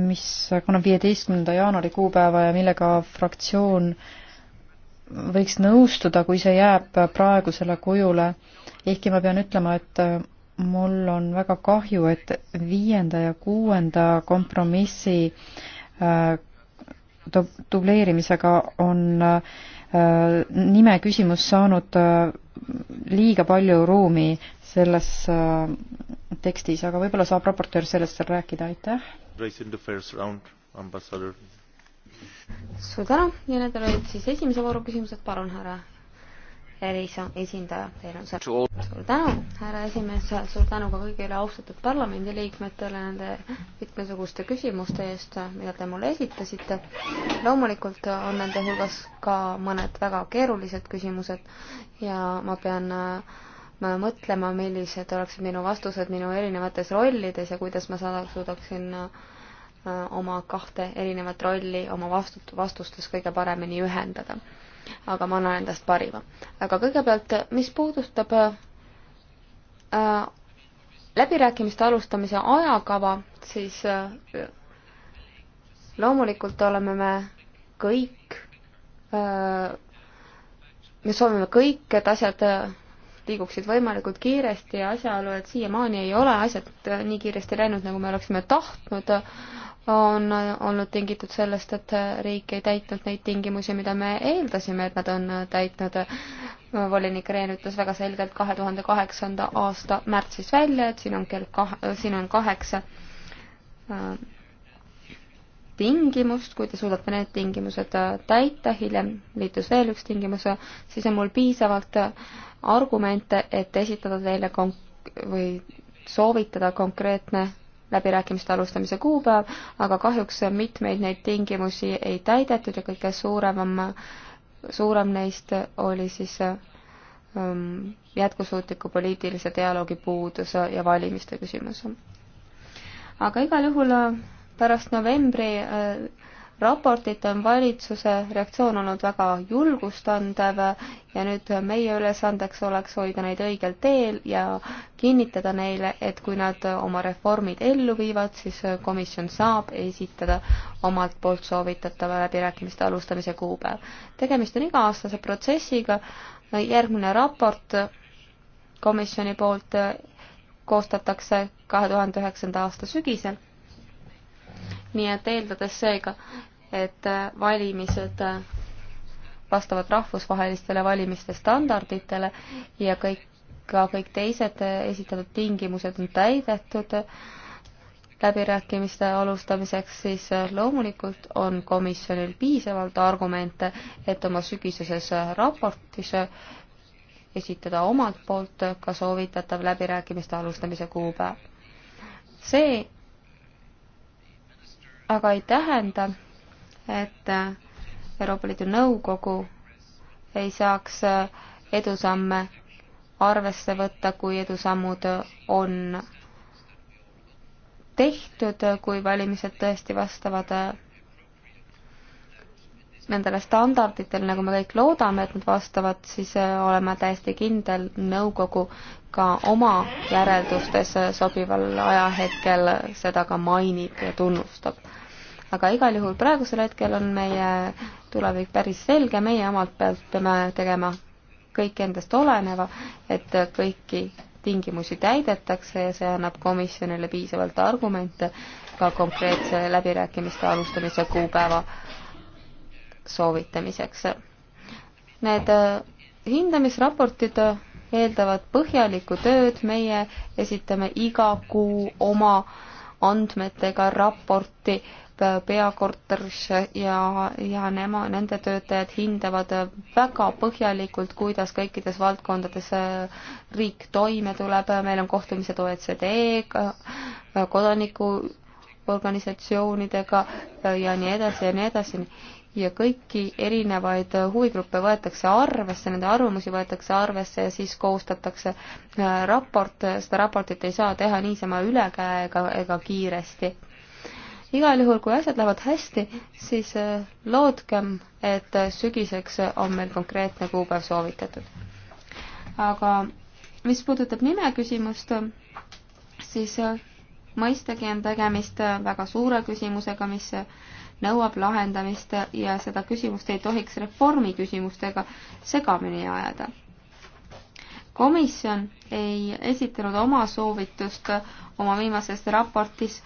mis kannab viieteistkümnenda jaanuari kuupäeva ja millega fraktsioon võiks nõustuda, kui see jääb praegusele kujule. ehkki ma pean ütlema, et mul on väga kahju, et viienda ja kuuenda kompromissi äh, dubleerimisega on äh, Äh, nime küsimus saanud äh, liiga palju ruumi selles äh, tekstis, aga võib-olla saab raportöör sellest veel rääkida, aitäh. suur tänu ja need olid siis esimese vooru küsimused, palun härra Elisa esindaja, teil on sõna. suur tänu, härra esimees, suur tänu ka kõigile austatud parlamendiliikmetele nende mitmesuguste küsimuste eest, mida te mulle esitasite. loomulikult on nende hulgas ka mõned väga keerulised küsimused ja ma pean ma äh, mõtlema, millised oleksid minu vastused minu erinevates rollides ja kuidas ma saada, suudaksin äh, oma kahte erinevat rolli oma vastut-, vastustes kõige paremini ühendada aga ma annan endast parima. aga kõigepealt, mis puudutab äh, läbirääkimiste alustamise ajakava, siis äh, loomulikult oleme me kõik äh,, me soovime kõik, et asjad äh, liiguksid võimalikult kiiresti ja asjaolu, et siiamaani ei ole asjad äh, nii kiiresti läinud, nagu me oleksime tahtnud, äh, on äh, olnud tingitud sellest, et riik ei täitnud neid tingimusi, mida me eeldasime, et nad on täitnud. volinik Rehn ütles väga selgelt kahe tuhande kaheksanda aasta märtsis välja, et siin on kell kah-, siin on kaheksa tingimust, kui te suudate need tingimused täita, hiljem liitus veel üks tingimus, siis on mul piisavalt argumente, et esitada teile konk-, või soovitada konkreetne läbirääkimiste alustamise kuupäev, aga kahjuks mitmeid neid tingimusi ei täidetud ja kõige suurem, suurem neist oli siis ähm, jätkusuutliku poliitilise dialoogi puudus ja valimiste küsimus. aga igal juhul pärast novembri äh, raportit on valitsuse reaktsioon olnud väga julgustandev ja nüüd meie ülesandeks oleks hoida neid õigel teel ja kinnitada neile, et kui nad oma reformid ellu viivad, siis komisjon saab esitada omalt poolt soovitatava läbirääkimiste alustamise kuupäev. tegemist on iga-aastase protsessiga, järgmine raport komisjoni poolt koostatakse kahe tuhande üheksanda aasta sügisel nii et eeldades seega, et äh, valimised äh, vastavad rahvusvahelistele valimiste standarditele ja kõik, ka kõik teised äh, esitatud tingimused on täidetud läbirääkimiste alustamiseks, siis loomulikult on komisjonil piisavalt argumente, et oma sügiseses raportis esitada omalt poolt ka soovitatav läbirääkimiste alustamise kuupäev. see aga ei tähenda, et äh, Euroopa Liidu Nõukogu ei saaks äh, edusamme arvesse võtta, kui edusammud on tehtud, kui valimised tõesti vastavad äh, nendele standarditele, nagu me kõik loodame, et nad vastavad, siis äh, oleme täiesti kindel nõukogu ka oma järeldustes äh, sobival ajahetkel seda ka mainib ja tunnustab. aga igal juhul praegusel hetkel on meie tulevik päris selge, meie omalt pealt peame tegema kõik endast oleneva, et kõiki tingimusi täidetakse ja see annab komisjonile piisavalt argumente ka konkreetse läbirääkimiste alustamise kuupäeva soovitamiseks. Need äh, hindamisraportid eeldavad põhjalikku tööd, meie esitame iga kuu oma andmetega raporti peakorterisse ja, ja nema, nende töötajad hindavad väga põhjalikult, kuidas kõikides valdkondades äh, riik toime tuleb, meil on kohtumised OECD-ga, äh, kodaniku organisatsioonidega ja nii edasi ja nii edasi ja kõiki erinevaid huvigruppe võetakse arvesse, nende arvamusi võetakse arvesse ja siis koostatakse äh, raport, seda raportit ei saa teha niisama ülekäe ega, ega kiiresti. igal juhul, kui asjad lähevad hästi, siis äh, lootkem, et äh, sügiseks on meil konkreetne kuupäev soovitatud. aga mis puudutab nime küsimust, siis mõistagi on tegemist väga suure küsimusega, mis nõuab lahendamist ja seda küsimust ei tohiks reformi küsimustega segamini ajada. komisjon ei esitanud oma soovitust oma viimases raportis,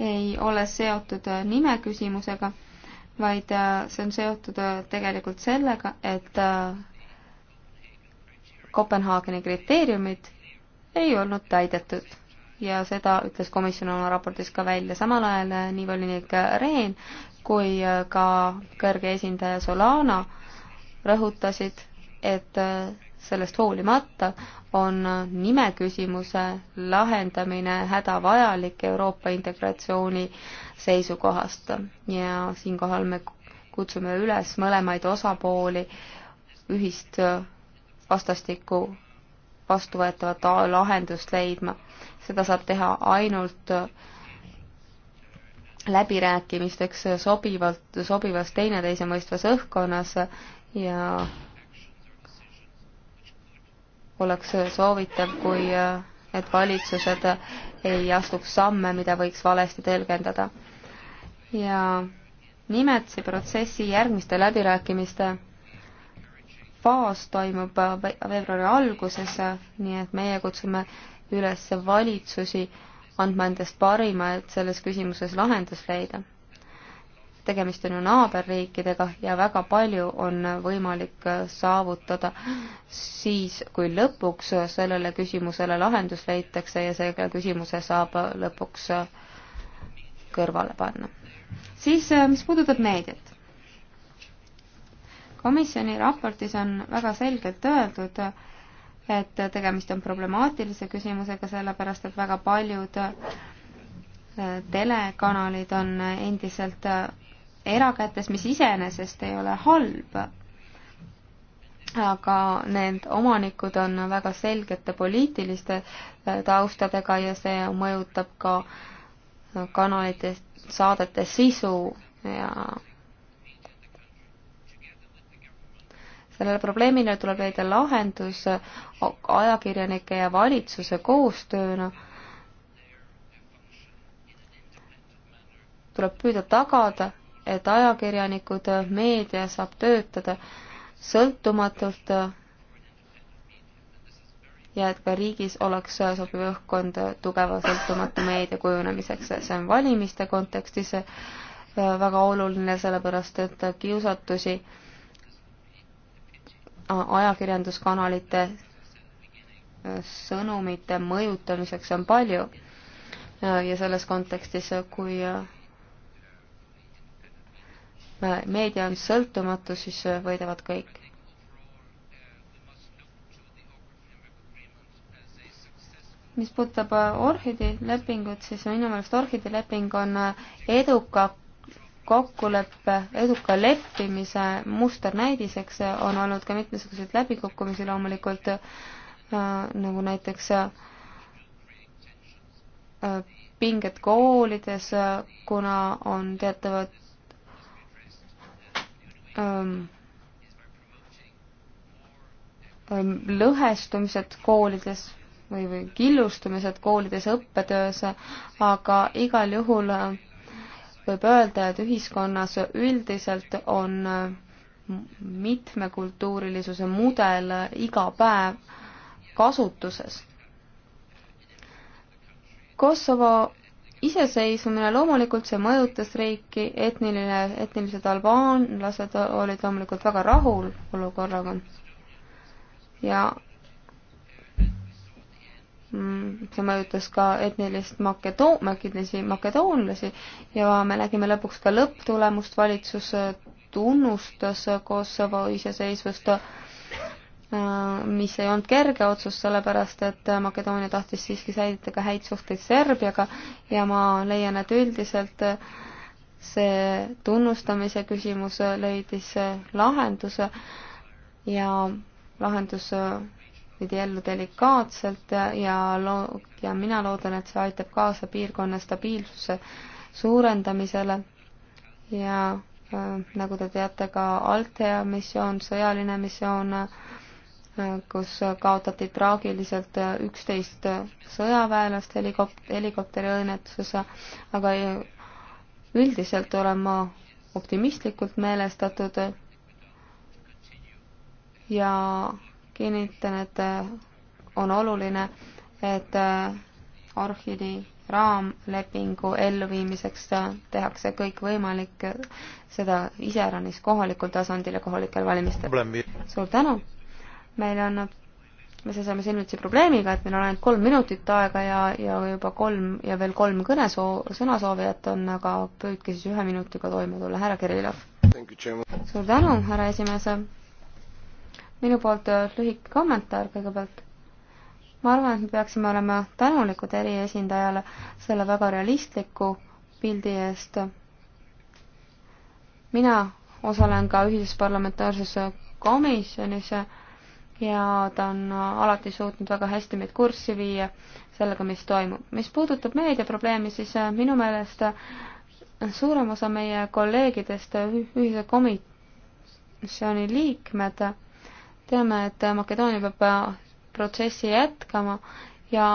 ei ole seotud nime küsimusega, vaid äh, see on seotud äh, tegelikult sellega, et äh, Kopenhaageni kriteeriumid ei olnud täidetud ja seda ütles komisjon oma raportis ka välja, samal ajal eh, nii volinik Rehn kui eh, ka kõrge esindaja Solana rõhutasid, et eh, sellest hoolimata on nimeküsimuse lahendamine hädavajalik Euroopa integratsiooni seisukohast ja siinkohal me kutsume üles mõlemaid osapooli ühist vastastikku vastuvõetavat lahendust leidma. seda saab teha ainult läbirääkimisteks sobivalt, sobivas teineteise mõistvas õhkkonnas ja oleks soovitav, kui need valitsused ei astuks samme, mida võiks valesti tõlgendada. ja nimetasin protsessi järgmiste läbirääkimiste faas toimub veebruari alguses, nii et meie kutsume üles valitsusi andma endast parima, et selles küsimuses lahendus leida. tegemist on ju naaberriikidega ja väga palju on võimalik saavutada siis, kui lõpuks sellele küsimusele lahendus leitakse ja selle küsimuse saab lõpuks kõrvale panna. siis, mis puudutab meediat, komisjoni raportis on väga selgelt öeldud, et tegemist on problemaatilise küsimusega, sellepärast et väga paljud äh, telekanalid on endiselt äh, erakätes, mis iseenesest ei ole halb. aga need omanikud on väga selgete poliitiliste äh, taustadega ja see mõjutab ka kanalite saadete sisu ja sellele probleemile tuleb leida lahendus ajakirjanike ja valitsuse koostööna. tuleb püüda tagada, et ajakirjanikud, meedia saab töötada sõltumatult ja et ka riigis oleks sobiv õhkkond tugeva sõltumatu meedia kujunemiseks. see on valimiste kontekstis väga oluline, sellepärast et kiusatusi ajakirjanduskanalite äh, sõnumite mõjutamiseks on palju. Äh, ja selles kontekstis, äh, kui meedia on sõltumatu, siis võidavad kõik. mis puudutab orhidi lepingut, siis minu meelest orhidi leping on eduka kokkuleppe eduka leppimise musternäidiseks on olnud ka mitmesuguseid läbikukkumisi loomulikult, äh, nagu näiteks äh, pinged koolides, kuna on teatavad ähm, ähm, lõhestumised koolides või, või killustumised koolides õppetöös, aga igal juhul äh, võib öelda, et ühiskonnas üldiselt on äh, mitmekultuurilisuse mudel äh, iga päev kasutuses. Kosovo iseseisvumine, loomulikult see mõjutas riiki, etniline, etnilised albaanlased olid loomulikult väga rahul olukorraga ja Mm, see mõjutas ka etnilist makedo-, makedonlasi, makedoonlasi ja me nägime lõpuks ka lõpptulemust, valitsus äh, tunnustas Kosovo iseseisvust, äh, mis ei olnud kerge otsus, sellepärast et äh, Makedoonia tahtis siiski säilitada ka häid suhteid Serbiaga ja ma leian, et üldiselt see tunnustamise küsimus leidis lahenduse ja lahendus viidi ellu delikaatselt ja, ja loo-, ja mina loodan, et see aitab kaasa piirkonna stabiilsuse suurendamisele ja äh, nagu te teate, ka Altea missioon, sõjaline missioon äh,, kus kaotati traagiliselt äh, üksteist äh, sõjaväelast helikop-, helikopteriõnnetuses, aga äh, üldiselt olen ma optimistlikult meelestatud ja kinnitan, et äh, on oluline, et äh, Orhidi raamlepingu elluviimiseks äh, tehakse kõik võimalik, seda iseäranis kohalikul tasandil ja kohalikel valimistel. suur tänu! meil on, me seisame silmitsi probleemiga, et meil on ainult kolm minutit aega ja, ja juba kolm ja veel kolm kõnesoo-, sõnasoovijat on, aga püüdke siis ühe minutiga toime tulla, härra Kirillov. suur tänu, härra esimees! minu poolt äh, lühike kommentaar kõigepealt. ma arvan, et me peaksime olema tänulikud eriesindajale selle väga realistliku pildi eest. mina osalen ka ühises parlamentaarses komisjonis ja ta on alati suutnud väga hästi meid kurssi viia sellega, mis toimub. mis puudutab meediaprobleemi, siis äh, minu meelest suurem osa meie kolleegidest ühise komisjoni liikmed teame, et Makedoonia peab äh, protsessi jätkama ja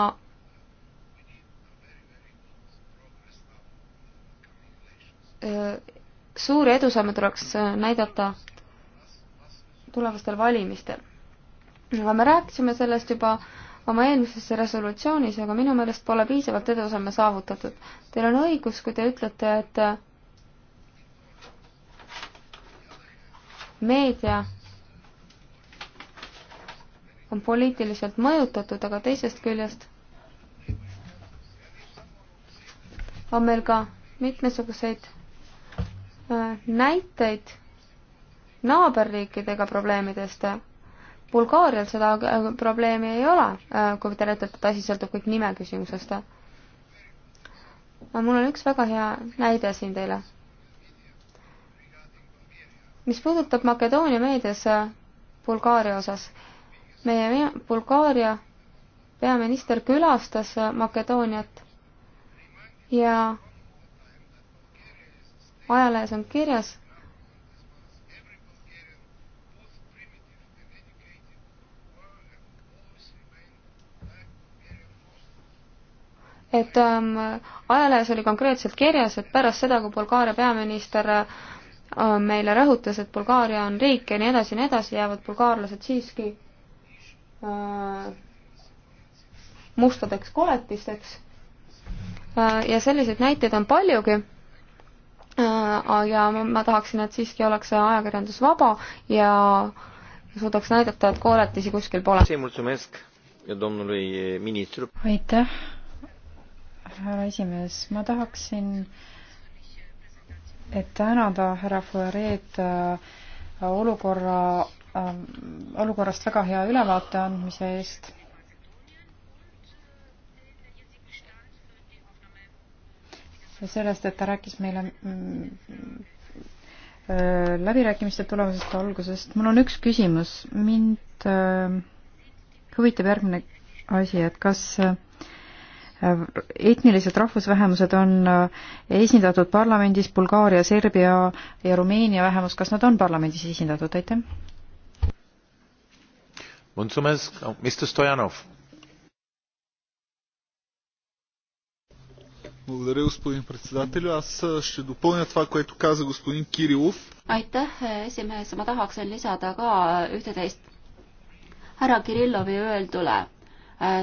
äh, suuri edusamme tuleks äh, näidata tulevastel valimistel. aga me rääkisime sellest juba oma eelmises resolutsioonis, aga minu meelest pole piisavalt edusamme saavutatud. Teil on õigus, kui te ütlete, et meedia on poliitiliselt mõjutatud, aga teisest küljest on meil ka mitmesuguseid äh, näiteid naaberriikidega probleemidest. Bulgaarial seda äh, probleemi ei ole, äh, kui te ütlete, et asi sõltub kõik nime küsimusest. aga mul on üks väga hea näide siin teile. mis puudutab Makedoonia meedias Bulgaaria osas, meie Bulgaaria peaminister külastas Makedooniat ja ajalehes on kirjas, et ähm, ajalehes oli konkreetselt kirjas, et pärast seda, kui Bulgaaria peaminister äh, meile rõhutas, et Bulgaaria on riik ja nii edasi ja nii edasi, jäävad bulgaarlased siiski Äh, mustadeks koletisteks. Äh, ja selliseid näiteid on paljugi. ja äh, ma tahaksin, et siiski oleks ajakirjandus vaba ja suudaks näidata, et koletisi kuskil pole. Eh, aitäh, härra esimees, ma tahaksin et tänada härra Fuareed olukorra Ähm, olukorrast väga hea ülevaate andmise eest. ja sellest, et ta rääkis meile mm, äh, läbirääkimiste tulemusest algusest. mul on üks küsimus. mind äh, huvitab järgmine asi, et kas äh, etnilised rahvusvähemused on esindatud parlamendis, Bulgaaria, Serbia ja Rumeenia vähemus, kas nad on parlamendis esindatud, aitäh? Mulțumesc, Mr. Stoyanov. Благодаря, господин председателю. Аз ще допълня това, което каза господин Кирилов. Aitäh, esimees. Ma tahaksin lisada ka ühteteist härra Kirillovi öeldule.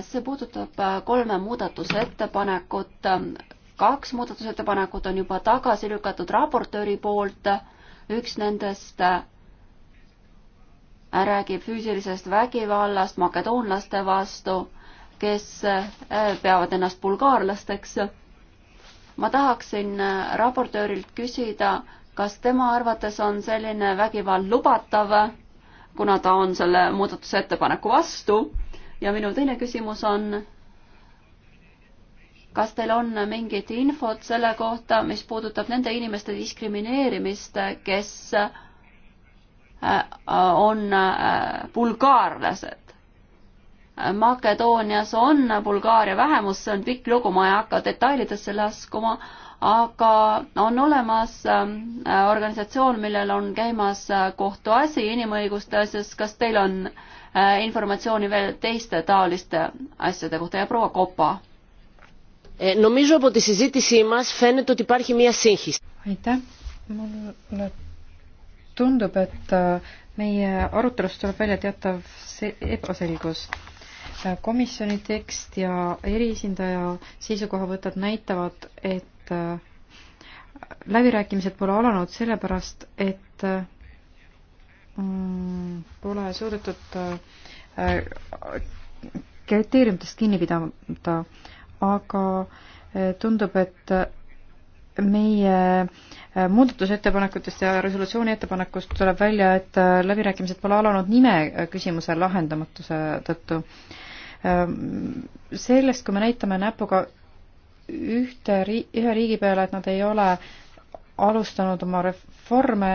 See puudutab kolme muudatusettepanekut. Kaks muudatusettepanekut on juba tagasi lükatud raportööri poolt. Üks nendest räägib füüsilisest vägivallast makedoonlaste vastu, kes äh, peavad ennast bulgaarlasteks. ma tahaksin äh, raportöörilt küsida, kas tema arvates on selline vägivald lubatav, kuna ta on selle muudatusettepaneku vastu ja minu teine küsimus on, kas teil on mingit infot selle kohta, mis puudutab nende inimeste diskrimineerimist, kes Äh, on äh, bulgaarlased. Makedoonias on Bulgaaria vähemus, see on pikk lugu, ma ei hakka detailidesse laskuma, aga on olemas ähm, äh, organisatsioon, millel on käimas kohtuasi inimõiguste asjas, kas teil on informatsiooni veel teiste taoliste asjade kohta ja proua Kopa? Eh, νομίζω από τη συζήτησή μας φαίνεται ότι υπάρχει μία σύγχυση. Aitäh. Mulle tundub, et äh, meie arutelust tuleb välja teatav ebaselgus. Äh, komisjoni tekst ja eriesindaja seisukohavõtted näitavad, et äh, läbirääkimised pole alanud sellepärast, et mm, pole suudetud kriteeriumitest kinni pidada, aga tundub, et meie äh, muudatusettepanekutest ja resolutsiooni ettepanekust tuleb välja, et äh, läbirääkimised pole alanud nime äh, küsimuse lahendamatuse tõttu. Ähm, sellest, kui me näitame näpuga ühte, ühe riigi peale, et nad ei ole alustanud oma reforme,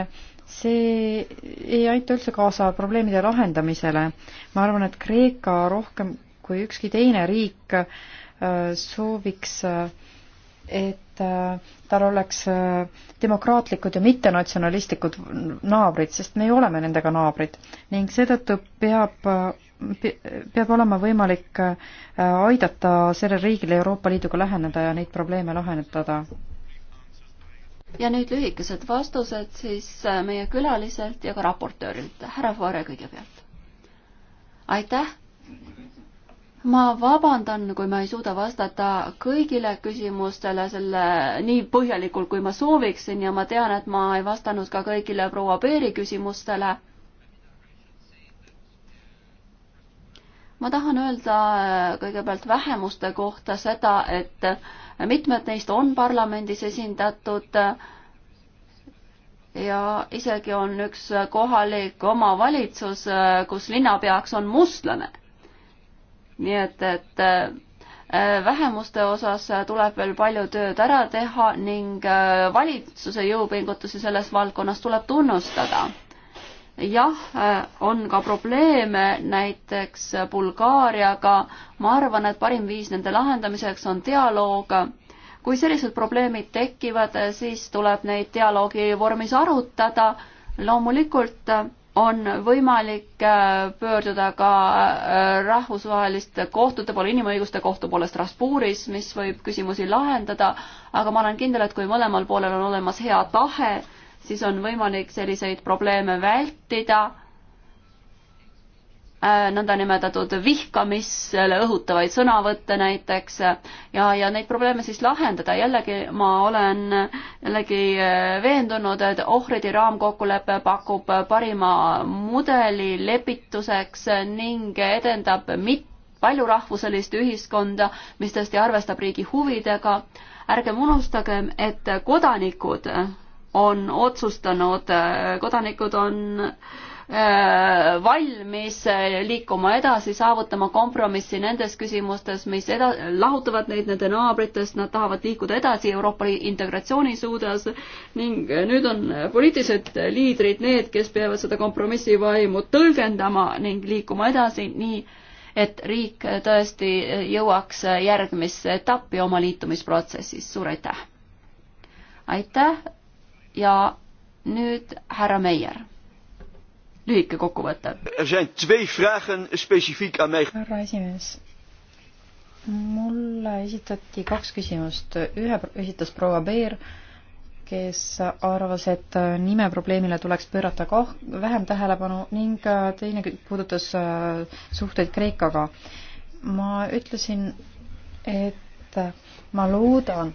see ei aita üldse kaasa probleemide lahendamisele. ma arvan, et Kreeka rohkem kui ükski teine riik sooviks äh, et äh, tal oleks äh, demokraatlikud ja mittenatsionalistlikud naabrid, sest me ju oleme nendega naabrid ning seetõttu peab äh, peab olema võimalik aidata sellel riigil Euroopa Liiduga läheneda ja neid probleeme lahendada. ja nüüd lühikesed vastused siis meie külaliselt ja ka raportöörilt. härra Foore kõigepealt. aitäh, ma vabandan, kui ma ei suuda vastata kõigile küsimustele selle nii põhjalikult, kui ma sooviksin ja ma tean, et ma ei vastanud ka kõigile proua Peeri küsimustele. ma tahan öelda kõigepealt vähemuste kohta seda, et mitmed neist on parlamendis esindatud ja isegi on üks kohalik omavalitsus, kus linnapeaks on mustlane nii et, et äh, vähemuste osas tuleb veel palju tööd ära teha ning äh, valitsuse jõupingutusi selles valdkonnas tuleb tunnustada. jah, äh, on ka probleeme näiteks Bulgaariaga, ma arvan, et parim viis nende lahendamiseks on dialoog kui sellised probleemid tekivad, siis tuleb neid dialoogi vormis arutada. loomulikult on võimalik äh, pöörduda ka äh, rahvusvaheliste kohtute poole, inimõiguste kohtu poole Strasbourgis, mis võib küsimusi lahendada, aga ma olen kindel, et kui mõlemal poolel on olemas hea tahe, siis on võimalik selliseid probleeme vältida Äh, nõndanimetatud vihkamisele õhutavaid sõnavõtte näiteks ja, ja neid probleeme siis lahendada. jällegi ma olen jällegi äh, veendunud, et ohvridi raamkokkulepe pakub parima mudeli lepituseks ning edendab mit-, paljurahvuselist ühiskonda, mis tõesti arvestab riigi huvidega. ärgem unustagem, et kodanikud on otsustanud, äh, kodanikud on äh, valmis liikuma edasi, saavutama kompromissi nendes küsimustes, mis eda-, lahutavad neid nende naabritest, nad tahavad liikuda edasi Euroopa integratsiooni suudas ning nüüd on poliitilised liidrid need, kes peavad seda kompromissi vaimu tõlgendama ning liikuma edasi nii, et riik tõesti jõuaks järgmisse etappi oma liitumisprotsessis. suur aitäh! aitäh ja nüüd härra Meier lühike kokkuvõte. Er härra esimees, mulle esitati kaks küsimust, ühe esitas proua Beer, kes arvas, et nimeprobleemile tuleks pöörata kah-, vähem tähelepanu ning teine puudutas äh, suhteid Kreekaga. ma ütlesin, et ma loodan,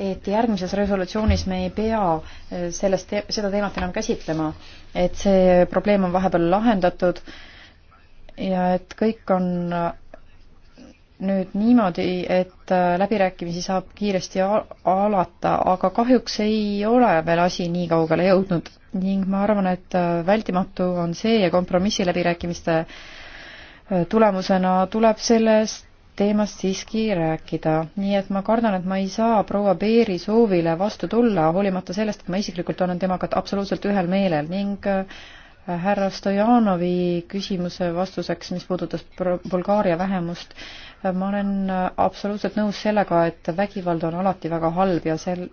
et järgmises resolutsioonis me ei pea eh, sellest, seda teemat enam käsitlema, et see probleem on vahepeal lahendatud ja et kõik on eh, nüüd niimoodi, et eh, läbirääkimisi saab kiiresti alata, aga kahjuks ei ole veel asi nii kaugele jõudnud ning ma arvan, et vältimatu on see ja kompromissi läbirääkimiste tulemusena tuleb sellest teemast siiski rääkida, nii et ma kardan, et ma ei saa proua Beeri soovile vastu tulla, hoolimata sellest, et ma isiklikult olen temaga absoluutselt ühel meelel ning äh, härra Stojanovi küsimuse vastuseks, mis puudutas Bulgaaria vähemust, äh, ma olen äh, absoluutselt nõus sellega, et vägivald on alati väga halb ja sel,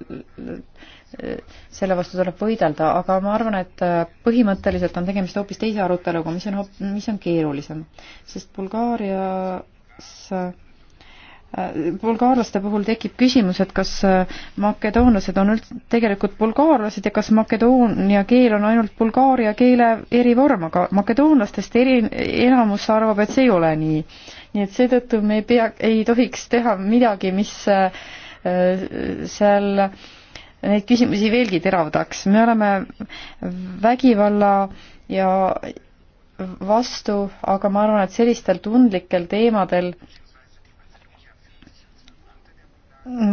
selle vastu tuleb võidelda, aga ma arvan, et põhimõtteliselt on tegemist hoopis teise aruteluga, mis on, mis on keerulisem. sest Bulgaaria Äh, bulgaarlaste puhul tekib küsimus, et kas äh, makedoonlased on üldse tegelikult bulgaarlased ja kas makedoonia keel on ainult bulgaaria keele erivorm, aga makedoonlastest eri, enamus arvab, et see ei ole nii. nii et seetõttu me ei pea, ei tohiks teha midagi, mis äh, seal neid küsimusi veelgi teravdaks. me oleme vägivalla ja vastu, aga ma arvan, et sellistel tundlikel teemadel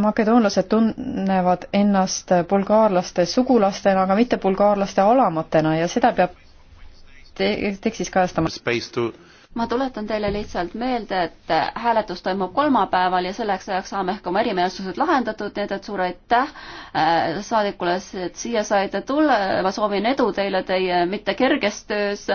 makedoonlased tunnevad ennast bulgaarlaste sugulastena, aga mitte bulgaarlaste alamatena ja seda peab te tekstis kajastama. ma tuletan teile lihtsalt meelde, et hääletus toimub kolmapäeval ja selleks ajaks saame ehk oma erimeelsused lahendatud, nii et, et suur aitäh äh, saadikule, et siia saite tulla, ma soovin edu teile teie mitte kerges töös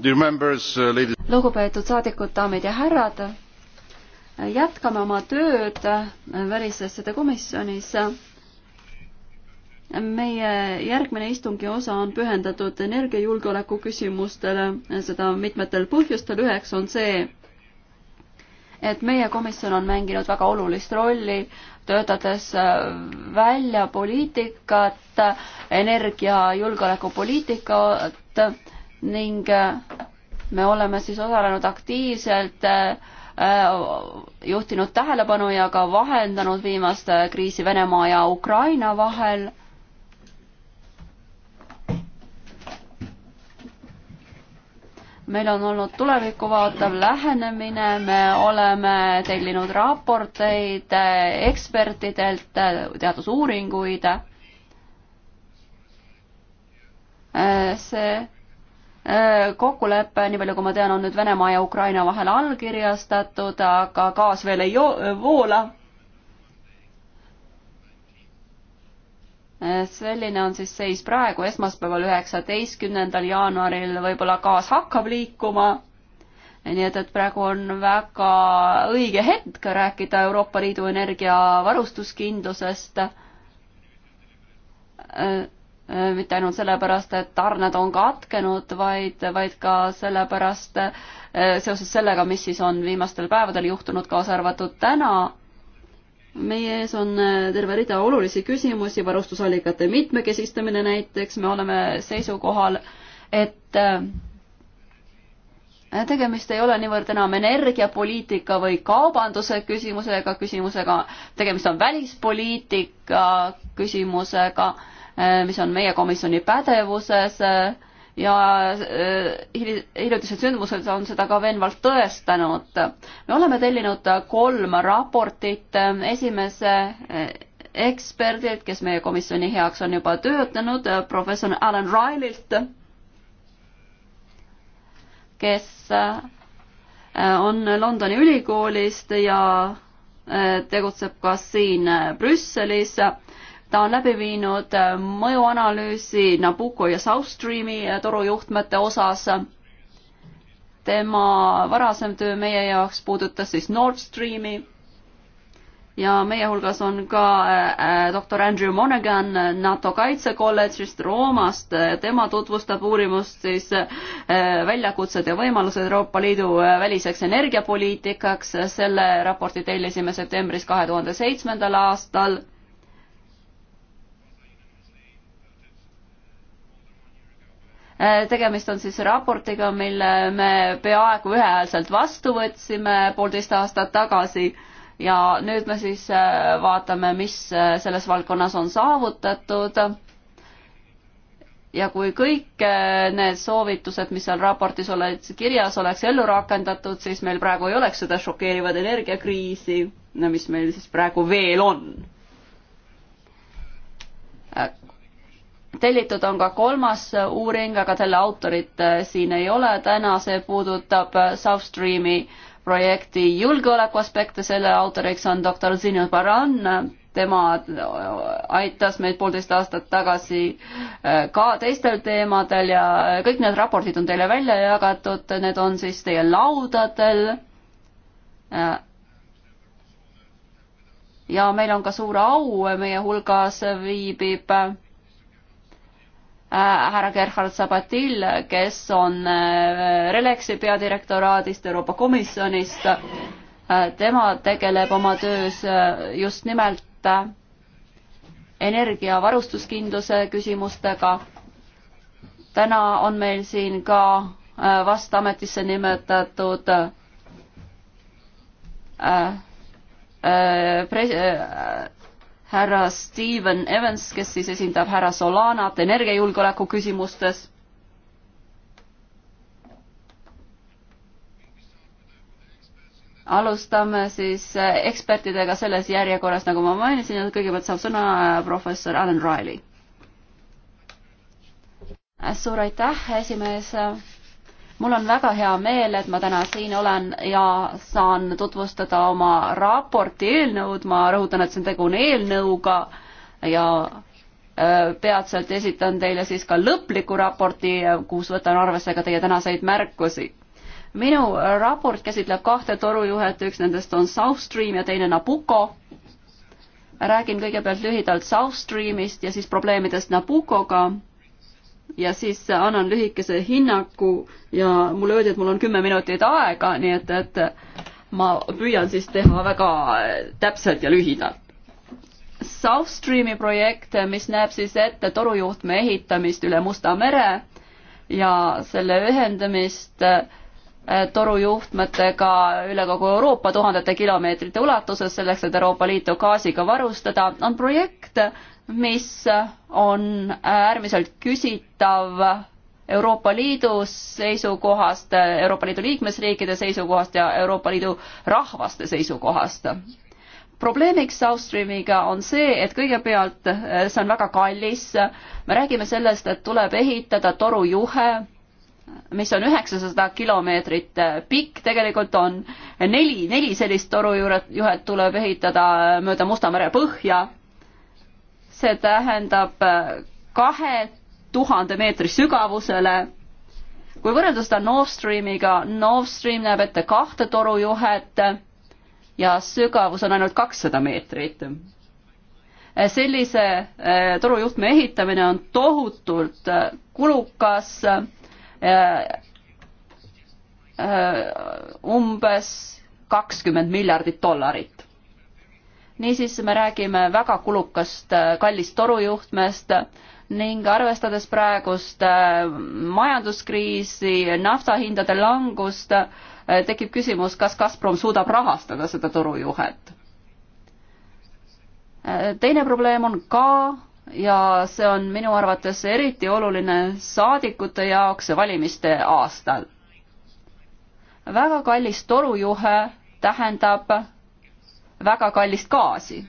Uh, lugupeetud saadikud, daamid ja härrad, jätkame oma tööd äh, välisasjade komisjonis. meie järgmine istungi osa on pühendatud energiajulgeoleku küsimustele, seda mitmetel põhjustel, üheks on see, et meie komisjon on mänginud väga olulist rolli, töötades äh, välja poliitikat, energiajulgeolekupoliitikat ning äh, me oleme siis osalenud aktiivselt, äh, juhtinud tähelepanu ja ka vahendanud viimast äh, kriisi Venemaa ja Ukraina vahel. meil on olnud tulevikku vaatav lähenemine, me oleme tellinud raporteid äh, ekspertidelt, teadusuuringuid. see Äh, kokkulepe, nii palju kui ma tean, on nüüd Venemaa ja Ukraina vahel allkirjastatud, aga gaas veel ei äh, voola. Äh, selline on siis seis praegu, esmaspäeval, üheksateistkümnendal jaanuaril võib-olla gaas hakkab liikuma. nii et, et praegu on väga õige hetk rääkida Euroopa Liidu energiavarustuskindlusest Äh, mitte ainult sellepärast, et tarned on katkenud, vaid, vaid ka sellepärast, äh, seoses sellega, mis siis on viimastel päevadel juhtunud, kaasa arvatud täna. meie ees on äh, terve rida olulisi küsimusi, varustusallikate mitmekesistamine näiteks, me oleme seisukohal, et tegemist ei ole niivõrd enam energiapoliitika või kaubanduse küsimusega, küsimusega, tegemist on välispoliitika küsimusega Äh, mis on meie komisjoni pädevuses äh, ja äh, hiljutised sündmused on seda ka veenvalt tõestanud. me oleme tellinud kolm raportit, esimese eksperdilt, kes meie komisjoni heaks on juba töötanud, professor Alan Rylilt, kes on Londoni ülikoolist ja tegutseb ka siin Brüsselis ta on läbi viinud äh, mõjuanalüüsi Nabucco ja South Streami äh, torujuhtmete osas. tema varasem töö meie jaoks puudutas siis Nord Streami ja meie hulgas on ka äh, doktor Andrew Monaghan NATO kaitsekolledžist Roomast, tema tutvustab uurimust siis väljakutsed ja võimalused Euroopa Liidu väliseks energiapoliitikaks, selle raporti tellisime septembris kahe tuhande seitsmendal aastal Äh, tegemist on siis raportiga, mille me peaaegu ühehäälselt vastu võtsime poolteist aastat tagasi ja nüüd me siis äh, vaatame, mis äh, selles valdkonnas on saavutatud. ja kui kõik need soovitused, mis seal raportis olid kirjas, oleks ellu rakendatud, siis meil praegu ei oleks seda šokeerivat energiakriisi, mis meil siis praegu veel on tellitud on ka kolmas uuring, aga selle autorit äh, siin ei ole täna, see puudutab äh, South Streami projekti julgeolekuaspekte, selle autoriks on doktor Zinu Baran, tema äh, aitas meid poolteist aastat tagasi ka teistel teemadel ja kõik need raportid on teile välja jagatud, need on siis teie laudadel. ja meil on ka suur au, meie hulgas viibib Äh, härra Gerhard Sabatil, kes on äh, Relexi peadirektoraadist, Euroopa Komisjonist. Äh, tema tegeleb oma töös just nimelt energiavarustuskindluse küsimustega. täna on meil siin ka vast ametisse nimetatud pres-, härra Steven Evans, kes siis esindab härra Solanat energiajulgeoleku küsimustes. alustame siis äh, ekspertidega selles järjekorras, nagu ma mainisin, et kõigepealt saab sõna äh, professor Alan Riley. Äh, suur aitäh, esimees mul on väga hea meel, et ma täna siin olen ja saan tutvustada oma raporti eelnõud, ma rõhutan, et see on tegu on eelnõuga ja äh, peatselt esitan teile siis ka lõpliku raporti, kus võtan arvesse ka teie tänaseid märkusi. minu raport käsitleb kahte torujuhet, üks nendest on South Stream ja teine Nabucco. räägin kõigepealt lühidalt South Streamist ja siis probleemidest Nabuccoga ja siis annan lühikese hinnaku ja mulle öeldi, et mul on kümme minutit aega, nii et, et ma püüan siis teha väga täpselt ja lühidalt. South Streami projekt, mis näeb siis ette torujuhtme ehitamist üle Musta mere ja selle ühendamist eh, torujuhtmetega üle kogu Euroopa tuhandete kilomeetrite ulatuses selleks, et Euroopa Liitu gaasiga varustada, on projekt, mis on äärmiselt küsitav Euroopa Liidu seisukohast, Euroopa Liidu liikmesriikide seisukohast ja Euroopa Liidu rahvaste seisukohast. probleemiks South Streamiga on see, et kõigepealt eh, see on väga kallis, me räägime sellest, et tuleb ehitada torujuhe, mis on üheksasada kilomeetrit eh, pikk, tegelikult on neli, neli sellist torujuhet tuleb ehitada eh, mööda Musta mere põhja see tähendab äh, kahe tuhande meetri sügavusele. kui võrrelda seda Nord Streamiga, Nord Stream näeb ette kahte torujuhet ja sügavus on ainult kakssada meetrit. Äh, sellise äh, torujuhtme ehitamine on tohutult kulukas, umbes kakskümmend miljardit dollarit niisiis me räägime väga kulukast äh, kallist torujuhtmest ning arvestades praegust äh, majanduskriisi, naftahindade langust, äh, tekib küsimus, kas Gazprom suudab rahastada seda torujuhet. teine probleem on ka ja see on minu arvates eriti oluline saadikute jaoks valimiste aastal. väga kallis torujuhe tähendab väga kallist gaasi.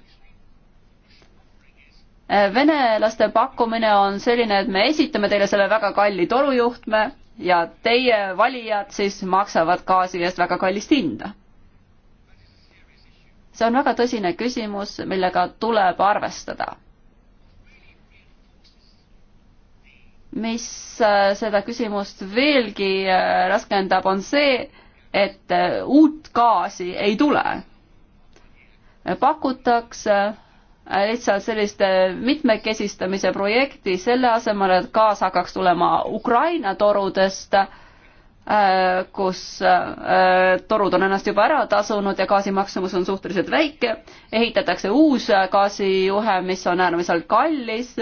venelaste pakkumine on selline, et me esitame teile selle väga kalli torujuhtme ja teie valijad siis maksavad gaasi eest väga kallist hinda. see on väga tõsine küsimus, millega tuleb arvestada mis seda küsimust veelgi raskendab, on see, et uut gaasi ei tule pakutakse äh, lihtsalt sellist mitmekesistamise projekti selle asemel, et gaas hakkaks tulema Ukraina torudest, äh, kus äh, torud on ennast juba ära tasunud ja gaasi maksumus on suhteliselt väike, ehitatakse uus gaasijuhe, mis on äärmiselt kallis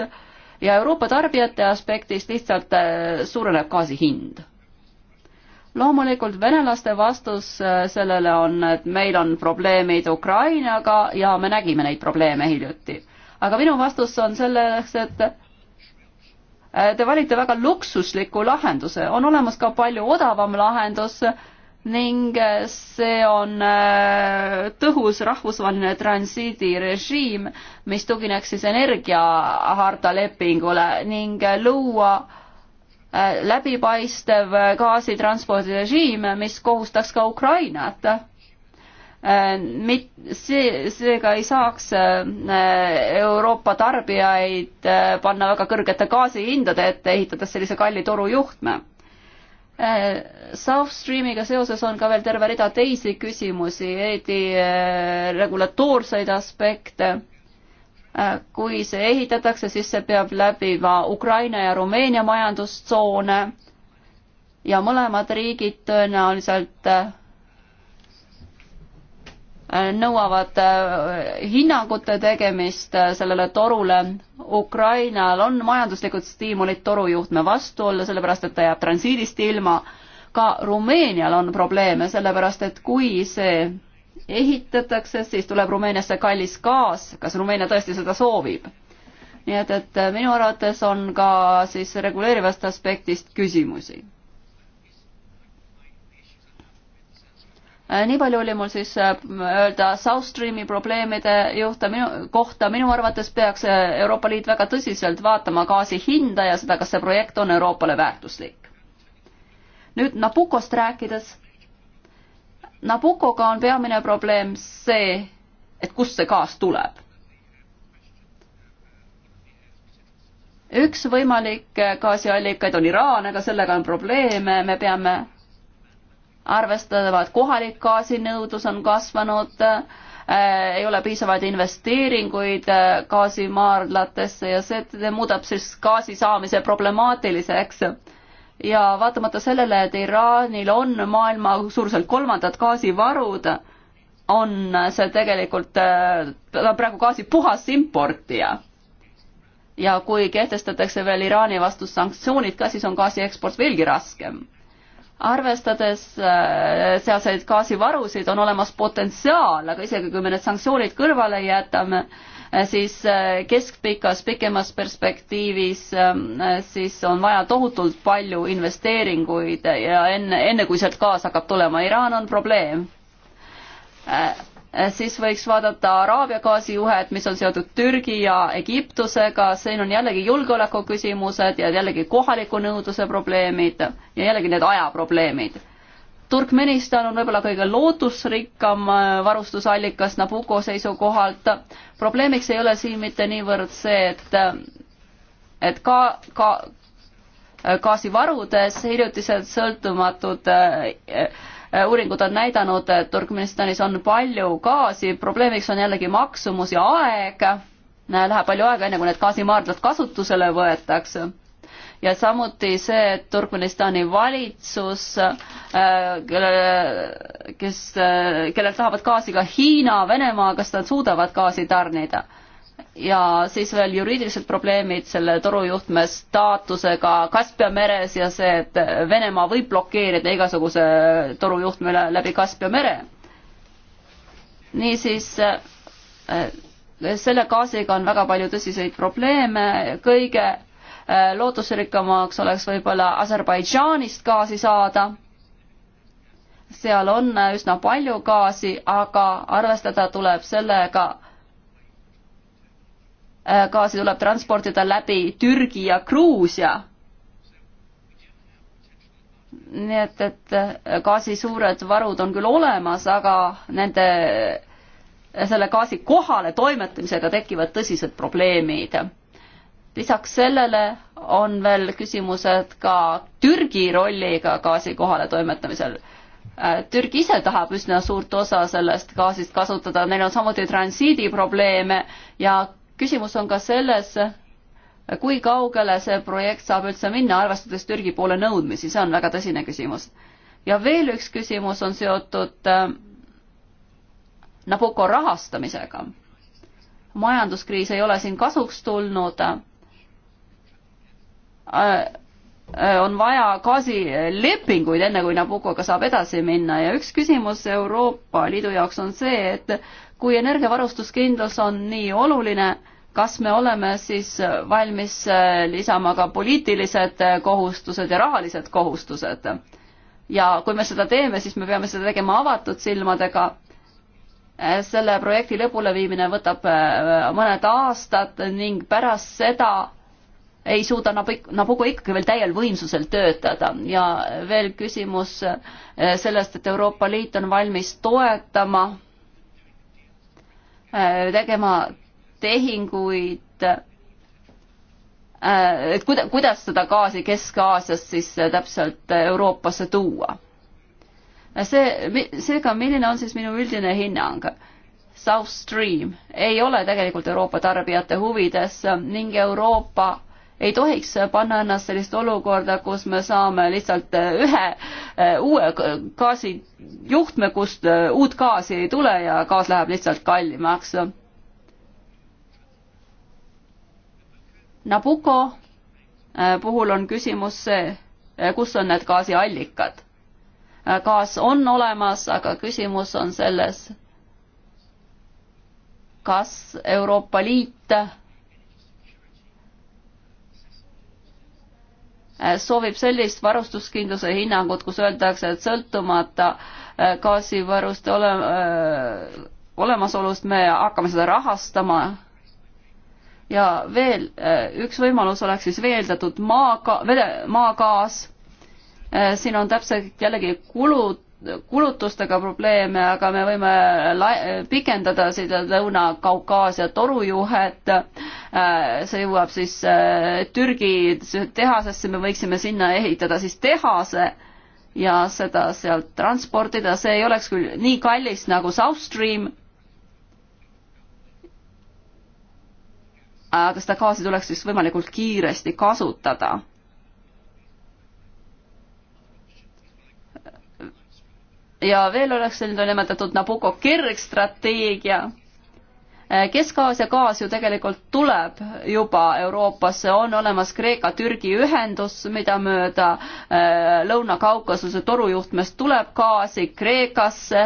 ja Euroopa tarbijate aspektist lihtsalt suureneb gaasi hind loomulikult venelaste vastus äh, sellele on, et meil on probleemid Ukrainaga ja me nägime neid probleeme hiljuti. aga minu vastus on selleks, et äh, te valite väga luksusliku lahenduse, on olemas ka palju odavam lahendus ning äh, see on tõhus rahvusvaheline transiidirežiim, mis tugineks siis energiaharta lepingule ning luua läbipaistev gaasitranspordirežiim, mis kohustaks ka Ukrainat. Mit-, see, seega ei saaks äh, Euroopa tarbijaid äh, panna väga kõrgete gaasihindade ette, ehitades sellise kalli torujuhtme. Äh, South Streamiga seoses on ka veel terve rida teisi küsimusi, eriti regulatoorseid aspekte Äh, kui see ehitatakse, siis see peab läbima Ukraina ja Rumeenia majandustsoone ja mõlemad riigid tõenäoliselt äh, nõuavad äh, hinnangute tegemist sellele torule. Ukrainal on majanduslikud stiimulid torujuhtme vastu olla, sellepärast et ta jääb transiidist ilma. ka Rumeenial on probleeme, sellepärast et kui see ehitatakse, siis tuleb Rumeeniasse kallis gaas, kas Rumeenia tõesti seda soovib? nii et, et äh, minu arvates on ka siis reguleerivast aspektist küsimusi. Äh, nii palju oli mul siis äh, öelda South Streami probleemide juhta minu, kohta, minu arvates peaks Euroopa Liit väga tõsiselt vaatama gaasi hinda ja seda, kas see projekt on Euroopale väärtuslik. nüüd Nabukost rääkides Nabukoga on peamine probleem see, et kust see gaas tuleb. üks võimalik gaasiallikaid on Iraan, aga sellega on probleeme, me peame arvestama, et kohalik gaasinõudlus on kasvanud äh, ei ole piisavaid investeeringuid äh, gaasimaardlatesse ja see muudab siis gaasi saamise problemaatiliseks ja vaatamata sellele, et Iraanil on maailma suuruselt kolmandad gaasivarud, on see tegelikult, ta on praegu gaasi puhas importija. ja kui kehtestatakse veel Iraani vastu sanktsioonid ka, siis on gaasi eksport veelgi raskem. arvestades äh, sealseid gaasivarusid, on olemas potentsiaal, aga isegi kui me need sanktsioonid kõrvale jätame, Äh, siis äh, keskpikas, pikemas perspektiivis ähm, äh, siis on vaja tohutult palju investeeringuid ja enne, enne kui sealt kaasa hakkab tulema, Iraan on probleem siis võiks vaadata Araabia gaasijuhet, mis on seotud Türgi ja Egiptusega, siin on jällegi julgeoleku küsimused ja jällegi kohaliku nõudluse probleemid ja jällegi need ajaprobleemid. Turkmenistan on võib-olla kõige lootusrikkam äh, varustusallikas Nabucco seisukohalt. probleemiks ei ole siin mitte niivõrd see, et, äh, et ka, ka äh, gaasivarudes hiljutised sõltumatud uuringud on näidanud, et Turkmenistanis on palju gaasi, probleemiks on jällegi maksumus ja aeg. Läheb palju aega, enne kui need gaasimaardlad kasutusele võetakse ja samuti see, et Turkmenistani valitsus, äh, kelle, kes, äh, kellelt tahavad gaasi ka Hiina, Venemaa, kas nad suudavad gaasi tarnida ja siis veel juriidilised probleemid selle torujuhtme staatusega Kaspia meres ja see, et Venemaa võib blokeerida igasuguse torujuhtme läbi Kaspia mere. niisiis äh, selle gaasiga on väga palju tõsiseid probleeme, kõige Äh, lootusrikkamaks oleks võib-olla Aserbaidžaanist gaasi saada. seal on äh, üsna palju gaasi, aga arvestada tuleb sellega, äh, gaasi tuleb transportida läbi Türgi ja Gruusia. nii et, et gaasi suured varud on küll olemas, aga nende, selle gaasi kohale toimetamisega tekivad tõsised probleemid lisaks sellele on veel küsimused ka Türgi rolliga gaasi kohale toimetamisel. Äh, Türgi ise tahab üsna suurt osa sellest gaasist kasutada, neil on samuti transiidiprobleeme ja küsimus on ka selles, kui kaugele see projekt saab üldse minna, arvestades Türgi poole nõudmisi, see on väga tõsine küsimus. ja veel üks küsimus on seotud äh, Nabucco rahastamisega. majanduskriis ei ole siin kasuks tulnud Äh, äh, on vaja gaasilepinguid, enne kui Nabucoga saab edasi minna ja üks küsimus Euroopa Liidu jaoks on see, et kui energiavarustuskindlus on nii oluline, kas me oleme siis valmis lisama ka poliitilised kohustused ja rahalised kohustused? ja kui me seda teeme, siis me peame seda tegema avatud silmadega äh, selle projekti lõpuleviimine võtab mõned aastad ning pärast seda ei suuda Nabucco ikkagi nagu veel täiel võimsusel töötada ja veel küsimus eh, sellest, et Euroopa Liit on valmis toetama, eh, tegema tehinguid, eh, et kuida-, kuidas seda gaasi Kesk-Aasiast siis täpselt Euroopasse tuua. see, seega milline on siis minu üldine hinnang? South Stream ei ole tegelikult Euroopa tarbijate huvides ning Euroopa ei tohiks panna ennast sellist olukorda, kus me saame lihtsalt eh, ühe eh, uue gaasijuhtme, kust eh, uut gaasi ei tule ja gaas läheb lihtsalt kallimaks. Nabucco puhul on küsimus see, kus on need gaasiallikad. gaas on olemas, aga küsimus on selles, kas Euroopa Liit Äh, soovib sellist varustuskindluse hinnangut, kus öeldakse, et sõltumata äh, gaasivaruste ole, äh, olemasolust me hakkame seda rahastama. ja veel üks võimalus oleks siis veeldatud maaga-, maagaas. siin on täpselt jällegi kulud kulutustega probleeme, aga me võime pikendada seda Lõuna-Kaukaasia torujuhet. see jõuab siis äh, Türgi tehasesse, me võiksime sinna ehitada siis tehase ja seda sealt transportida, see ei oleks küll nii kallis nagu South Stream. aga seda gaasi tuleks siis võimalikult kiiresti kasutada ja veel oleks selline nimetatud Nabucco kirgstrateegia. Äh, Kesk-Aasia gaas ju tegelikult tuleb juba Euroopasse, on olemas Kreeka-Türgi ühendus, mida mööda äh, Lõuna-Kaukasuse torujuhtmest tuleb gaasi Kreekasse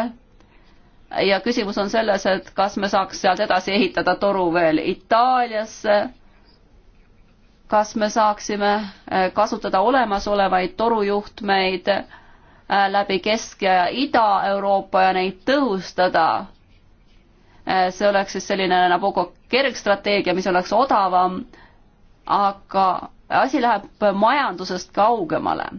ja küsimus on selles, et kas me saaks sealt edasi ehitada toru veel Itaaliasse, kas me saaksime äh, kasutada olemasolevaid torujuhtmeid Äh, läbi Kesk- ja Ida-Euroopa ja neid tõhustada. Äh, see oleks siis selline Nabucco kergstrateegia, mis oleks odavam, aga asi läheb majandusest kaugemale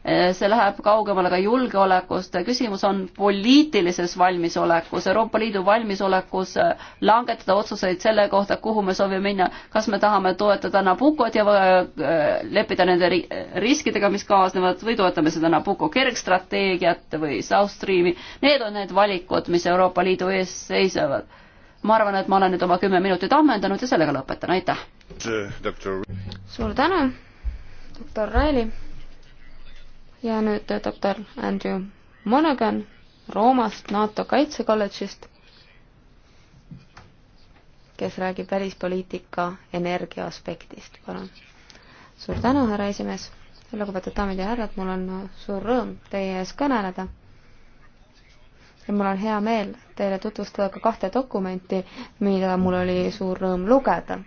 Eh, see läheb kaugemale ka julgeolekust. küsimus on poliitilises valmisolekus, Euroopa Liidu valmisolekus eh, langetada otsuseid selle kohta, kuhu me soovime minna, kas me tahame toetada Nabucot ja eh, leppida nende riskidega, mis kaasnevad või toetame seda Nabucco kergstrateegiat või South Streami. Need on need valikud, mis Euroopa Liidu ees seisavad. ma arvan, et ma olen nüüd oma kümme minutit ammendanud ja sellega lõpetan, aitäh! suur tänu, doktor Raili! ja nüüd äh, doktor Andrew Monaghan Roomast, NATO kaitsekolledžist, kes räägib välispoliitika energia aspektist, palun. suur tänu, härra esimees, lugupeetud daamid ja härrad, mul on äh, suur rõõm teie ees kõneleda ja mul on hea meel teile tutvustada ka kahte dokumenti, mida mul oli suur rõõm lugeda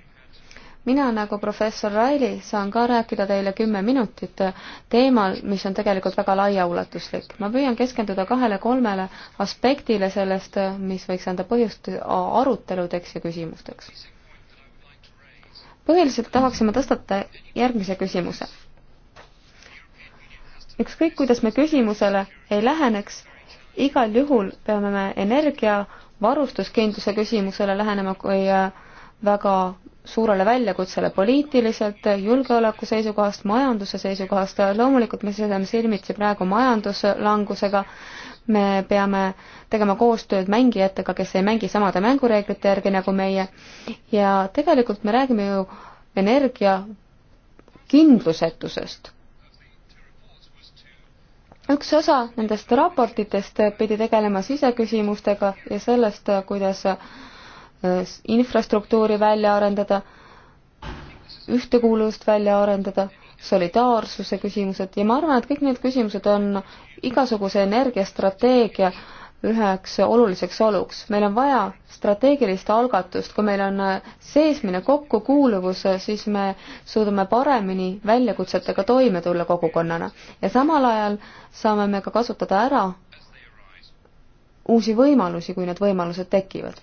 mina nagu professor Raili saan ka rääkida teile kümme minutit teemal, mis on tegelikult väga laiaulatuslik. ma püüan keskenduda kahele-kolmele aspektile sellest, mis võiks anda põhjust aruteludeks ja küsimusteks. põhiliselt tahaksime tõstata järgmise küsimuse. ükskõik, kuidas me küsimusele ei läheneks, igal juhul peame me energiavarustuskindluse küsimusele lähenema kui äh, väga suurele väljakutsele poliitiliselt, julgeoleku seisukohast, majanduse seisukohast, loomulikult me seisame silmitsi praegu majanduslangusega, me peame tegema koostööd mängijatega, kes ei mängi samade mängureeglite järgi nagu meie ja tegelikult me räägime ju energia kindlusetusest. üks osa nendest raportitest pidi tegelema siseküsimustega ja sellest, kuidas Äh, infrastruktuuri välja arendada, ühtekuuluvust välja arendada, solidaarsuse küsimused ja ma arvan, et kõik need küsimused on igasuguse energiastrateegia üheks oluliseks oluks. meil on vaja strateegilist algatust, kui meil on seesmine kokkukuuluvus, siis me suudame paremini väljakutsetega toime tulla kogukonnana. ja samal ajal saame me ka kasutada ära uusi võimalusi, kui need võimalused tekivad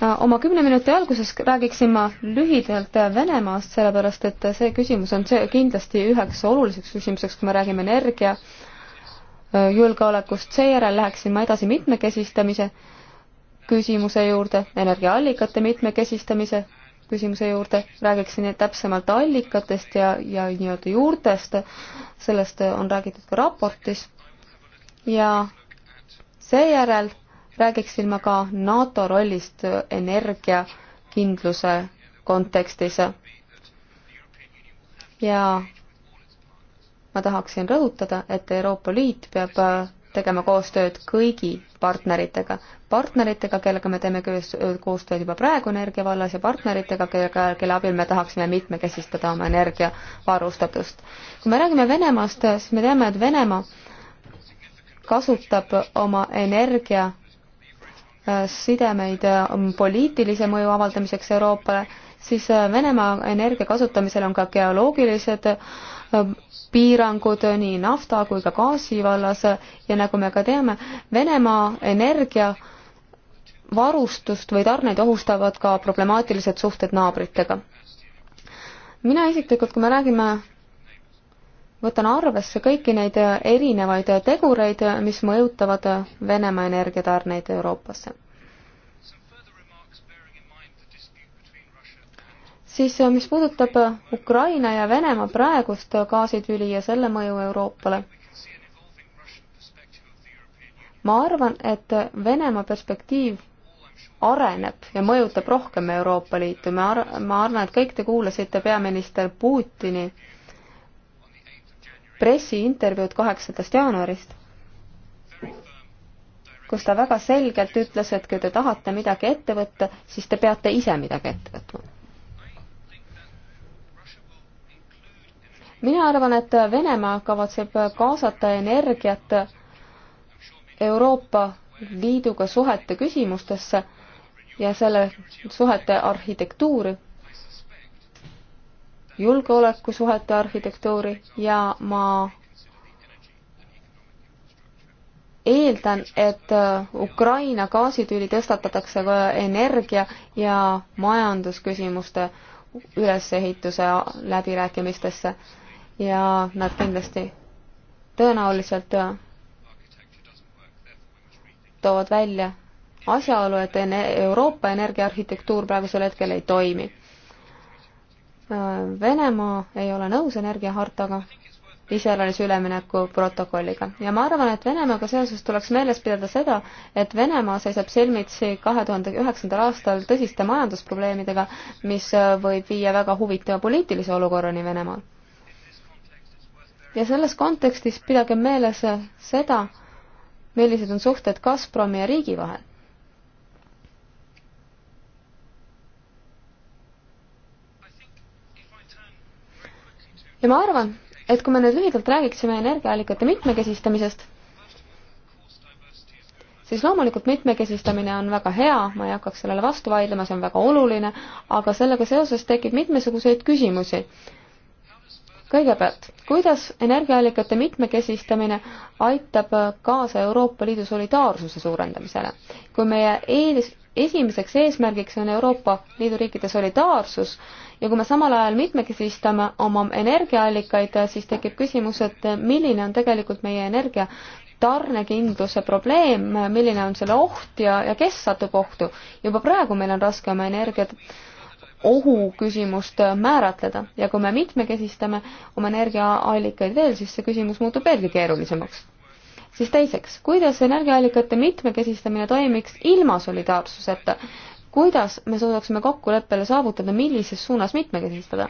oma kümne minuti alguses räägiksin ma lühidalt Venemaast, sellepärast et see küsimus on see kindlasti üheks oluliseks küsimuseks, kui me räägime energia julgeolekust, seejärel läheksin ma edasi mitmekesistamise küsimuse juurde, energiaallikate mitmekesistamise küsimuse juurde, räägiksin täpsemalt allikatest ja, ja nii-öelda juurtest, sellest on räägitud ka raportis ja seejärel räägiksin ma ka NATO rollist energiakindluse kontekstis. ja ma tahaksin rõhutada, et Euroopa Liit peab tegema koostööd kõigi partneritega. partneritega, kellega me teeme koostööd juba praegu energia vallas ja partneritega, kellega, kelle abil me tahaksime mitmekesistada oma energiavarustatust. kui me räägime Venemaast, siis me teame, et Venemaa kasutab oma energia sidemeid um, poliitilise mõju avaldamiseks Euroopale, siis äh, Venemaa energia kasutamisel on ka geoloogilised äh, piirangud nii nafta kui ka gaasi vallas ja nagu me ka teame, Venemaa energia varustust või tarneid ohustavad ka problemaatilised suhted naabritega. mina isiklikult, kui me räägime võtan arvesse kõiki neid erinevaid tegureid, mis mõjutavad Venemaa energiatarneid Euroopasse. siis mis puudutab Ukraina ja Venemaa praegust gaasitüli ja selle mõju Euroopale, ma arvan, et Venemaa perspektiiv areneb ja mõjutab rohkem Euroopa Liitu, me ar-, ma arvan, et kõik te kuulasite peaminister Putini äh, pressiintervjuud kaheksandast jaanuarist, kus ta väga selgelt ütles, et kui te tahate midagi ette võtta, siis te peate ise midagi ette võtma. mina arvan, et Venemaa kavatseb kaasata energiat Euroopa Liiduga suhete küsimustesse ja selle suhete arhitektuuri julgeolekusuhete arhitektuuri ja ma eeldan, et äh, Ukraina gaasitüüli tõstatatakse ka energia ja majandusküsimuste ülesehituse läbirääkimistesse ja nad kindlasti tõenäoliselt äh, toovad välja asjaolu, et Euroopa energiaarhitektuur praegusel hetkel ei toimi. Äh, Venemaa ei ole nõus energiahartaga, iseäranis ülemineku protokolliga. ja ma arvan, et Venemaaga seoses tuleks meeles pidada seda, et Venemaa seisab silmitsi kahe tuhande üheksandal aastal tõsiste majandusprobleemidega, mis äh, võib viia väga huvitava poliitilise olukorrani Venemaal. ja selles kontekstis pidage meeles seda, millised on suhted Gazpromi ja riigi vahel. ja ma arvan, et kui me nüüd lühidalt räägiksime energiaallikate mitmekesistamisest, siis loomulikult mitmekesistamine on väga hea, ma ei hakkaks sellele vastu vaidlema, see on väga oluline, aga sellega seoses tekib mitmesuguseid küsimusi kõigepealt, kuidas energiaallikate mitmekesistamine aitab kaasa Euroopa Liidu solidaarsuse suurendamisele? kui meie eelis, esimeseks eesmärgiks on Euroopa Liidu riikide solidaarsus ja kui me samal ajal mitmekesistame oma energiaallikaid, siis tekib küsimus, et milline on tegelikult meie energia tarnekindluse probleem, milline on selle oht ja, ja kes satub ohtu. juba praegu meil on raske oma energiat ohuküsimust äh, määratleda ja kui me mitmekesistame oma energiaallikaid veel, siis see küsimus muutub veelgi keerulisemaks. siis teiseks, kuidas energiaallikate mitmekesistamine toimiks ilma solidaarsuseta? kuidas me suudaksime kokkuleppele saavutada, millises suunas mitmekesistada?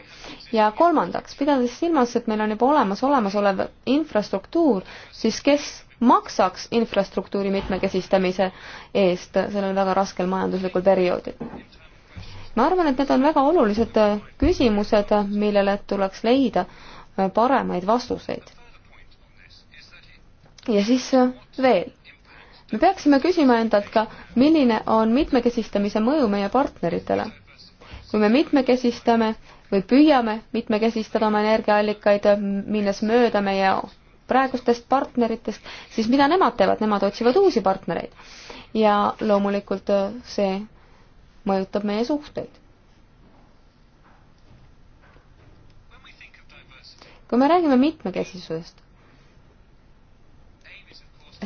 ja kolmandaks, pidades silmas, et meil on juba olemas olemasolev infrastruktuur, siis kes maksaks infrastruktuuri mitmekesistamise eest sellel väga raskel majanduslikul perioodil? ma arvan, et need on väga olulised äh, küsimused, äh, millele tuleks leida äh, paremaid vastuseid. ja siis veel. me peaksime küsima endalt ka, milline on mitmekesistamise mõju meie partneritele. kui me mitmekesistame või püüame mitmekesistada oma energiaallikaid, minnes mööda meie praegustest partneritest, siis mida nemad teevad, nemad otsivad uusi partnereid. ja loomulikult see mõjutab meie suhteid. kui me räägime mitmekesisusest,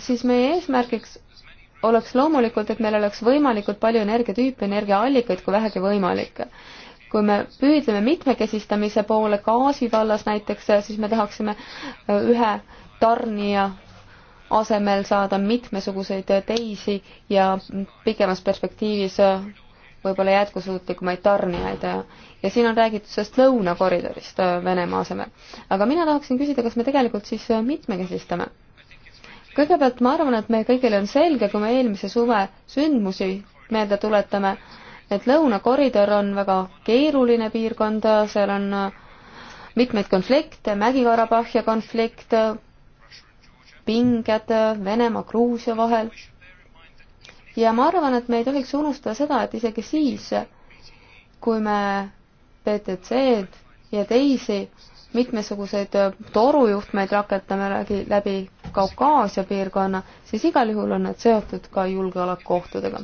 siis meie eesmärgiks oleks loomulikult, et meil oleks võimalikult palju energiatüüpe, energiaallikaid, kui vähegi võimalik. kui me püüdleme mitmekesistamise poole gaasi vallas näiteks, siis me tahaksime ühe tarnija asemel saada mitmesuguseid teisi ja pikemas perspektiivis võib-olla jätkusuutlikumaid tarnijaid ja siin on räägitud sellest lõunakoridorist äh, Venemaa asemel. aga mina tahaksin küsida, kas me tegelikult siis äh, mitmekesistame? kõigepealt ma arvan, et meie kõigile on selge, kui me eelmise suve sündmusi meelde tuletame, et lõunakoridor on väga keeruline piirkond, seal on äh, mitmeid konflikte, Mägi-Karabahhi konflikt, pinged Venemaa, Gruusia vahel ja ma arvan, et me ei tohiks unustada seda, et isegi siis, kui me PTC-d ja teisi mitmesuguseid torujuhtmeid rakendame läbi, läbi Kaukaasia piirkonna, siis igal juhul on need seotud ka julgeolekuohtudega.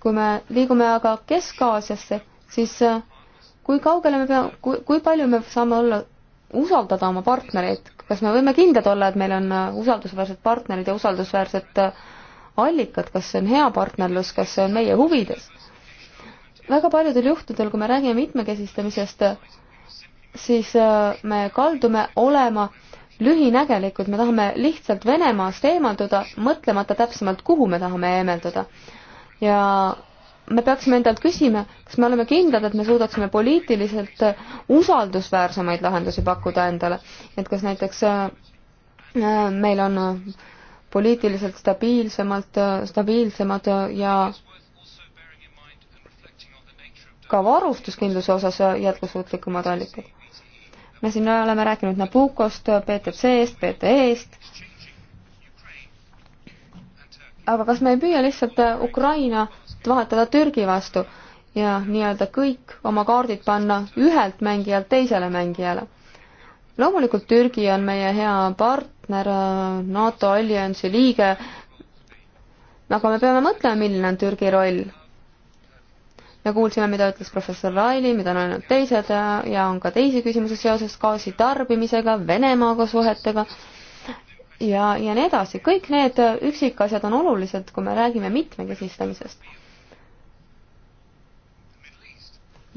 kui me liigume aga Kesk-Aasiasse, siis äh, kui kaugele me peame, kui, kui palju me saame olla, usaldada oma partnereid, kas me võime kindlad olla, et meil on äh, usaldusväärsed partnerid ja usaldusväärsed äh, allikad, kas see on hea partnerlus, kas see on meie huvides. väga paljudel juhtudel, kui me räägime mitmekesistamisest, siis äh, me kaldume olema lühinägelikud, me tahame lihtsalt Venemaast eemalduda, mõtlemata täpsemalt, kuhu me tahame eemalduda. ja me peaksime endalt küsima, kas me oleme kindlad, et me suudaksime poliitiliselt usaldusväärsemaid lahendusi pakkuda endale, et kas näiteks äh, äh, meil on poliitiliselt stabiilsemalt, stabiilsemad ja ka varustuskindluse osas jätkusuutlikumad allikad. me siin oleme rääkinud Nabukost, BTC-st, BTE-st, aga kas me ei püüa lihtsalt Ukrainat vahetada Türgi vastu ja nii-öelda kõik oma kaardid panna ühelt mängijalt teisele mängijale? loomulikult Türgi on meie hea part-, partner, äh, NATO alliansi liige, aga me peame mõtlema, milline on Türgi roll. me kuulsime, mida ütles professor Raili, mida on öelnud teised ja, äh, ja on ka teisi küsimusi seoses gaasi tarbimisega, Venemaaga suhetega ja, ja nii edasi. kõik need äh, üksikasjad on olulised, kui me räägime mitmekesistamisest.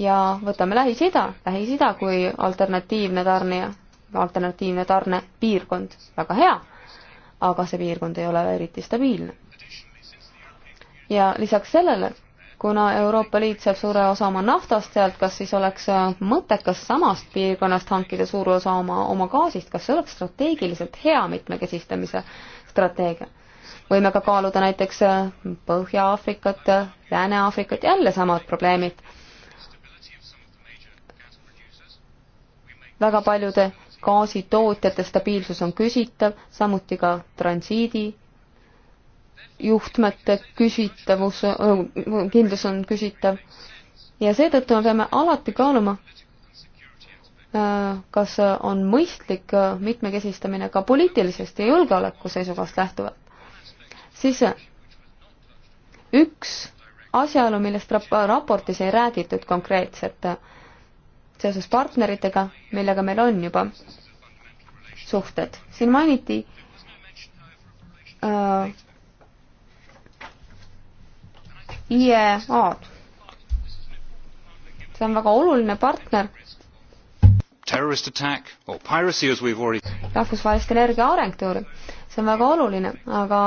ja võtame Lähis-Ida, Lähis-Ida kui alternatiivne tarnija alternatiivne tarnepiirkond, väga hea, aga see piirkond ei ole eriti stabiilne. ja lisaks sellele, kuna Euroopa Liit saab suure osa oma naftast sealt, kas siis oleks äh, mõttekas samast piirkonnast hankida suur osa oma, oma gaasist, kas see oleks strateegiliselt hea mitmekesistamise strateegia? võime ka kaaluda näiteks äh, Põhja-Aafrikat, äh, Lääne-Aafrikat, jälle samad probleemid väga paljude gaasitootjate stabiilsus on küsitav, samuti ka transiidi juhtmete küsitavus, kindlus on küsitav ja seetõttu me peame alati kaaluma, äh, kas on mõistlik äh, mitmekesistamine ka poliitilisest ja julgeoleku seisukohast lähtuvalt. siis äh, üks asjaolu, millest raportis ei räägitud konkreetselt, seoses partneritega, millega meil on juba suhted. siin mainiti äh, IEA-d. see on väga oluline partner. rahvusvahelist energiaagentuuri, see on väga oluline, aga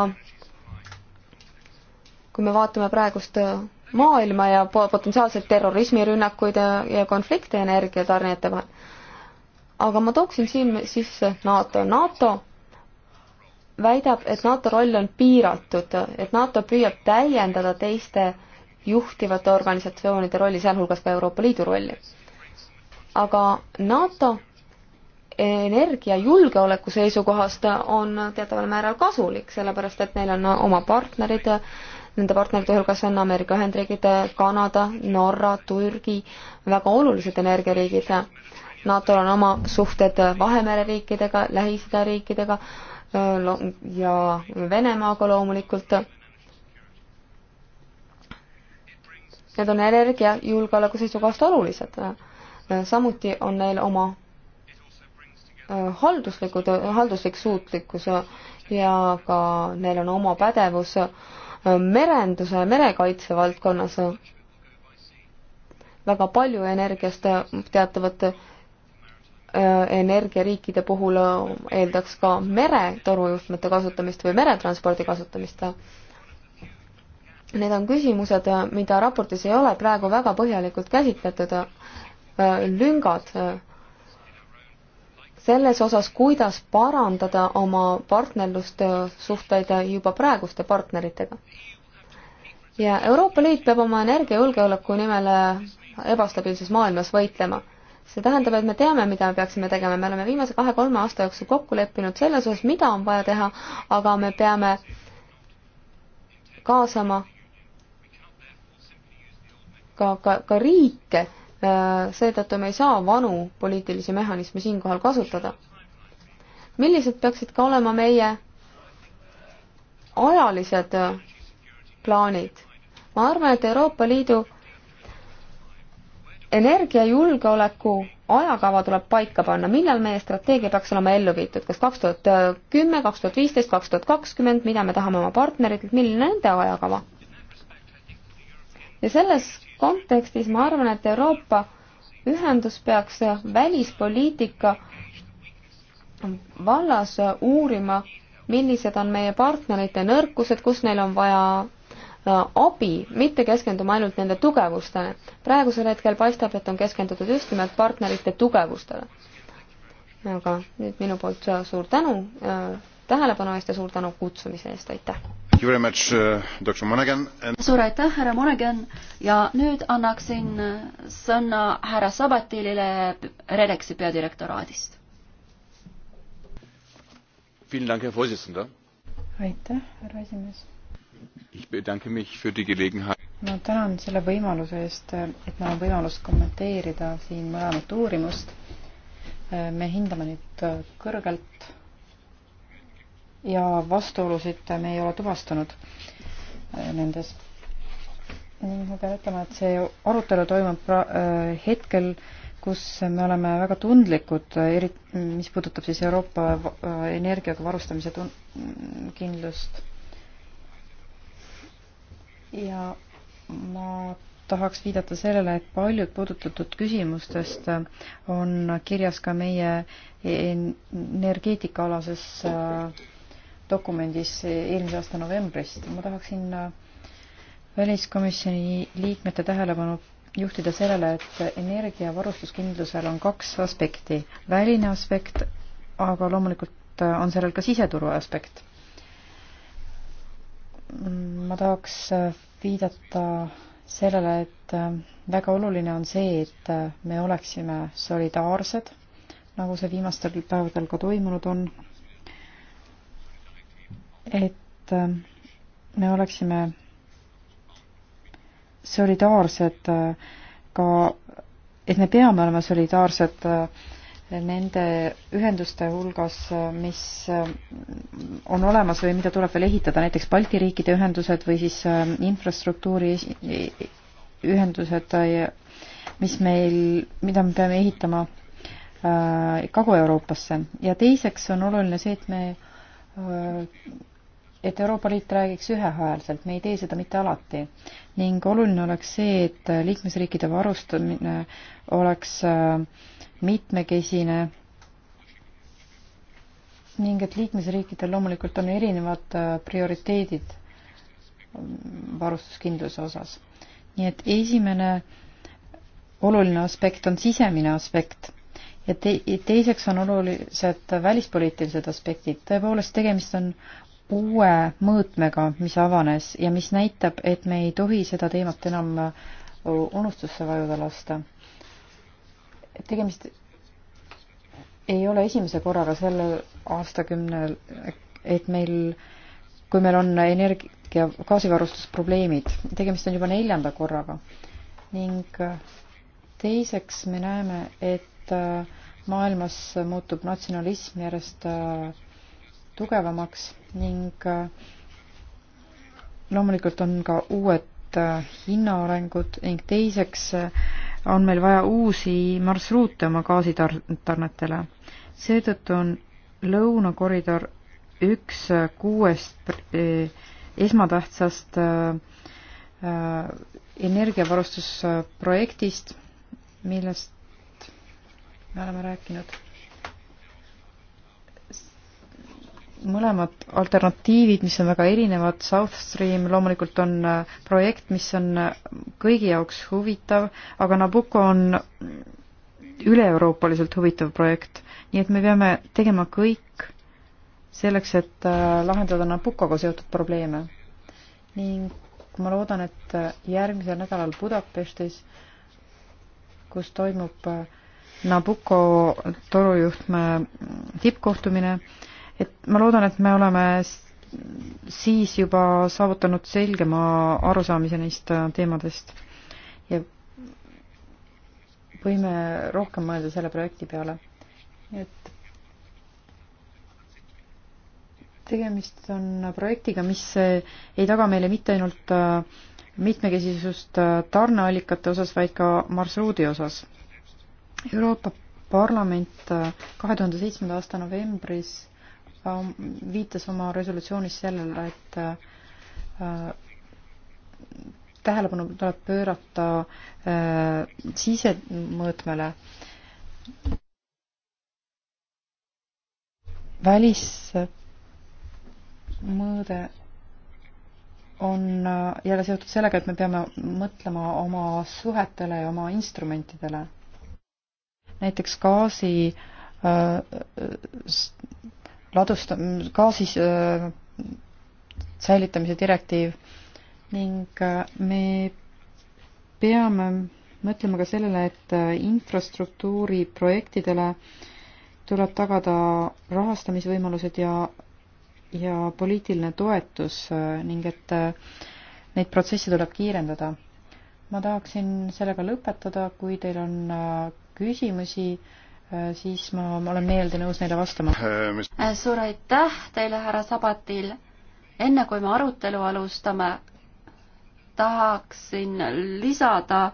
kui me vaatame praegust äh, maailma ja potentsiaalselt terrorismirünnakuid ja, ja konflikte energiatarnijate vahel. aga ma tooksin siin sisse NATO. NATO väidab, et NATO roll on piiratud, et NATO püüab täiendada teiste juhtivate organisatsioonide rolli, sealhulgas ka Euroopa Liidu rolli. aga NATO energiajulgeoleku seisukohast on teataval määral kasulik, sellepärast et neil on oma partnerid Nende partnerite hulgas on Ameerika Ühendriigid, Kanada, Norra, Türgi, väga olulised energiariigid. NATO-l on oma suhted Vahemere riikidega, Lähis-Ida riikidega ja Venemaaga loomulikult need on energiajulgeoleku seisukohast olulised. samuti on neil oma halduslikud, halduslik suutlikkus ja ka neil on oma pädevus merenduse, merekaitse valdkonnas väga palju energiast teatavate äh, energiariikide puhul äh, eeldaks ka meretorujuhtmete kasutamist või meretranspordi kasutamist. Need on küsimused, äh, mida raportis ei ole praegu väga põhjalikult käsitletud, lüngad selles osas, kuidas parandada oma partnerluste äh, suhteid äh, juba praeguste partneritega. ja Euroopa Liit peab oma energiajulgeoleku nimel äh, ebastabiilses maailmas võitlema. see tähendab, et me teame, mida me peaksime tegema, me oleme viimase kahe-kolme aasta jooksul kokku leppinud selles osas, mida on vaja teha, aga me peame kaasama ka, ka, ka riike Äh, seetõttu me ei saa vanu poliitilisi mehhanisme siinkohal kasutada. millised peaksid ka olema meie ajalised plaanid? ma arvan, et Euroopa Liidu energiajulgeoleku ajakava tuleb paika panna, millal meie strateegia peaks olema ellu viidud, kas kaks tuhat kümme, kaks tuhat viisteist, kaks tuhat kakskümmend, mida me tahame oma partneritelt, milline nende ajakava? ja selles kontekstis ma arvan, et Euroopa ühendus peaks välispoliitika vallas uurima, millised on meie partnerite nõrkused, kus neil on vaja äh, abi, mitte keskenduma ainult nende tugevustele. praegusel hetkel paistab, et on keskendutud just nimelt partnerite tugevustele. aga nüüd minu poolt suur tänu äh, tähelepanu eest ja suur tänu kutsumise eest, aitäh! Uh, suur aitäh, härra Monaghan ja nüüd annaksin äh, sõna härra Sabatilile Redexi peadirektoraadist. aitäh, härra esimees. ma tänan selle võimaluse eest, et mul on võimalus kommenteerida siin mõlemat uurimust. Äh, me hindame neid kõrgelt ja vastuolusid me ei ole tuvastanud äh, nendes. ning ma pean ütlema, et see arutelu toimub pra-, äh, hetkel, kus me oleme väga tundlikud, äh, eri-, mis puudutab siis Euroopa energiaga varustamise tun-, kindlust. ja ma tahaks viidata sellele, et paljud puudutatud küsimustest on kirjas ka meie e-, energeetikaalases äh, dokumendis eelmise aasta novembrist. ma tahaksin äh, väliskomisjoni liikmete tähelepanu juhtida sellele, et energiavarustuskindlusel on kaks aspekti. väline aspekt, aga loomulikult äh, on sellel ka siseturu aspekt. Mm, ma tahaks äh, viidata sellele, et väga oluline on see, et me oleksime solidaarsed, nagu see viimastel päevadel ka toimunud on et äh, me oleksime solidaarsed äh, ka, et me peame olema solidaarsed äh, nende ühenduste hulgas, mis on olemas või mida tuleb veel ehitada, näiteks Balti riikide ühendused või siis infrastruktuuri e-, e-, ühendused, mis meil, mida me peame ehitama Kagu-Euroopasse ja teiseks on oluline see, et me et Euroopa Liit räägiks ühehäälselt, me ei tee seda mitte alati. ning oluline oleks see, et liikmesriikide varustamine oleks äh, mitmekesine ning et liikmesriikidel loomulikult on erinevad äh, prioriteedid mm, varustuskindluse osas. nii et esimene oluline aspekt on sisemine aspekt ja te teiseks on olulised välispoliitilised aspektid. tõepoolest, tegemist on uue mõõtmega, mis avanes ja mis näitab, et me ei tohi seda teemat enam unustusse vajuda lasta. tegemist ei ole esimese korraga sellel aastakümnel, et meil, kui meil on energia, gaasivarustusprobleemid, tegemist on juba neljanda korraga. ning teiseks me näeme, et maailmas muutub natsionalism järjest tugevamaks ning äh, loomulikult on ka uued äh, hinnaarengud ning teiseks äh, on meil vaja uusi marsruute oma gaasitarnetele. seetõttu on lõunakoridor üks kuuest esmatähtsast energiavarustusprojektist, millest me oleme rääkinud mõlemad alternatiivid, mis on väga erinevad, South Stream loomulikult on äh, projekt, mis on äh, kõigi jaoks huvitav, aga Nabucco on üle-euroopaliselt huvitav projekt, nii et me peame tegema kõik selleks, et äh, lahendada Nabuccoga seotud probleeme. ning ma loodan, et järgmisel nädalal Budapestis, kus toimub Nabucco torujuhtme mm, tippkohtumine, et ma loodan, et me oleme siis juba saavutanud selgema arusaamise neist äh, teemadest ja võime rohkem mõelda selle projekti peale. et tegemist on projektiga, mis äh, ei taga meile mitte ainult äh, mitmekesisust tarneallikate osas, vaid ka marsruudi osas. Euroopa Parlament kahe tuhande seitsmenda aasta novembris viitas oma resolutsioonis sellele, et äh, tähelepanu tuleb pöörata äh, sisemõõtmele. välismõõde on äh, jälle seotud sellega, et me peame mõtlema oma suhetele ja oma instrumentidele. näiteks gaasi äh, ladust-, gaasis äh, säilitamise direktiiv ning äh, me peame mõtlema ka sellele, et äh, infrastruktuuri projektidele tuleb tagada rahastamisvõimalused ja, ja poliitiline toetus äh, ning et neid protsesse tuleb kiirendada. ma tahaksin sellega lõpetada, kui teil on küsimusi äh, Äh, siis ma, ma olen meelde nõus neile vastama. Äh, suur aitäh teile, härra Sabatil. enne kui me arutelu alustame, tahaksin lisada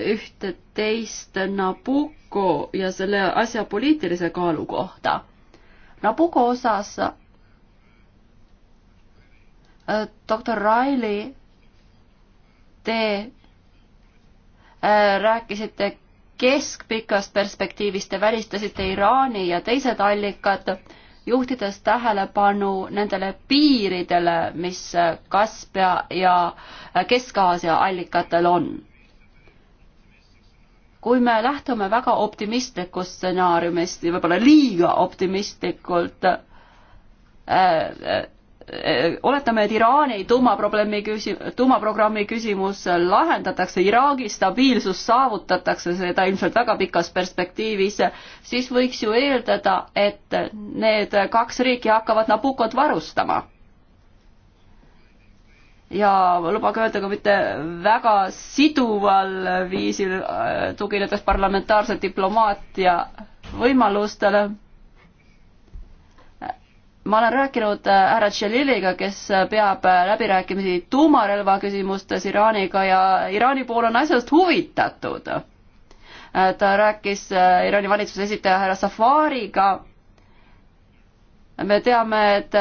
üht-teist Nabucco ja selle asja poliitilise kaalu kohta. Nabucco osas äh, doktor Riley, te rääkisite keskpikast perspektiivist te välistasite Iraani ja teised allikad, juhtides tähelepanu nendele piiridele, mis Kaspia ja Kesk-Aasia allikatel on. kui me lähtume väga optimistlikust stsenaariumist ja võib-olla liiga optimistlikult äh,, äh oletame, et Iraani tuumaprobleemi küsi-, tuumaprogrammi küsimus lahendatakse, Iraagi stabiilsus saavutatakse, seda ilmselt väga pikas perspektiivis, siis võiks ju eeldada, et need kaks riiki hakkavad Nabucot varustama. ja lubage öelda ka mitte väga siduval viisil, äh, tuginedes parlamentaarse diplomaatia võimalustele ma olen rääkinud äh, härra Tšeliliga, kes äh, peab äh, läbirääkimisi tuumarelva küsimustes Iraaniga ja Iraani pool on asjast huvitatud. ta rääkis Iraani valitsuse esindaja härra Safariga. me teame, et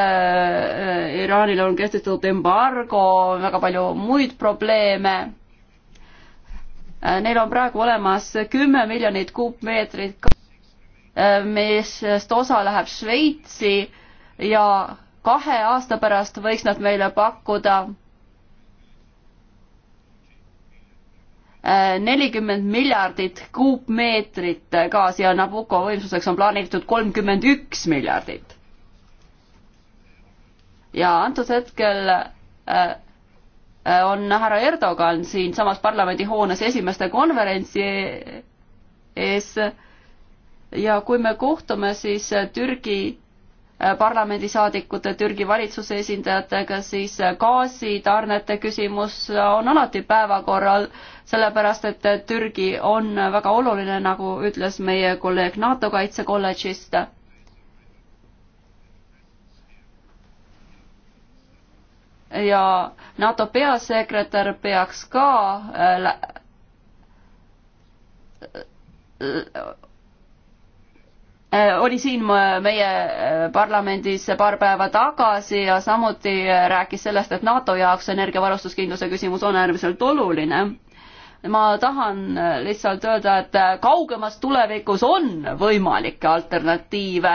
Iraanil on kehtestatud embargo, väga palju muid probleeme. Neil on praegu olemas kümme miljonit kuupmeetrit, millest osa läheb Šveitsi ja kahe aasta pärast võiks nad meile pakkuda äh, nelikümmend miljardit kuupmeetrit gaasi ja Nabucco võimsuseks on plaanitud kolmkümmend üks miljardit. ja antud hetkel äh, on härra Erdogan siinsamas parlamendihoones esimeste konverentsi ees ja kui me kohtume siis Türgi Äh, parlamendisaadikute, Türgi valitsuse esindajatega, siis äh, gaasitarnete küsimus äh, on alati päevakorral, sellepärast et Türgi on väga oluline, nagu ütles meie kolleeg NATO kaitsekolledžist. ja NATO peasekretär peaks ka Äh, oli siin äh, meie äh, parlamendis paar päeva tagasi ja samuti rääkis sellest, et NATO jaoks energiavarustuskindluse küsimus on äärmiselt oluline. ma tahan lihtsalt öelda, et kaugemas tulevikus on võimalikke alternatiive,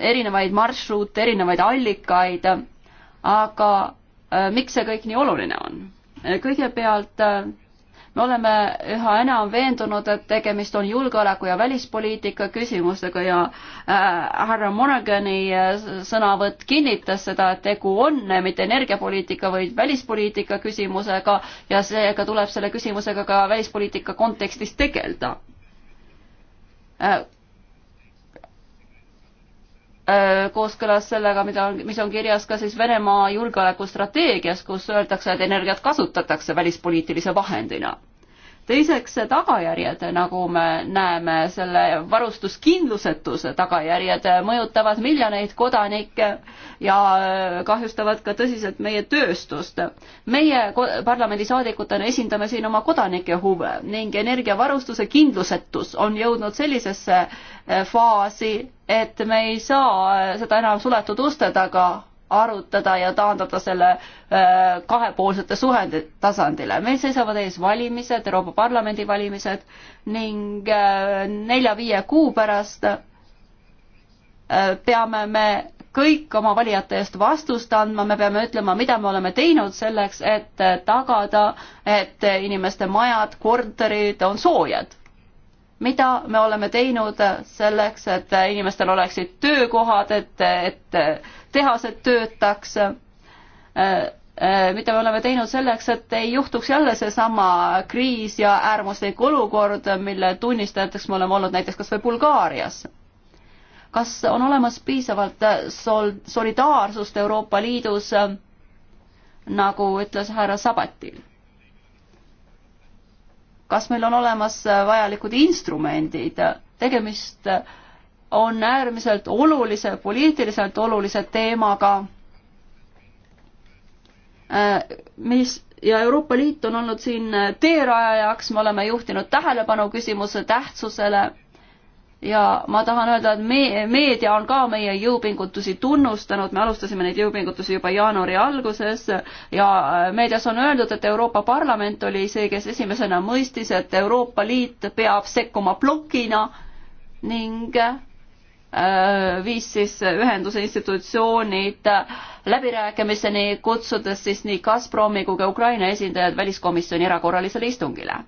erinevaid marsruute, erinevaid allikaid, aga miks see kõik nii oluline on? kõigepealt me oleme üha enam veendunud, et tegemist on julgeoleku ja välispoliitika küsimustega ja äh, härra Monagani äh, sõnavõtt kinnitas seda, et tegu on äh, mitte energiapoliitika, vaid välispoliitika küsimusega ja seega tuleb selle küsimusega ka välispoliitika kontekstis tegeleda Äh, kooskõlas sellega, mida on, mis on kirjas ka siis Venemaa julgeolekustrateegias, kus öeldakse, et energiat kasutatakse välispoliitilise vahendina teiseks tagajärjed, nagu me näeme, selle varustuskindlusetuse tagajärjed mõjutavad miljoneid kodanikke ja äh, kahjustavad ka tõsiselt meie tööstust. meie parlamendisaadikutena esindame siin oma kodanike huve ning energiavarustuse kindlusetus on jõudnud sellisesse äh, faasi, et me ei saa äh, seda enam suletud uste taga arutada ja taandada selle äh, kahepoolsete suhete tasandile. meil seisavad ees valimised, Euroopa Parlamendi valimised ning äh, nelja-viie kuu pärast äh, peame me kõik oma valijate eest vastust andma, me peame ütlema, mida me oleme teinud selleks, et tagada, et inimeste majad, korterid on soojad mida me oleme teinud selleks, et inimestel oleksid töökohad, et, et tehased töötaks, mida me oleme teinud selleks, et ei juhtuks jälle seesama kriis ja äärmuslik olukord, mille tunnistajateks me oleme olnud näiteks kas või Bulgaarias. kas on olemas piisavalt sol-, solidaarsust Euroopa Liidus, nagu ütles härra Sabatil? kas meil on olemas äh, vajalikud instrumendid, tegemist äh, on äärmiselt olulise, poliitiliselt olulise teemaga, äh, mis ja Euroopa Liit on olnud siin teerajajaks, me oleme juhtinud tähelepanu küsimuse tähtsusele ja ma tahan öelda, et me, meedia on ka meie jõupingutusi tunnustanud, me alustasime neid jõupingutusi juba jaanuari alguses ja äh, meedias on öeldud, et Euroopa Parlament oli see, kes esimesena mõistis, et Euroopa Liit peab sekkuma plokina ning äh, viis siis ühenduse institutsioonid läbirääkimiseni, kutsudes siis nii Gazpromi kui ka Ukraina esindajad väliskomisjoni erakorralisele istungile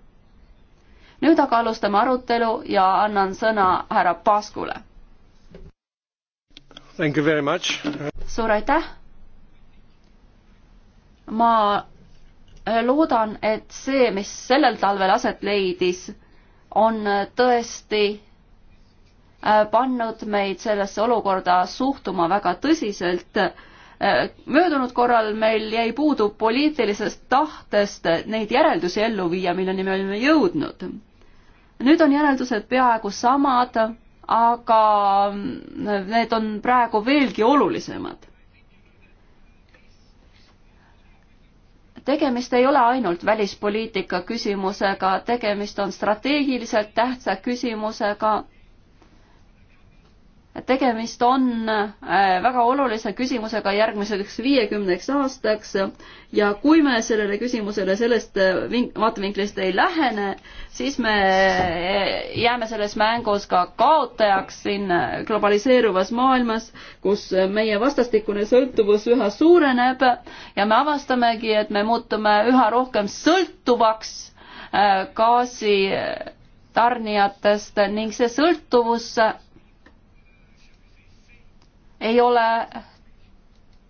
nüüd aga alustame arutelu ja annan sõna härra Paskule. suur aitäh. ma loodan, et see, mis sellel talvel aset leidis, on tõesti äh, pannud meid sellesse olukorda suhtuma väga tõsiselt. Äh, möödunud korral meil jäi puudu poliitilisest tahtest neid järeldusi ellu viia, milleni me olime jõudnud nüüd on järeldused peaaegu samad, aga need on praegu veelgi olulisemad. tegemist ei ole ainult välispoliitika küsimusega, tegemist on strateegiliselt tähtsa küsimusega tegemist on äh, väga olulise küsimusega järgmiseks viiekümneks aastaks ja kui me sellele küsimusele sellest äh, vaatevinklist ei lähene, siis me äh, jääme selles mängus ka kaotajaks siin globaliseeruvas maailmas, kus meie vastastikune sõltuvus üha suureneb ja me avastamegi, et me muutume üha rohkem sõltuvaks gaasitarnijatest ning see sõltuvus ei ole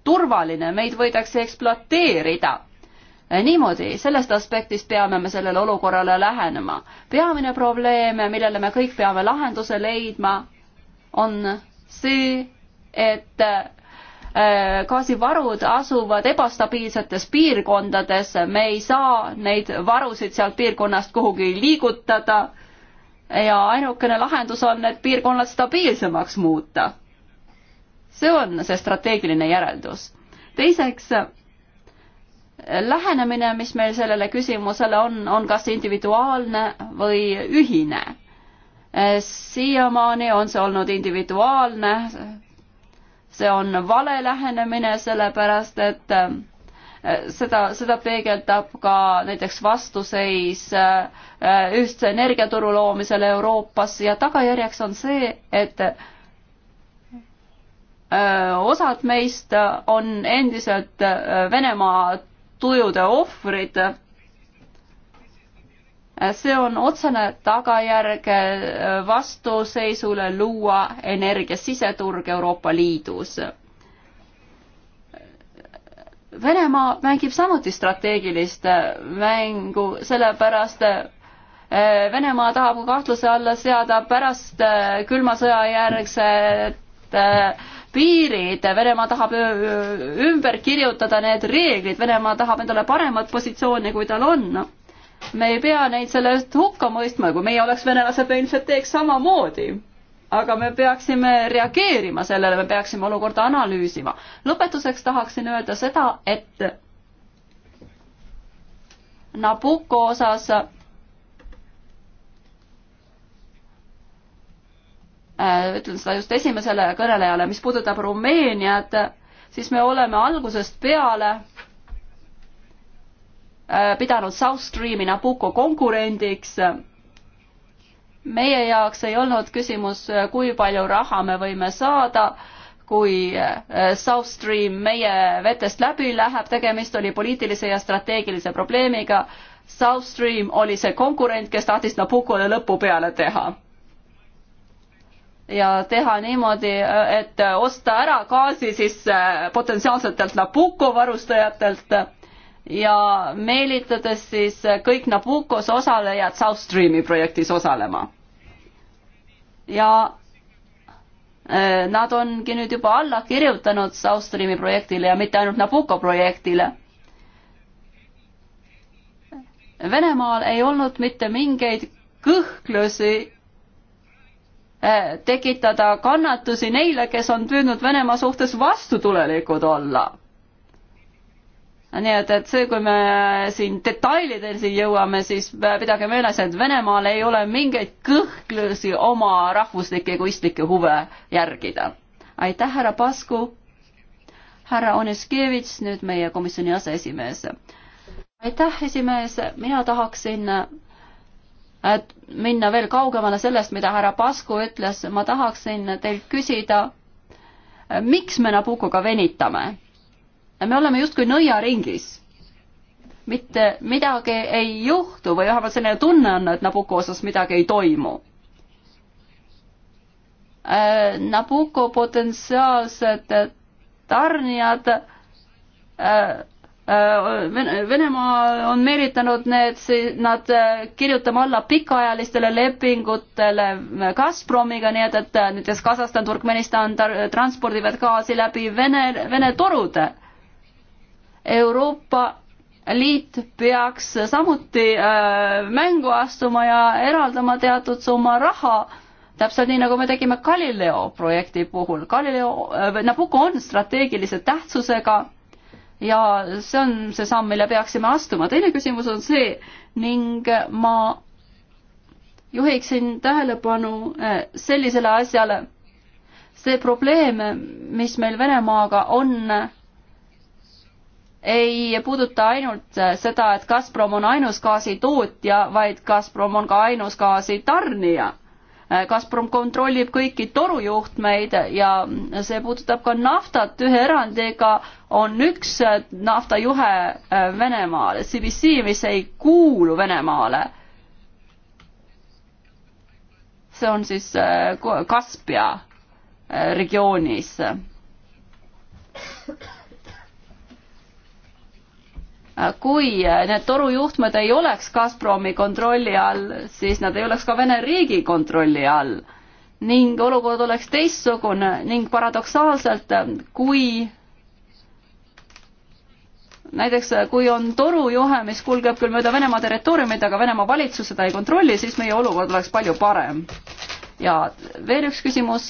turvaline, meid võidakse ekspluateerida. niimoodi, sellest aspektist peame me sellele olukorrale lähenema. peamine probleem, millele me kõik peame lahenduse leidma, on see, et äh, gaasivarud asuvad ebastabiilsetes piirkondades, me ei saa neid varusid sealt piirkonnast kuhugi liigutada ja ainukene lahendus on need piirkonnad stabiilsemaks muuta see on see strateegiline järeldus. teiseks, lähenemine, mis meil sellele küsimusele on, on kas individuaalne või ühine. siiamaani on see olnud individuaalne, see on vale lähenemine, sellepärast et e, seda, seda peegeldab ka näiteks vastuseis e, ühtse energiaturu loomisele Euroopas ja tagajärjeks on see, et osad meist on endiselt Venemaa tujude ohvrid. see on otsene tagajärg vastuseisule luua energia siseturg Euroopa Liidus. Venemaa mängib samuti strateegilist mängu, sellepärast Venemaa tahab kahtluse alla seada pärast külma sõja järgset äh, piirid, Venemaa tahab ümber kirjutada need reeglid, Venemaa tahab endale paremat positsiooni, kui tal on. me ei pea neid selle eest hukka mõistma, kui meie oleks venelased, me ilmselt teeks samamoodi. aga me peaksime reageerima sellele, me peaksime olukorda analüüsima. lõpetuseks tahaksin öelda seda, et Nabucco osas Äh, ütlen seda just esimesele kõnelejale, mis puudutab Rumeeniat, siis me oleme algusest peale äh, pidanud South Streami Nabucco konkurendiks. meie jaoks ei olnud küsimus, äh, kui palju raha me võime saada, kui South Stream meie vetest läbi läheb, tegemist oli poliitilise ja strateegilise probleemiga. South Stream oli see konkurent, kes tahtis Nabuccole lõpu peale teha ja teha niimoodi, et osta ära gaasi siis potentsiaalsetelt Nabucco varustajatelt ja meelitades siis kõik Nabuccos osalejad South Streami projektis osalema. ja eh, nad ongi nüüd juba alla kirjutanud South Streami projektile ja mitte ainult Nabucco projektile. Venemaal ei olnud mitte mingeid kõhklusi Äh, tekitada kannatusi neile, kes on püüdnud Venemaa suhtes vastutulelikud olla. nii et, et see, kui me siin detailideni jõuame, siis pidage meeles, et Venemaal ei ole mingeid kõhklusi oma rahvuslikke egoistlikke huve järgida. aitäh, härra Pasku. härra Oneskevitš, nüüd meie komisjoni aseesimees. aitäh, esimees, mina tahaksin et minna veel kaugemale sellest, mida härra Pasku ütles, ma tahaksin teilt küsida, miks me Nabukoga venitame? me oleme justkui nõiaringis. mitte midagi ei juhtu või vähemalt selline tunne on, et Nabuko osas midagi ei toimu. Äh, Nabuko potentsiaalsed tarnijad äh, Äh, Venemaa on meelitanud need, nad äh, kirjutama alla pikaajalistele lepingutele Gazpromiga, nii et, et äh, näiteks Kasahstan, Turkmenistan transpordivad gaasi läbi Vene, Vene torude. Euroopa Liit peaks samuti mängu astuma ja eraldama teatud summa raha, täpselt nii, nagu me tegime Galileo projekti puhul. Galileo, Nabucco on strateegilise tähtsusega ja see on see samm, mille peaksime astuma. teine küsimus on see ning ma juhiksin tähelepanu eh, sellisele asjale. see probleem, mis meil Venemaaga on, ei puuduta ainult eh, seda, et Gazprom on ainus gaasitootja, vaid Gazprom on ka ainus gaasitarnija Äh, Gazprom kontrollib kõiki torujuhtmeid ja see puudutab ka naftat, ühe erandiga on üks äh, naftajuhe äh, Venemaale, CBC, mis ei kuulu Venemaale. see on siis Kaspia regioonis kui need torujuhtmed ei oleks Gazpromi kontrolli all, siis nad ei oleks ka Vene riigi kontrolli all ning olukord oleks teistsugune ning paradoksaalselt, kui näiteks kui on torujuhe, mis kulgeb küll mööda Venemaa territooriumit, aga Venemaa valitsus seda ei kontrolli, siis meie olukord oleks palju parem. ja veel üks küsimus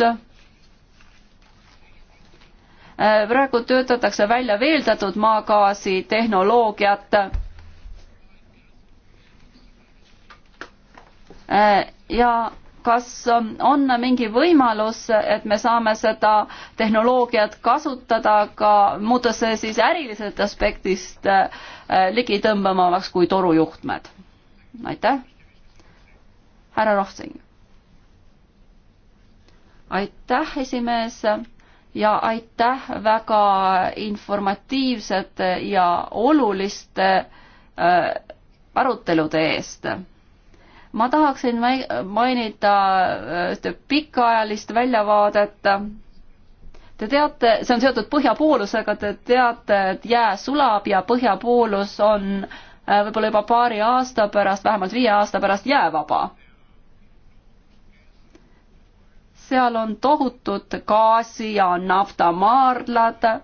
Äh, praegu töötatakse välja veeldatud maagaasi tehnoloogiat. Äh, ja kas ähm, on mingi võimalus, et me saame seda tehnoloogiat kasutada ka, muuta see siis ärilisest aspektist äh, ligitõmbavamaks kui torujuhtmed? aitäh. härra Rohtsing. aitäh, esimees ja aitäh väga informatiivsete ja oluliste äh, arutelude eest. ma tahaksin mainida äh, ühte pikaajalist väljavaadet. Te teate, see on seotud põhjapoolusega, te teate, et jää sulab ja põhjapoolus on äh, võib-olla juba paari aasta pärast, vähemalt viie aasta pärast jäävaba seal on tohutud gaasi- ja naftamaardlad. Äh,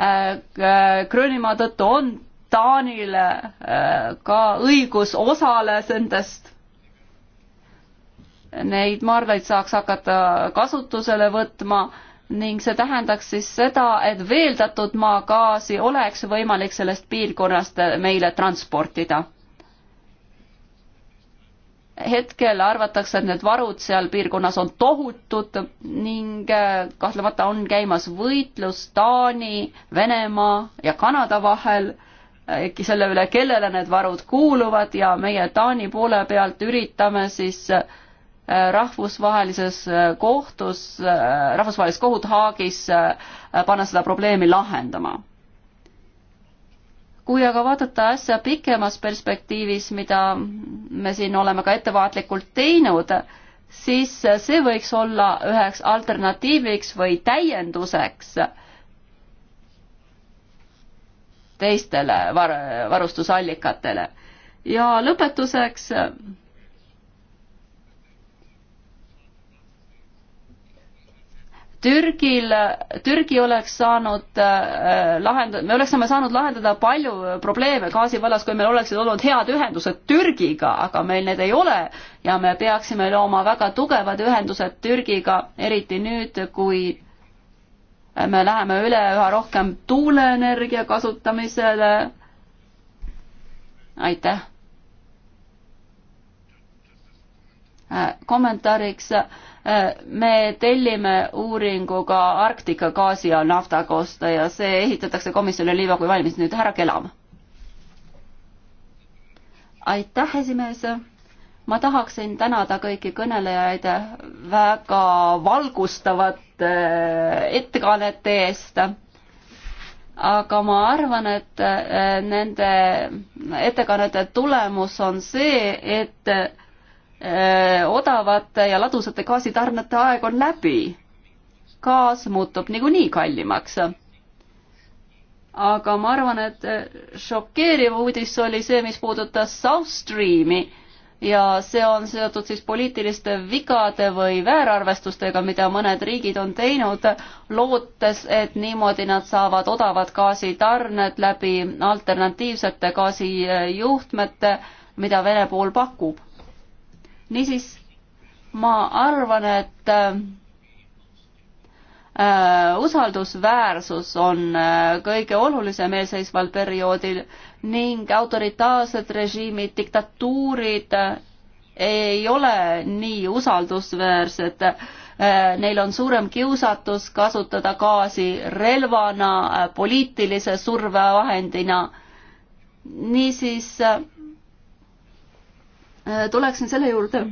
äh, Gröönimaa tõttu on Taanil äh, ka õigus osales nendest. Neid maardlaid saaks hakata kasutusele võtma ning see tähendaks siis seda, et veeldatud maagaasi oleks võimalik sellest piirkonnast meile transportida hetkel arvatakse, et need varud seal piirkonnas on tohutud ning äh, kahtlemata on käimas võitlus Taani, Venemaa ja Kanada vahel, äkki äh, selle üle, kellele need varud kuuluvad ja meie Taani poole pealt üritame siis äh, rahvusvahelises kohtus, rahvusvahelises kohut Haagis panna seda probleemi lahendama kui aga vaadata asja pikemas perspektiivis, mida me siin oleme ka ettevaatlikult teinud, siis see võiks olla üheks alternatiiviks või täienduseks teistele var-, varustusallikatele. ja lõpetuseks Türgil, Türgi oleks saanud äh, lahendada, me oleksime saanud lahendada palju probleeme gaasi vallas, kui meil oleksid olnud head ühendused Türgiga, aga meil need ei ole ja me peaksime looma väga tugevad ühendused Türgiga, eriti nüüd, kui me läheme üle üha rohkem tuuleenergia kasutamisele. aitäh. Äh, kommentaariks me tellime uuringu ka Arktika gaasi ja nafta kohta ja see ehitatakse komisjonile liiva kui valmis. nüüd härra Kelam. aitäh, esimees. ma tahaksin tänada kõiki kõnelejaid väga valgustavate eh, ettekannete eest aga ma arvan, et eh, nende ettekannete tulemus on see, et Äh, odavate ja ladusate gaasitarnete aeg on läbi. gaas muutub niikuinii kallimaks. aga ma arvan, et äh, šokeeriv uudis oli see, mis puudutas South Streami ja see on seotud siis poliitiliste vigade või väärarvestustega, mida mõned riigid on teinud, lootes, et niimoodi nad saavad odavad gaasitarned läbi alternatiivsete gaasijuhtmete, mida Vene pool pakub niisiis, ma arvan, et äh, usaldusväärsus on äh, kõige olulisem eelseisval perioodil ning autoritaarsed režiimid, diktatuurid äh, ei ole nii usaldusväärsed äh, neil on suurem kiusatus kasutada gaasi relvana, äh, poliitilise survevahendina. niisiis äh, Äh, tuleksin selle juurde,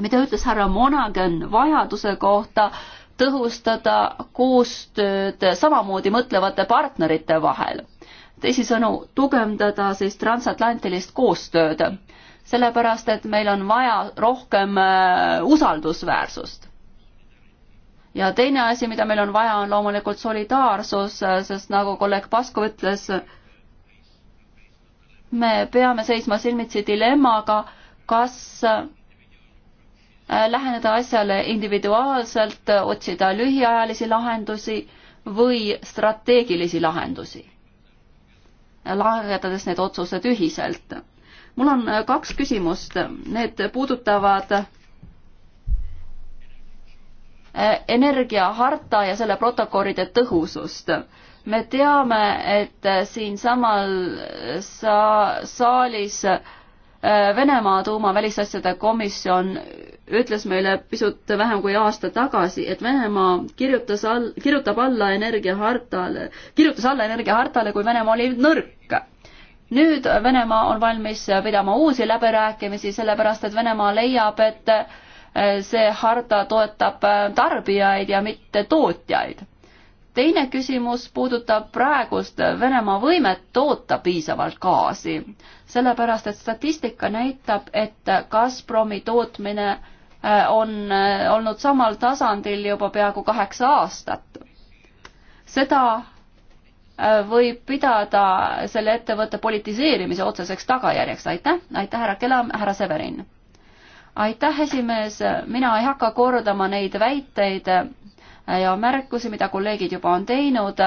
mida ütles härra Monaghan vajaduse kohta tõhustada koostööd samamoodi mõtlevate partnerite vahel. teisisõnu, tugevdada siis transatlantilist koostööd, sellepärast et meil on vaja rohkem äh, usaldusväärsust. ja teine asi, mida meil on vaja, on loomulikult solidaarsus, äh, sest nagu kolleeg Paskov ütles, me peame seisma silmitsi dilemmaga, kas äh, läheneda asjale individuaalselt, otsida lühiajalisi lahendusi või strateegilisi lahendusi, langetades need otsused ühiselt. mul on äh, kaks küsimust, need puudutavad äh, energiaharta ja selle protokollide tõhusust me teame, et äh, siinsamal äh, sa-, saalis äh, Venemaa tuuma välisasjade komisjon ütles meile pisut vähem kui aasta tagasi, et Venemaa kirjutas all, kirjutab alla energiahartale, kirjutas alla energiahartale, kui Venemaa oli nõrk. nüüd Venemaa on valmis pidama uusi läbirääkimisi, sellepärast et Venemaa leiab, et see harta toetab tarbijaid ja mitte tootjaid teine küsimus puudutab praegust Venemaa võimet toota piisavalt gaasi, sellepärast et statistika näitab, et Gazpromi tootmine äh, on äh, olnud samal tasandil juba peaaegu kaheksa aastat. seda äh, võib pidada selle ettevõtte politiseerimise otseseks tagajärjeks, aitäh, aitäh, härra Kelam, härra Severin. aitäh, esimees, mina ei hakka kordama neid väiteid, Äh, ja märkusi, mida kolleegid juba on teinud.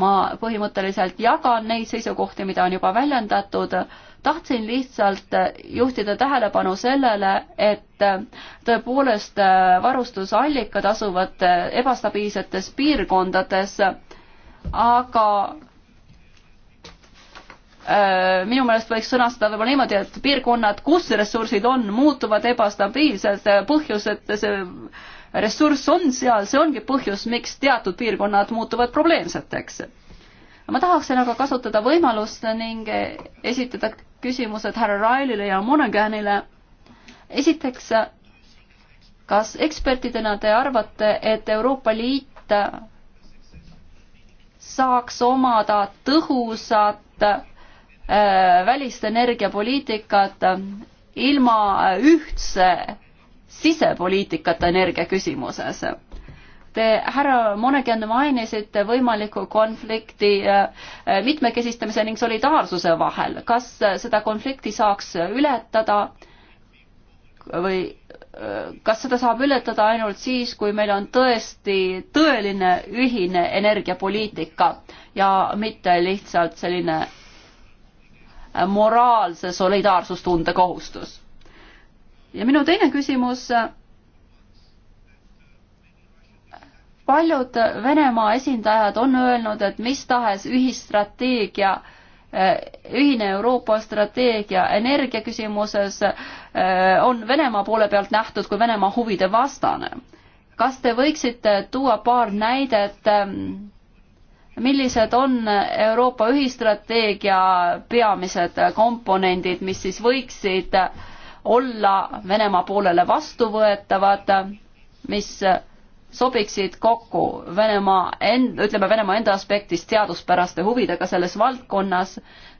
ma põhimõtteliselt jagan neid seisukohti, mida on juba väljendatud. tahtsin lihtsalt juhtida tähelepanu sellele, et tõepoolest äh, varustusallikad asuvad äh, ebastabiilsetes piirkondades, aga minu meelest võiks sõnastada võib-olla niimoodi, et piirkonnad, kus ressursid on, muutuvad ebastabiilsed, põhjused, see ressurss on seal, see ongi põhjus, miks teatud piirkonnad muutuvad probleemseteks. ma tahaksin aga kasutada võimalust ning esitada küsimused härra Railile ja Monaganile. esiteks, kas ekspertidena te arvate, et Euroopa Liit saaks omada tõhusat äh, välist energiapoliitikat äh, ilma ühtse sisepoliitikat energia küsimuses. Te, härra Monegen, mainisite võimalikku konflikti äh, mitmekesistamise ning solidaarsuse vahel. kas äh, seda konflikti saaks ületada või äh, kas seda saab ületada ainult siis, kui meil on tõesti tõeline ühine energiapoliitika ja mitte lihtsalt selline moraalse solidaarsustunde kohustus? ja minu teine küsimus. paljud Venemaa esindajad on öelnud, et mis tahes ühisstrateegia ühine Euroopa strateegia energiaküsimuses eh, on Venemaa poole pealt nähtud kui Venemaa huvide vastane. kas te võiksite tuua paar näidet, eh, millised on Euroopa ühistrateegia peamised komponendid, mis siis võiksid äh, olla Venemaa poolele vastuvõetavad, mis sobiksid kokku Venemaa end-, ütleme Venemaa enda aspektist teaduspäraste huvidega selles valdkonnas,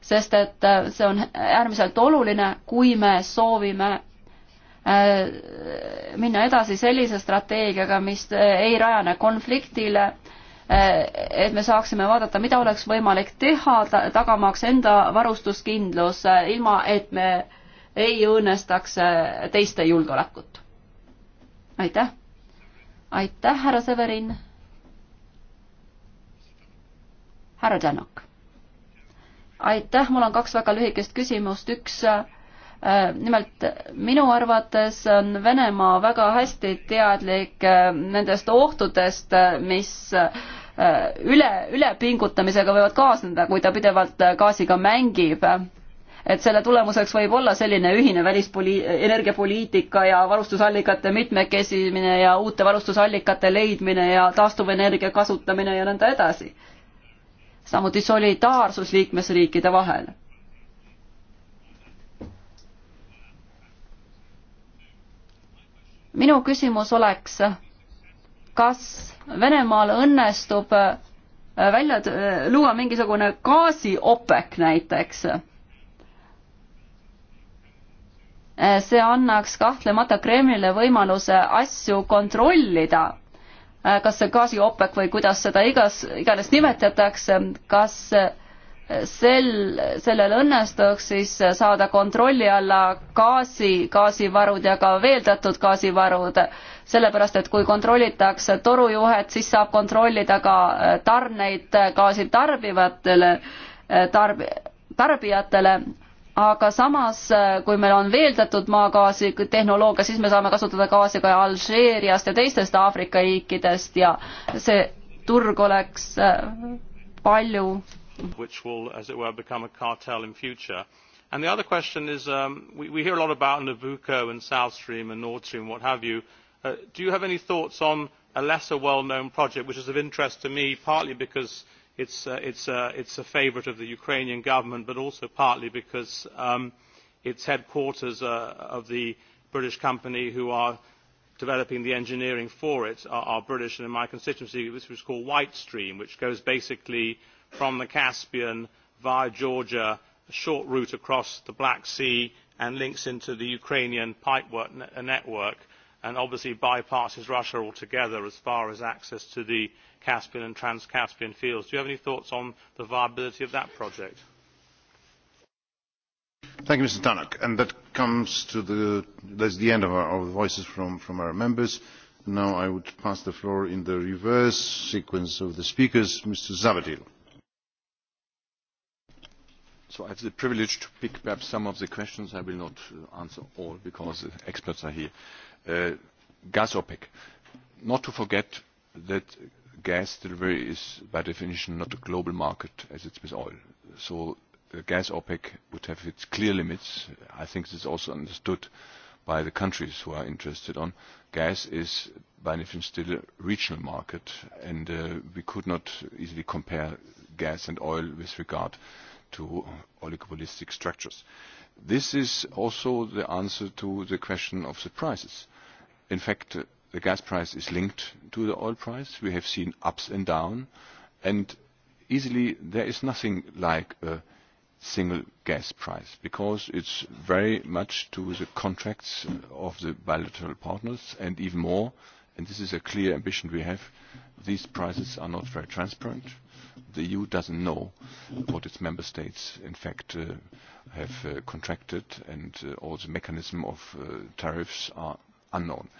sest et äh, see on äärmiselt oluline, kui me soovime äh, minna edasi sellise strateegiaga, mis äh, ei rajane konfliktile, et me saaksime vaadata, mida oleks võimalik teha, tagamaks enda varustuskindlus, ilma et me ei õõnestaks äh, teiste julgeolekut. aitäh. aitäh, härra Severin. härra Tänak. aitäh, mul on kaks väga lühikest küsimust, üks äh, nimelt minu arvates on Venemaa väga hästi teadlik äh, nendest ohtudest, mis üle, ülepingutamisega võivad kaasneda, kui ta pidevalt gaasiga mängib et selle tulemuseks võib olla selline ühine välispoli-, energiapoliitika ja varustusallikate mitmekesimine ja uute varustusallikate leidmine ja taastuvenergia kasutamine ja nõnda edasi. samuti solidaarsus liikmesriikide vahel. minu küsimus oleks, kas Venemaal õnnestub välja luua mingisugune gaasiopek näiteks Eh, see annaks kahtlemata Kremlile võimaluse asju kontrollida, eh, kas see gaasiopek või kuidas seda igas, iganes nimetatakse, kas sel, sellel õnnestuks siis saada kontrolli alla gaasi, gaasivarud ja ka veeldatud gaasivarud, sellepärast et kui kontrollitakse torujuhet, siis saab kontrollida ka eh, tarneid gaasi tarbivatele tarb-, tarbijatele aga samas, äh, kui meil on veeldatud maagaasi tehnoloogia, siis me saame kasutada gaasi ka Alžeeriast ja teistest Aafrika riikidest ja see turg oleks äh, palju. Which will, as it were, become a cartel in future. And the other question is, um, we, we hear a lot about Nabucco and South Stream and Nord Stream, what have you. Uh, do you have any thoughts on a lesser well-known project, which is of interest to me, partly because uh, it uh, is uh, a favourite of the ukrainian government but also partly because um, its headquarters uh, of the british company who are developing the engineering for it are, are british and in my constituency this was called white stream which goes basically from the caspian via georgia a short route across the black sea and links into the ukrainian pipe network and obviously bypasses russia altogether as far as access to the Caspian and Trans-Caspian fields. Do you have any thoughts on the viability of that project? Thank you, Mr. Tannock. And that comes to the, that's the end of our, of voices from, from our members. Now I would pass the floor in the reverse sequence of the speakers, Mr. Zavadil. So I have the privilege to pick up some of the questions. I will not uh, answer all because the experts are here. Uh, gas OPEC. Not to forget that gas delivery is by definition not a global market as it's with oil. So uh, gas OPEC would have its clear limits. I think this is also understood by the countries who are interested on. Gas is by definition still a regional market and uh, we could not easily compare gas and oil with regard to oligopolistic structures. This is also the answer to the question of the prices. In fact, uh, the gas price is linked to the oil price. We have seen ups and down, and easily there is nothing like a single gas price because it's very much to the contracts uh, of the bilateral partners and even more, and this is a clear ambition we have, these prices are not very transparent. The EU doesn't know what its member states, in fact, uh, have uh, contracted, and uh, all the mechanism of uh, tariffs are unknown. Uh,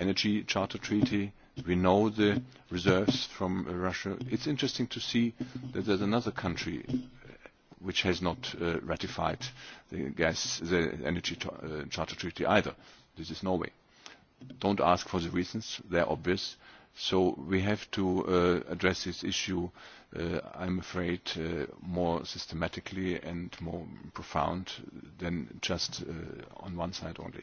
Energy Charter Treaty. We know the reserves from uh, Russia. It's interesting to see that there's another country uh, which has not uh, ratified the gas, the Energy tar uh, Charter Treaty either. This is Norway. Don't ask for the reasons; they're obvious. So we have to uh, address this issue, uh, I'm afraid, uh, more systematically and more profound than just uh, on one side only.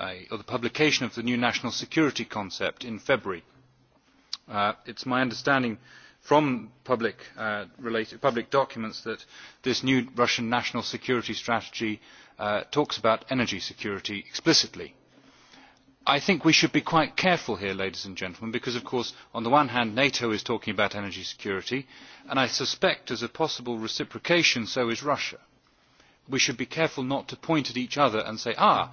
a, or the publication of the new national security concept in February. Uh, it's my understanding from public, uh, related, public documents that this new Russian national security strategy uh, talks about energy security explicitly. I think we should be quite careful here, ladies and gentlemen, because of course on the one hand NATO is talking about energy security, and I suspect as a possible reciprocation so is Russia. We should be careful not to point at each other and say, ah,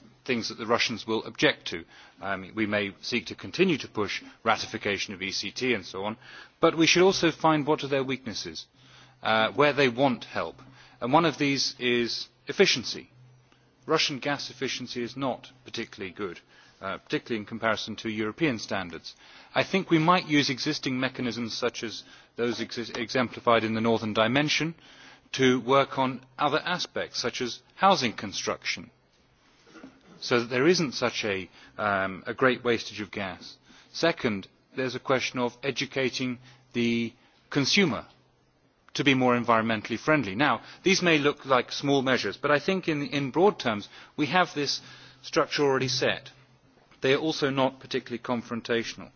things that the Russians will object to. Um, we may seek to continue to push ratification of ECT and so on, but we should also find what are their weaknesses, uh, where they want help. And one of these is efficiency. Russian gas efficiency is not particularly good, uh, particularly in comparison to European standards. I think we might use existing mechanisms such as those ex exemplified in the Northern Dimension to work on other aspects such as housing construction so that there isn't such a, um, a great wastage of gas. Second, there's a question of educating the consumer to be more environmentally friendly. Now, these may look like small measures, but I think in, in broad terms we have this structure already set. They are also not particularly confrontational.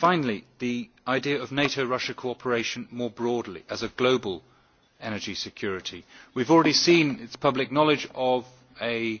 Finally, the idea of NATO-Russia cooperation more broadly as a global energy security. We've already seen, it's public knowledge, of a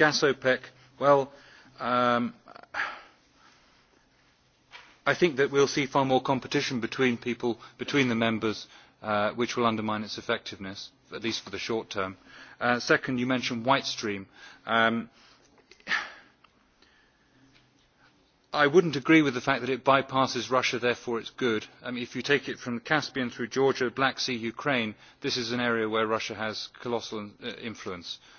gas OPEC, well, um, I think that we'll see far more competition between people, between the members, uh, which will undermine its effectiveness, at least for the short term. Uh, second, you mentioned White Stream. Um, I wouldn't agree with the fact that it bypasses Russia, therefore it's good. I mean, if you take it from the Caspian through Georgia, Black Sea, Ukraine, this is an area where Russia has colossal uh, influence. Uh,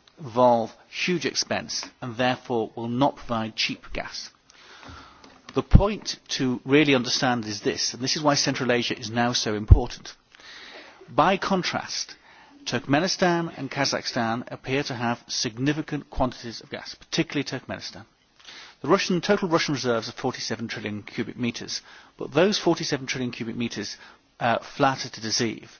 involve huge expense and therefore will not provide cheap gas. The point to really understand is this, and this is why Central Asia is now so important. By contrast, Turkmenistan and Kazakhstan appear to have significant quantities of gas, particularly Turkmenistan. The Russian, total Russian reserves are 47 trillion cubic metres, but those 47 trillion cubic metres uh, flatter to deceive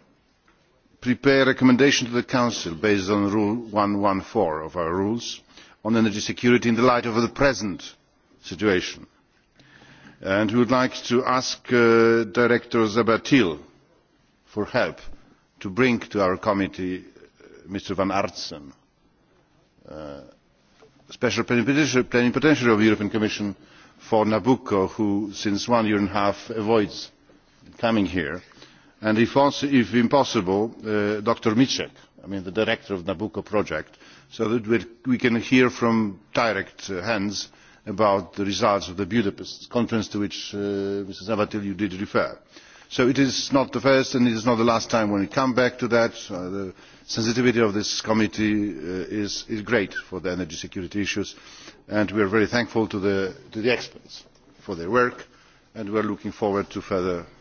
prepare a recommendation to the council based on rule one hundred and fourteen of our rules on energy security in the light of the present situation and we would like to ask uh, director zahbatil for help to bring to our committee uh, mr van artsen uh, special plenipotentiary of the european commission for nabucco who since one year and a half avoids coming here and if, if possible uh, dr micek I mean, the director of the nabucco project so that we can hear from direct uh, hands about the results of the budapest conference to which uh, ms zavatil you did refer. so it is not the first and it is not the last time when we come back to that. Uh, the sensitivity of this committee uh, is, is great for the energy security issues and we are very thankful to the, to the experts for their work and we are looking forward to further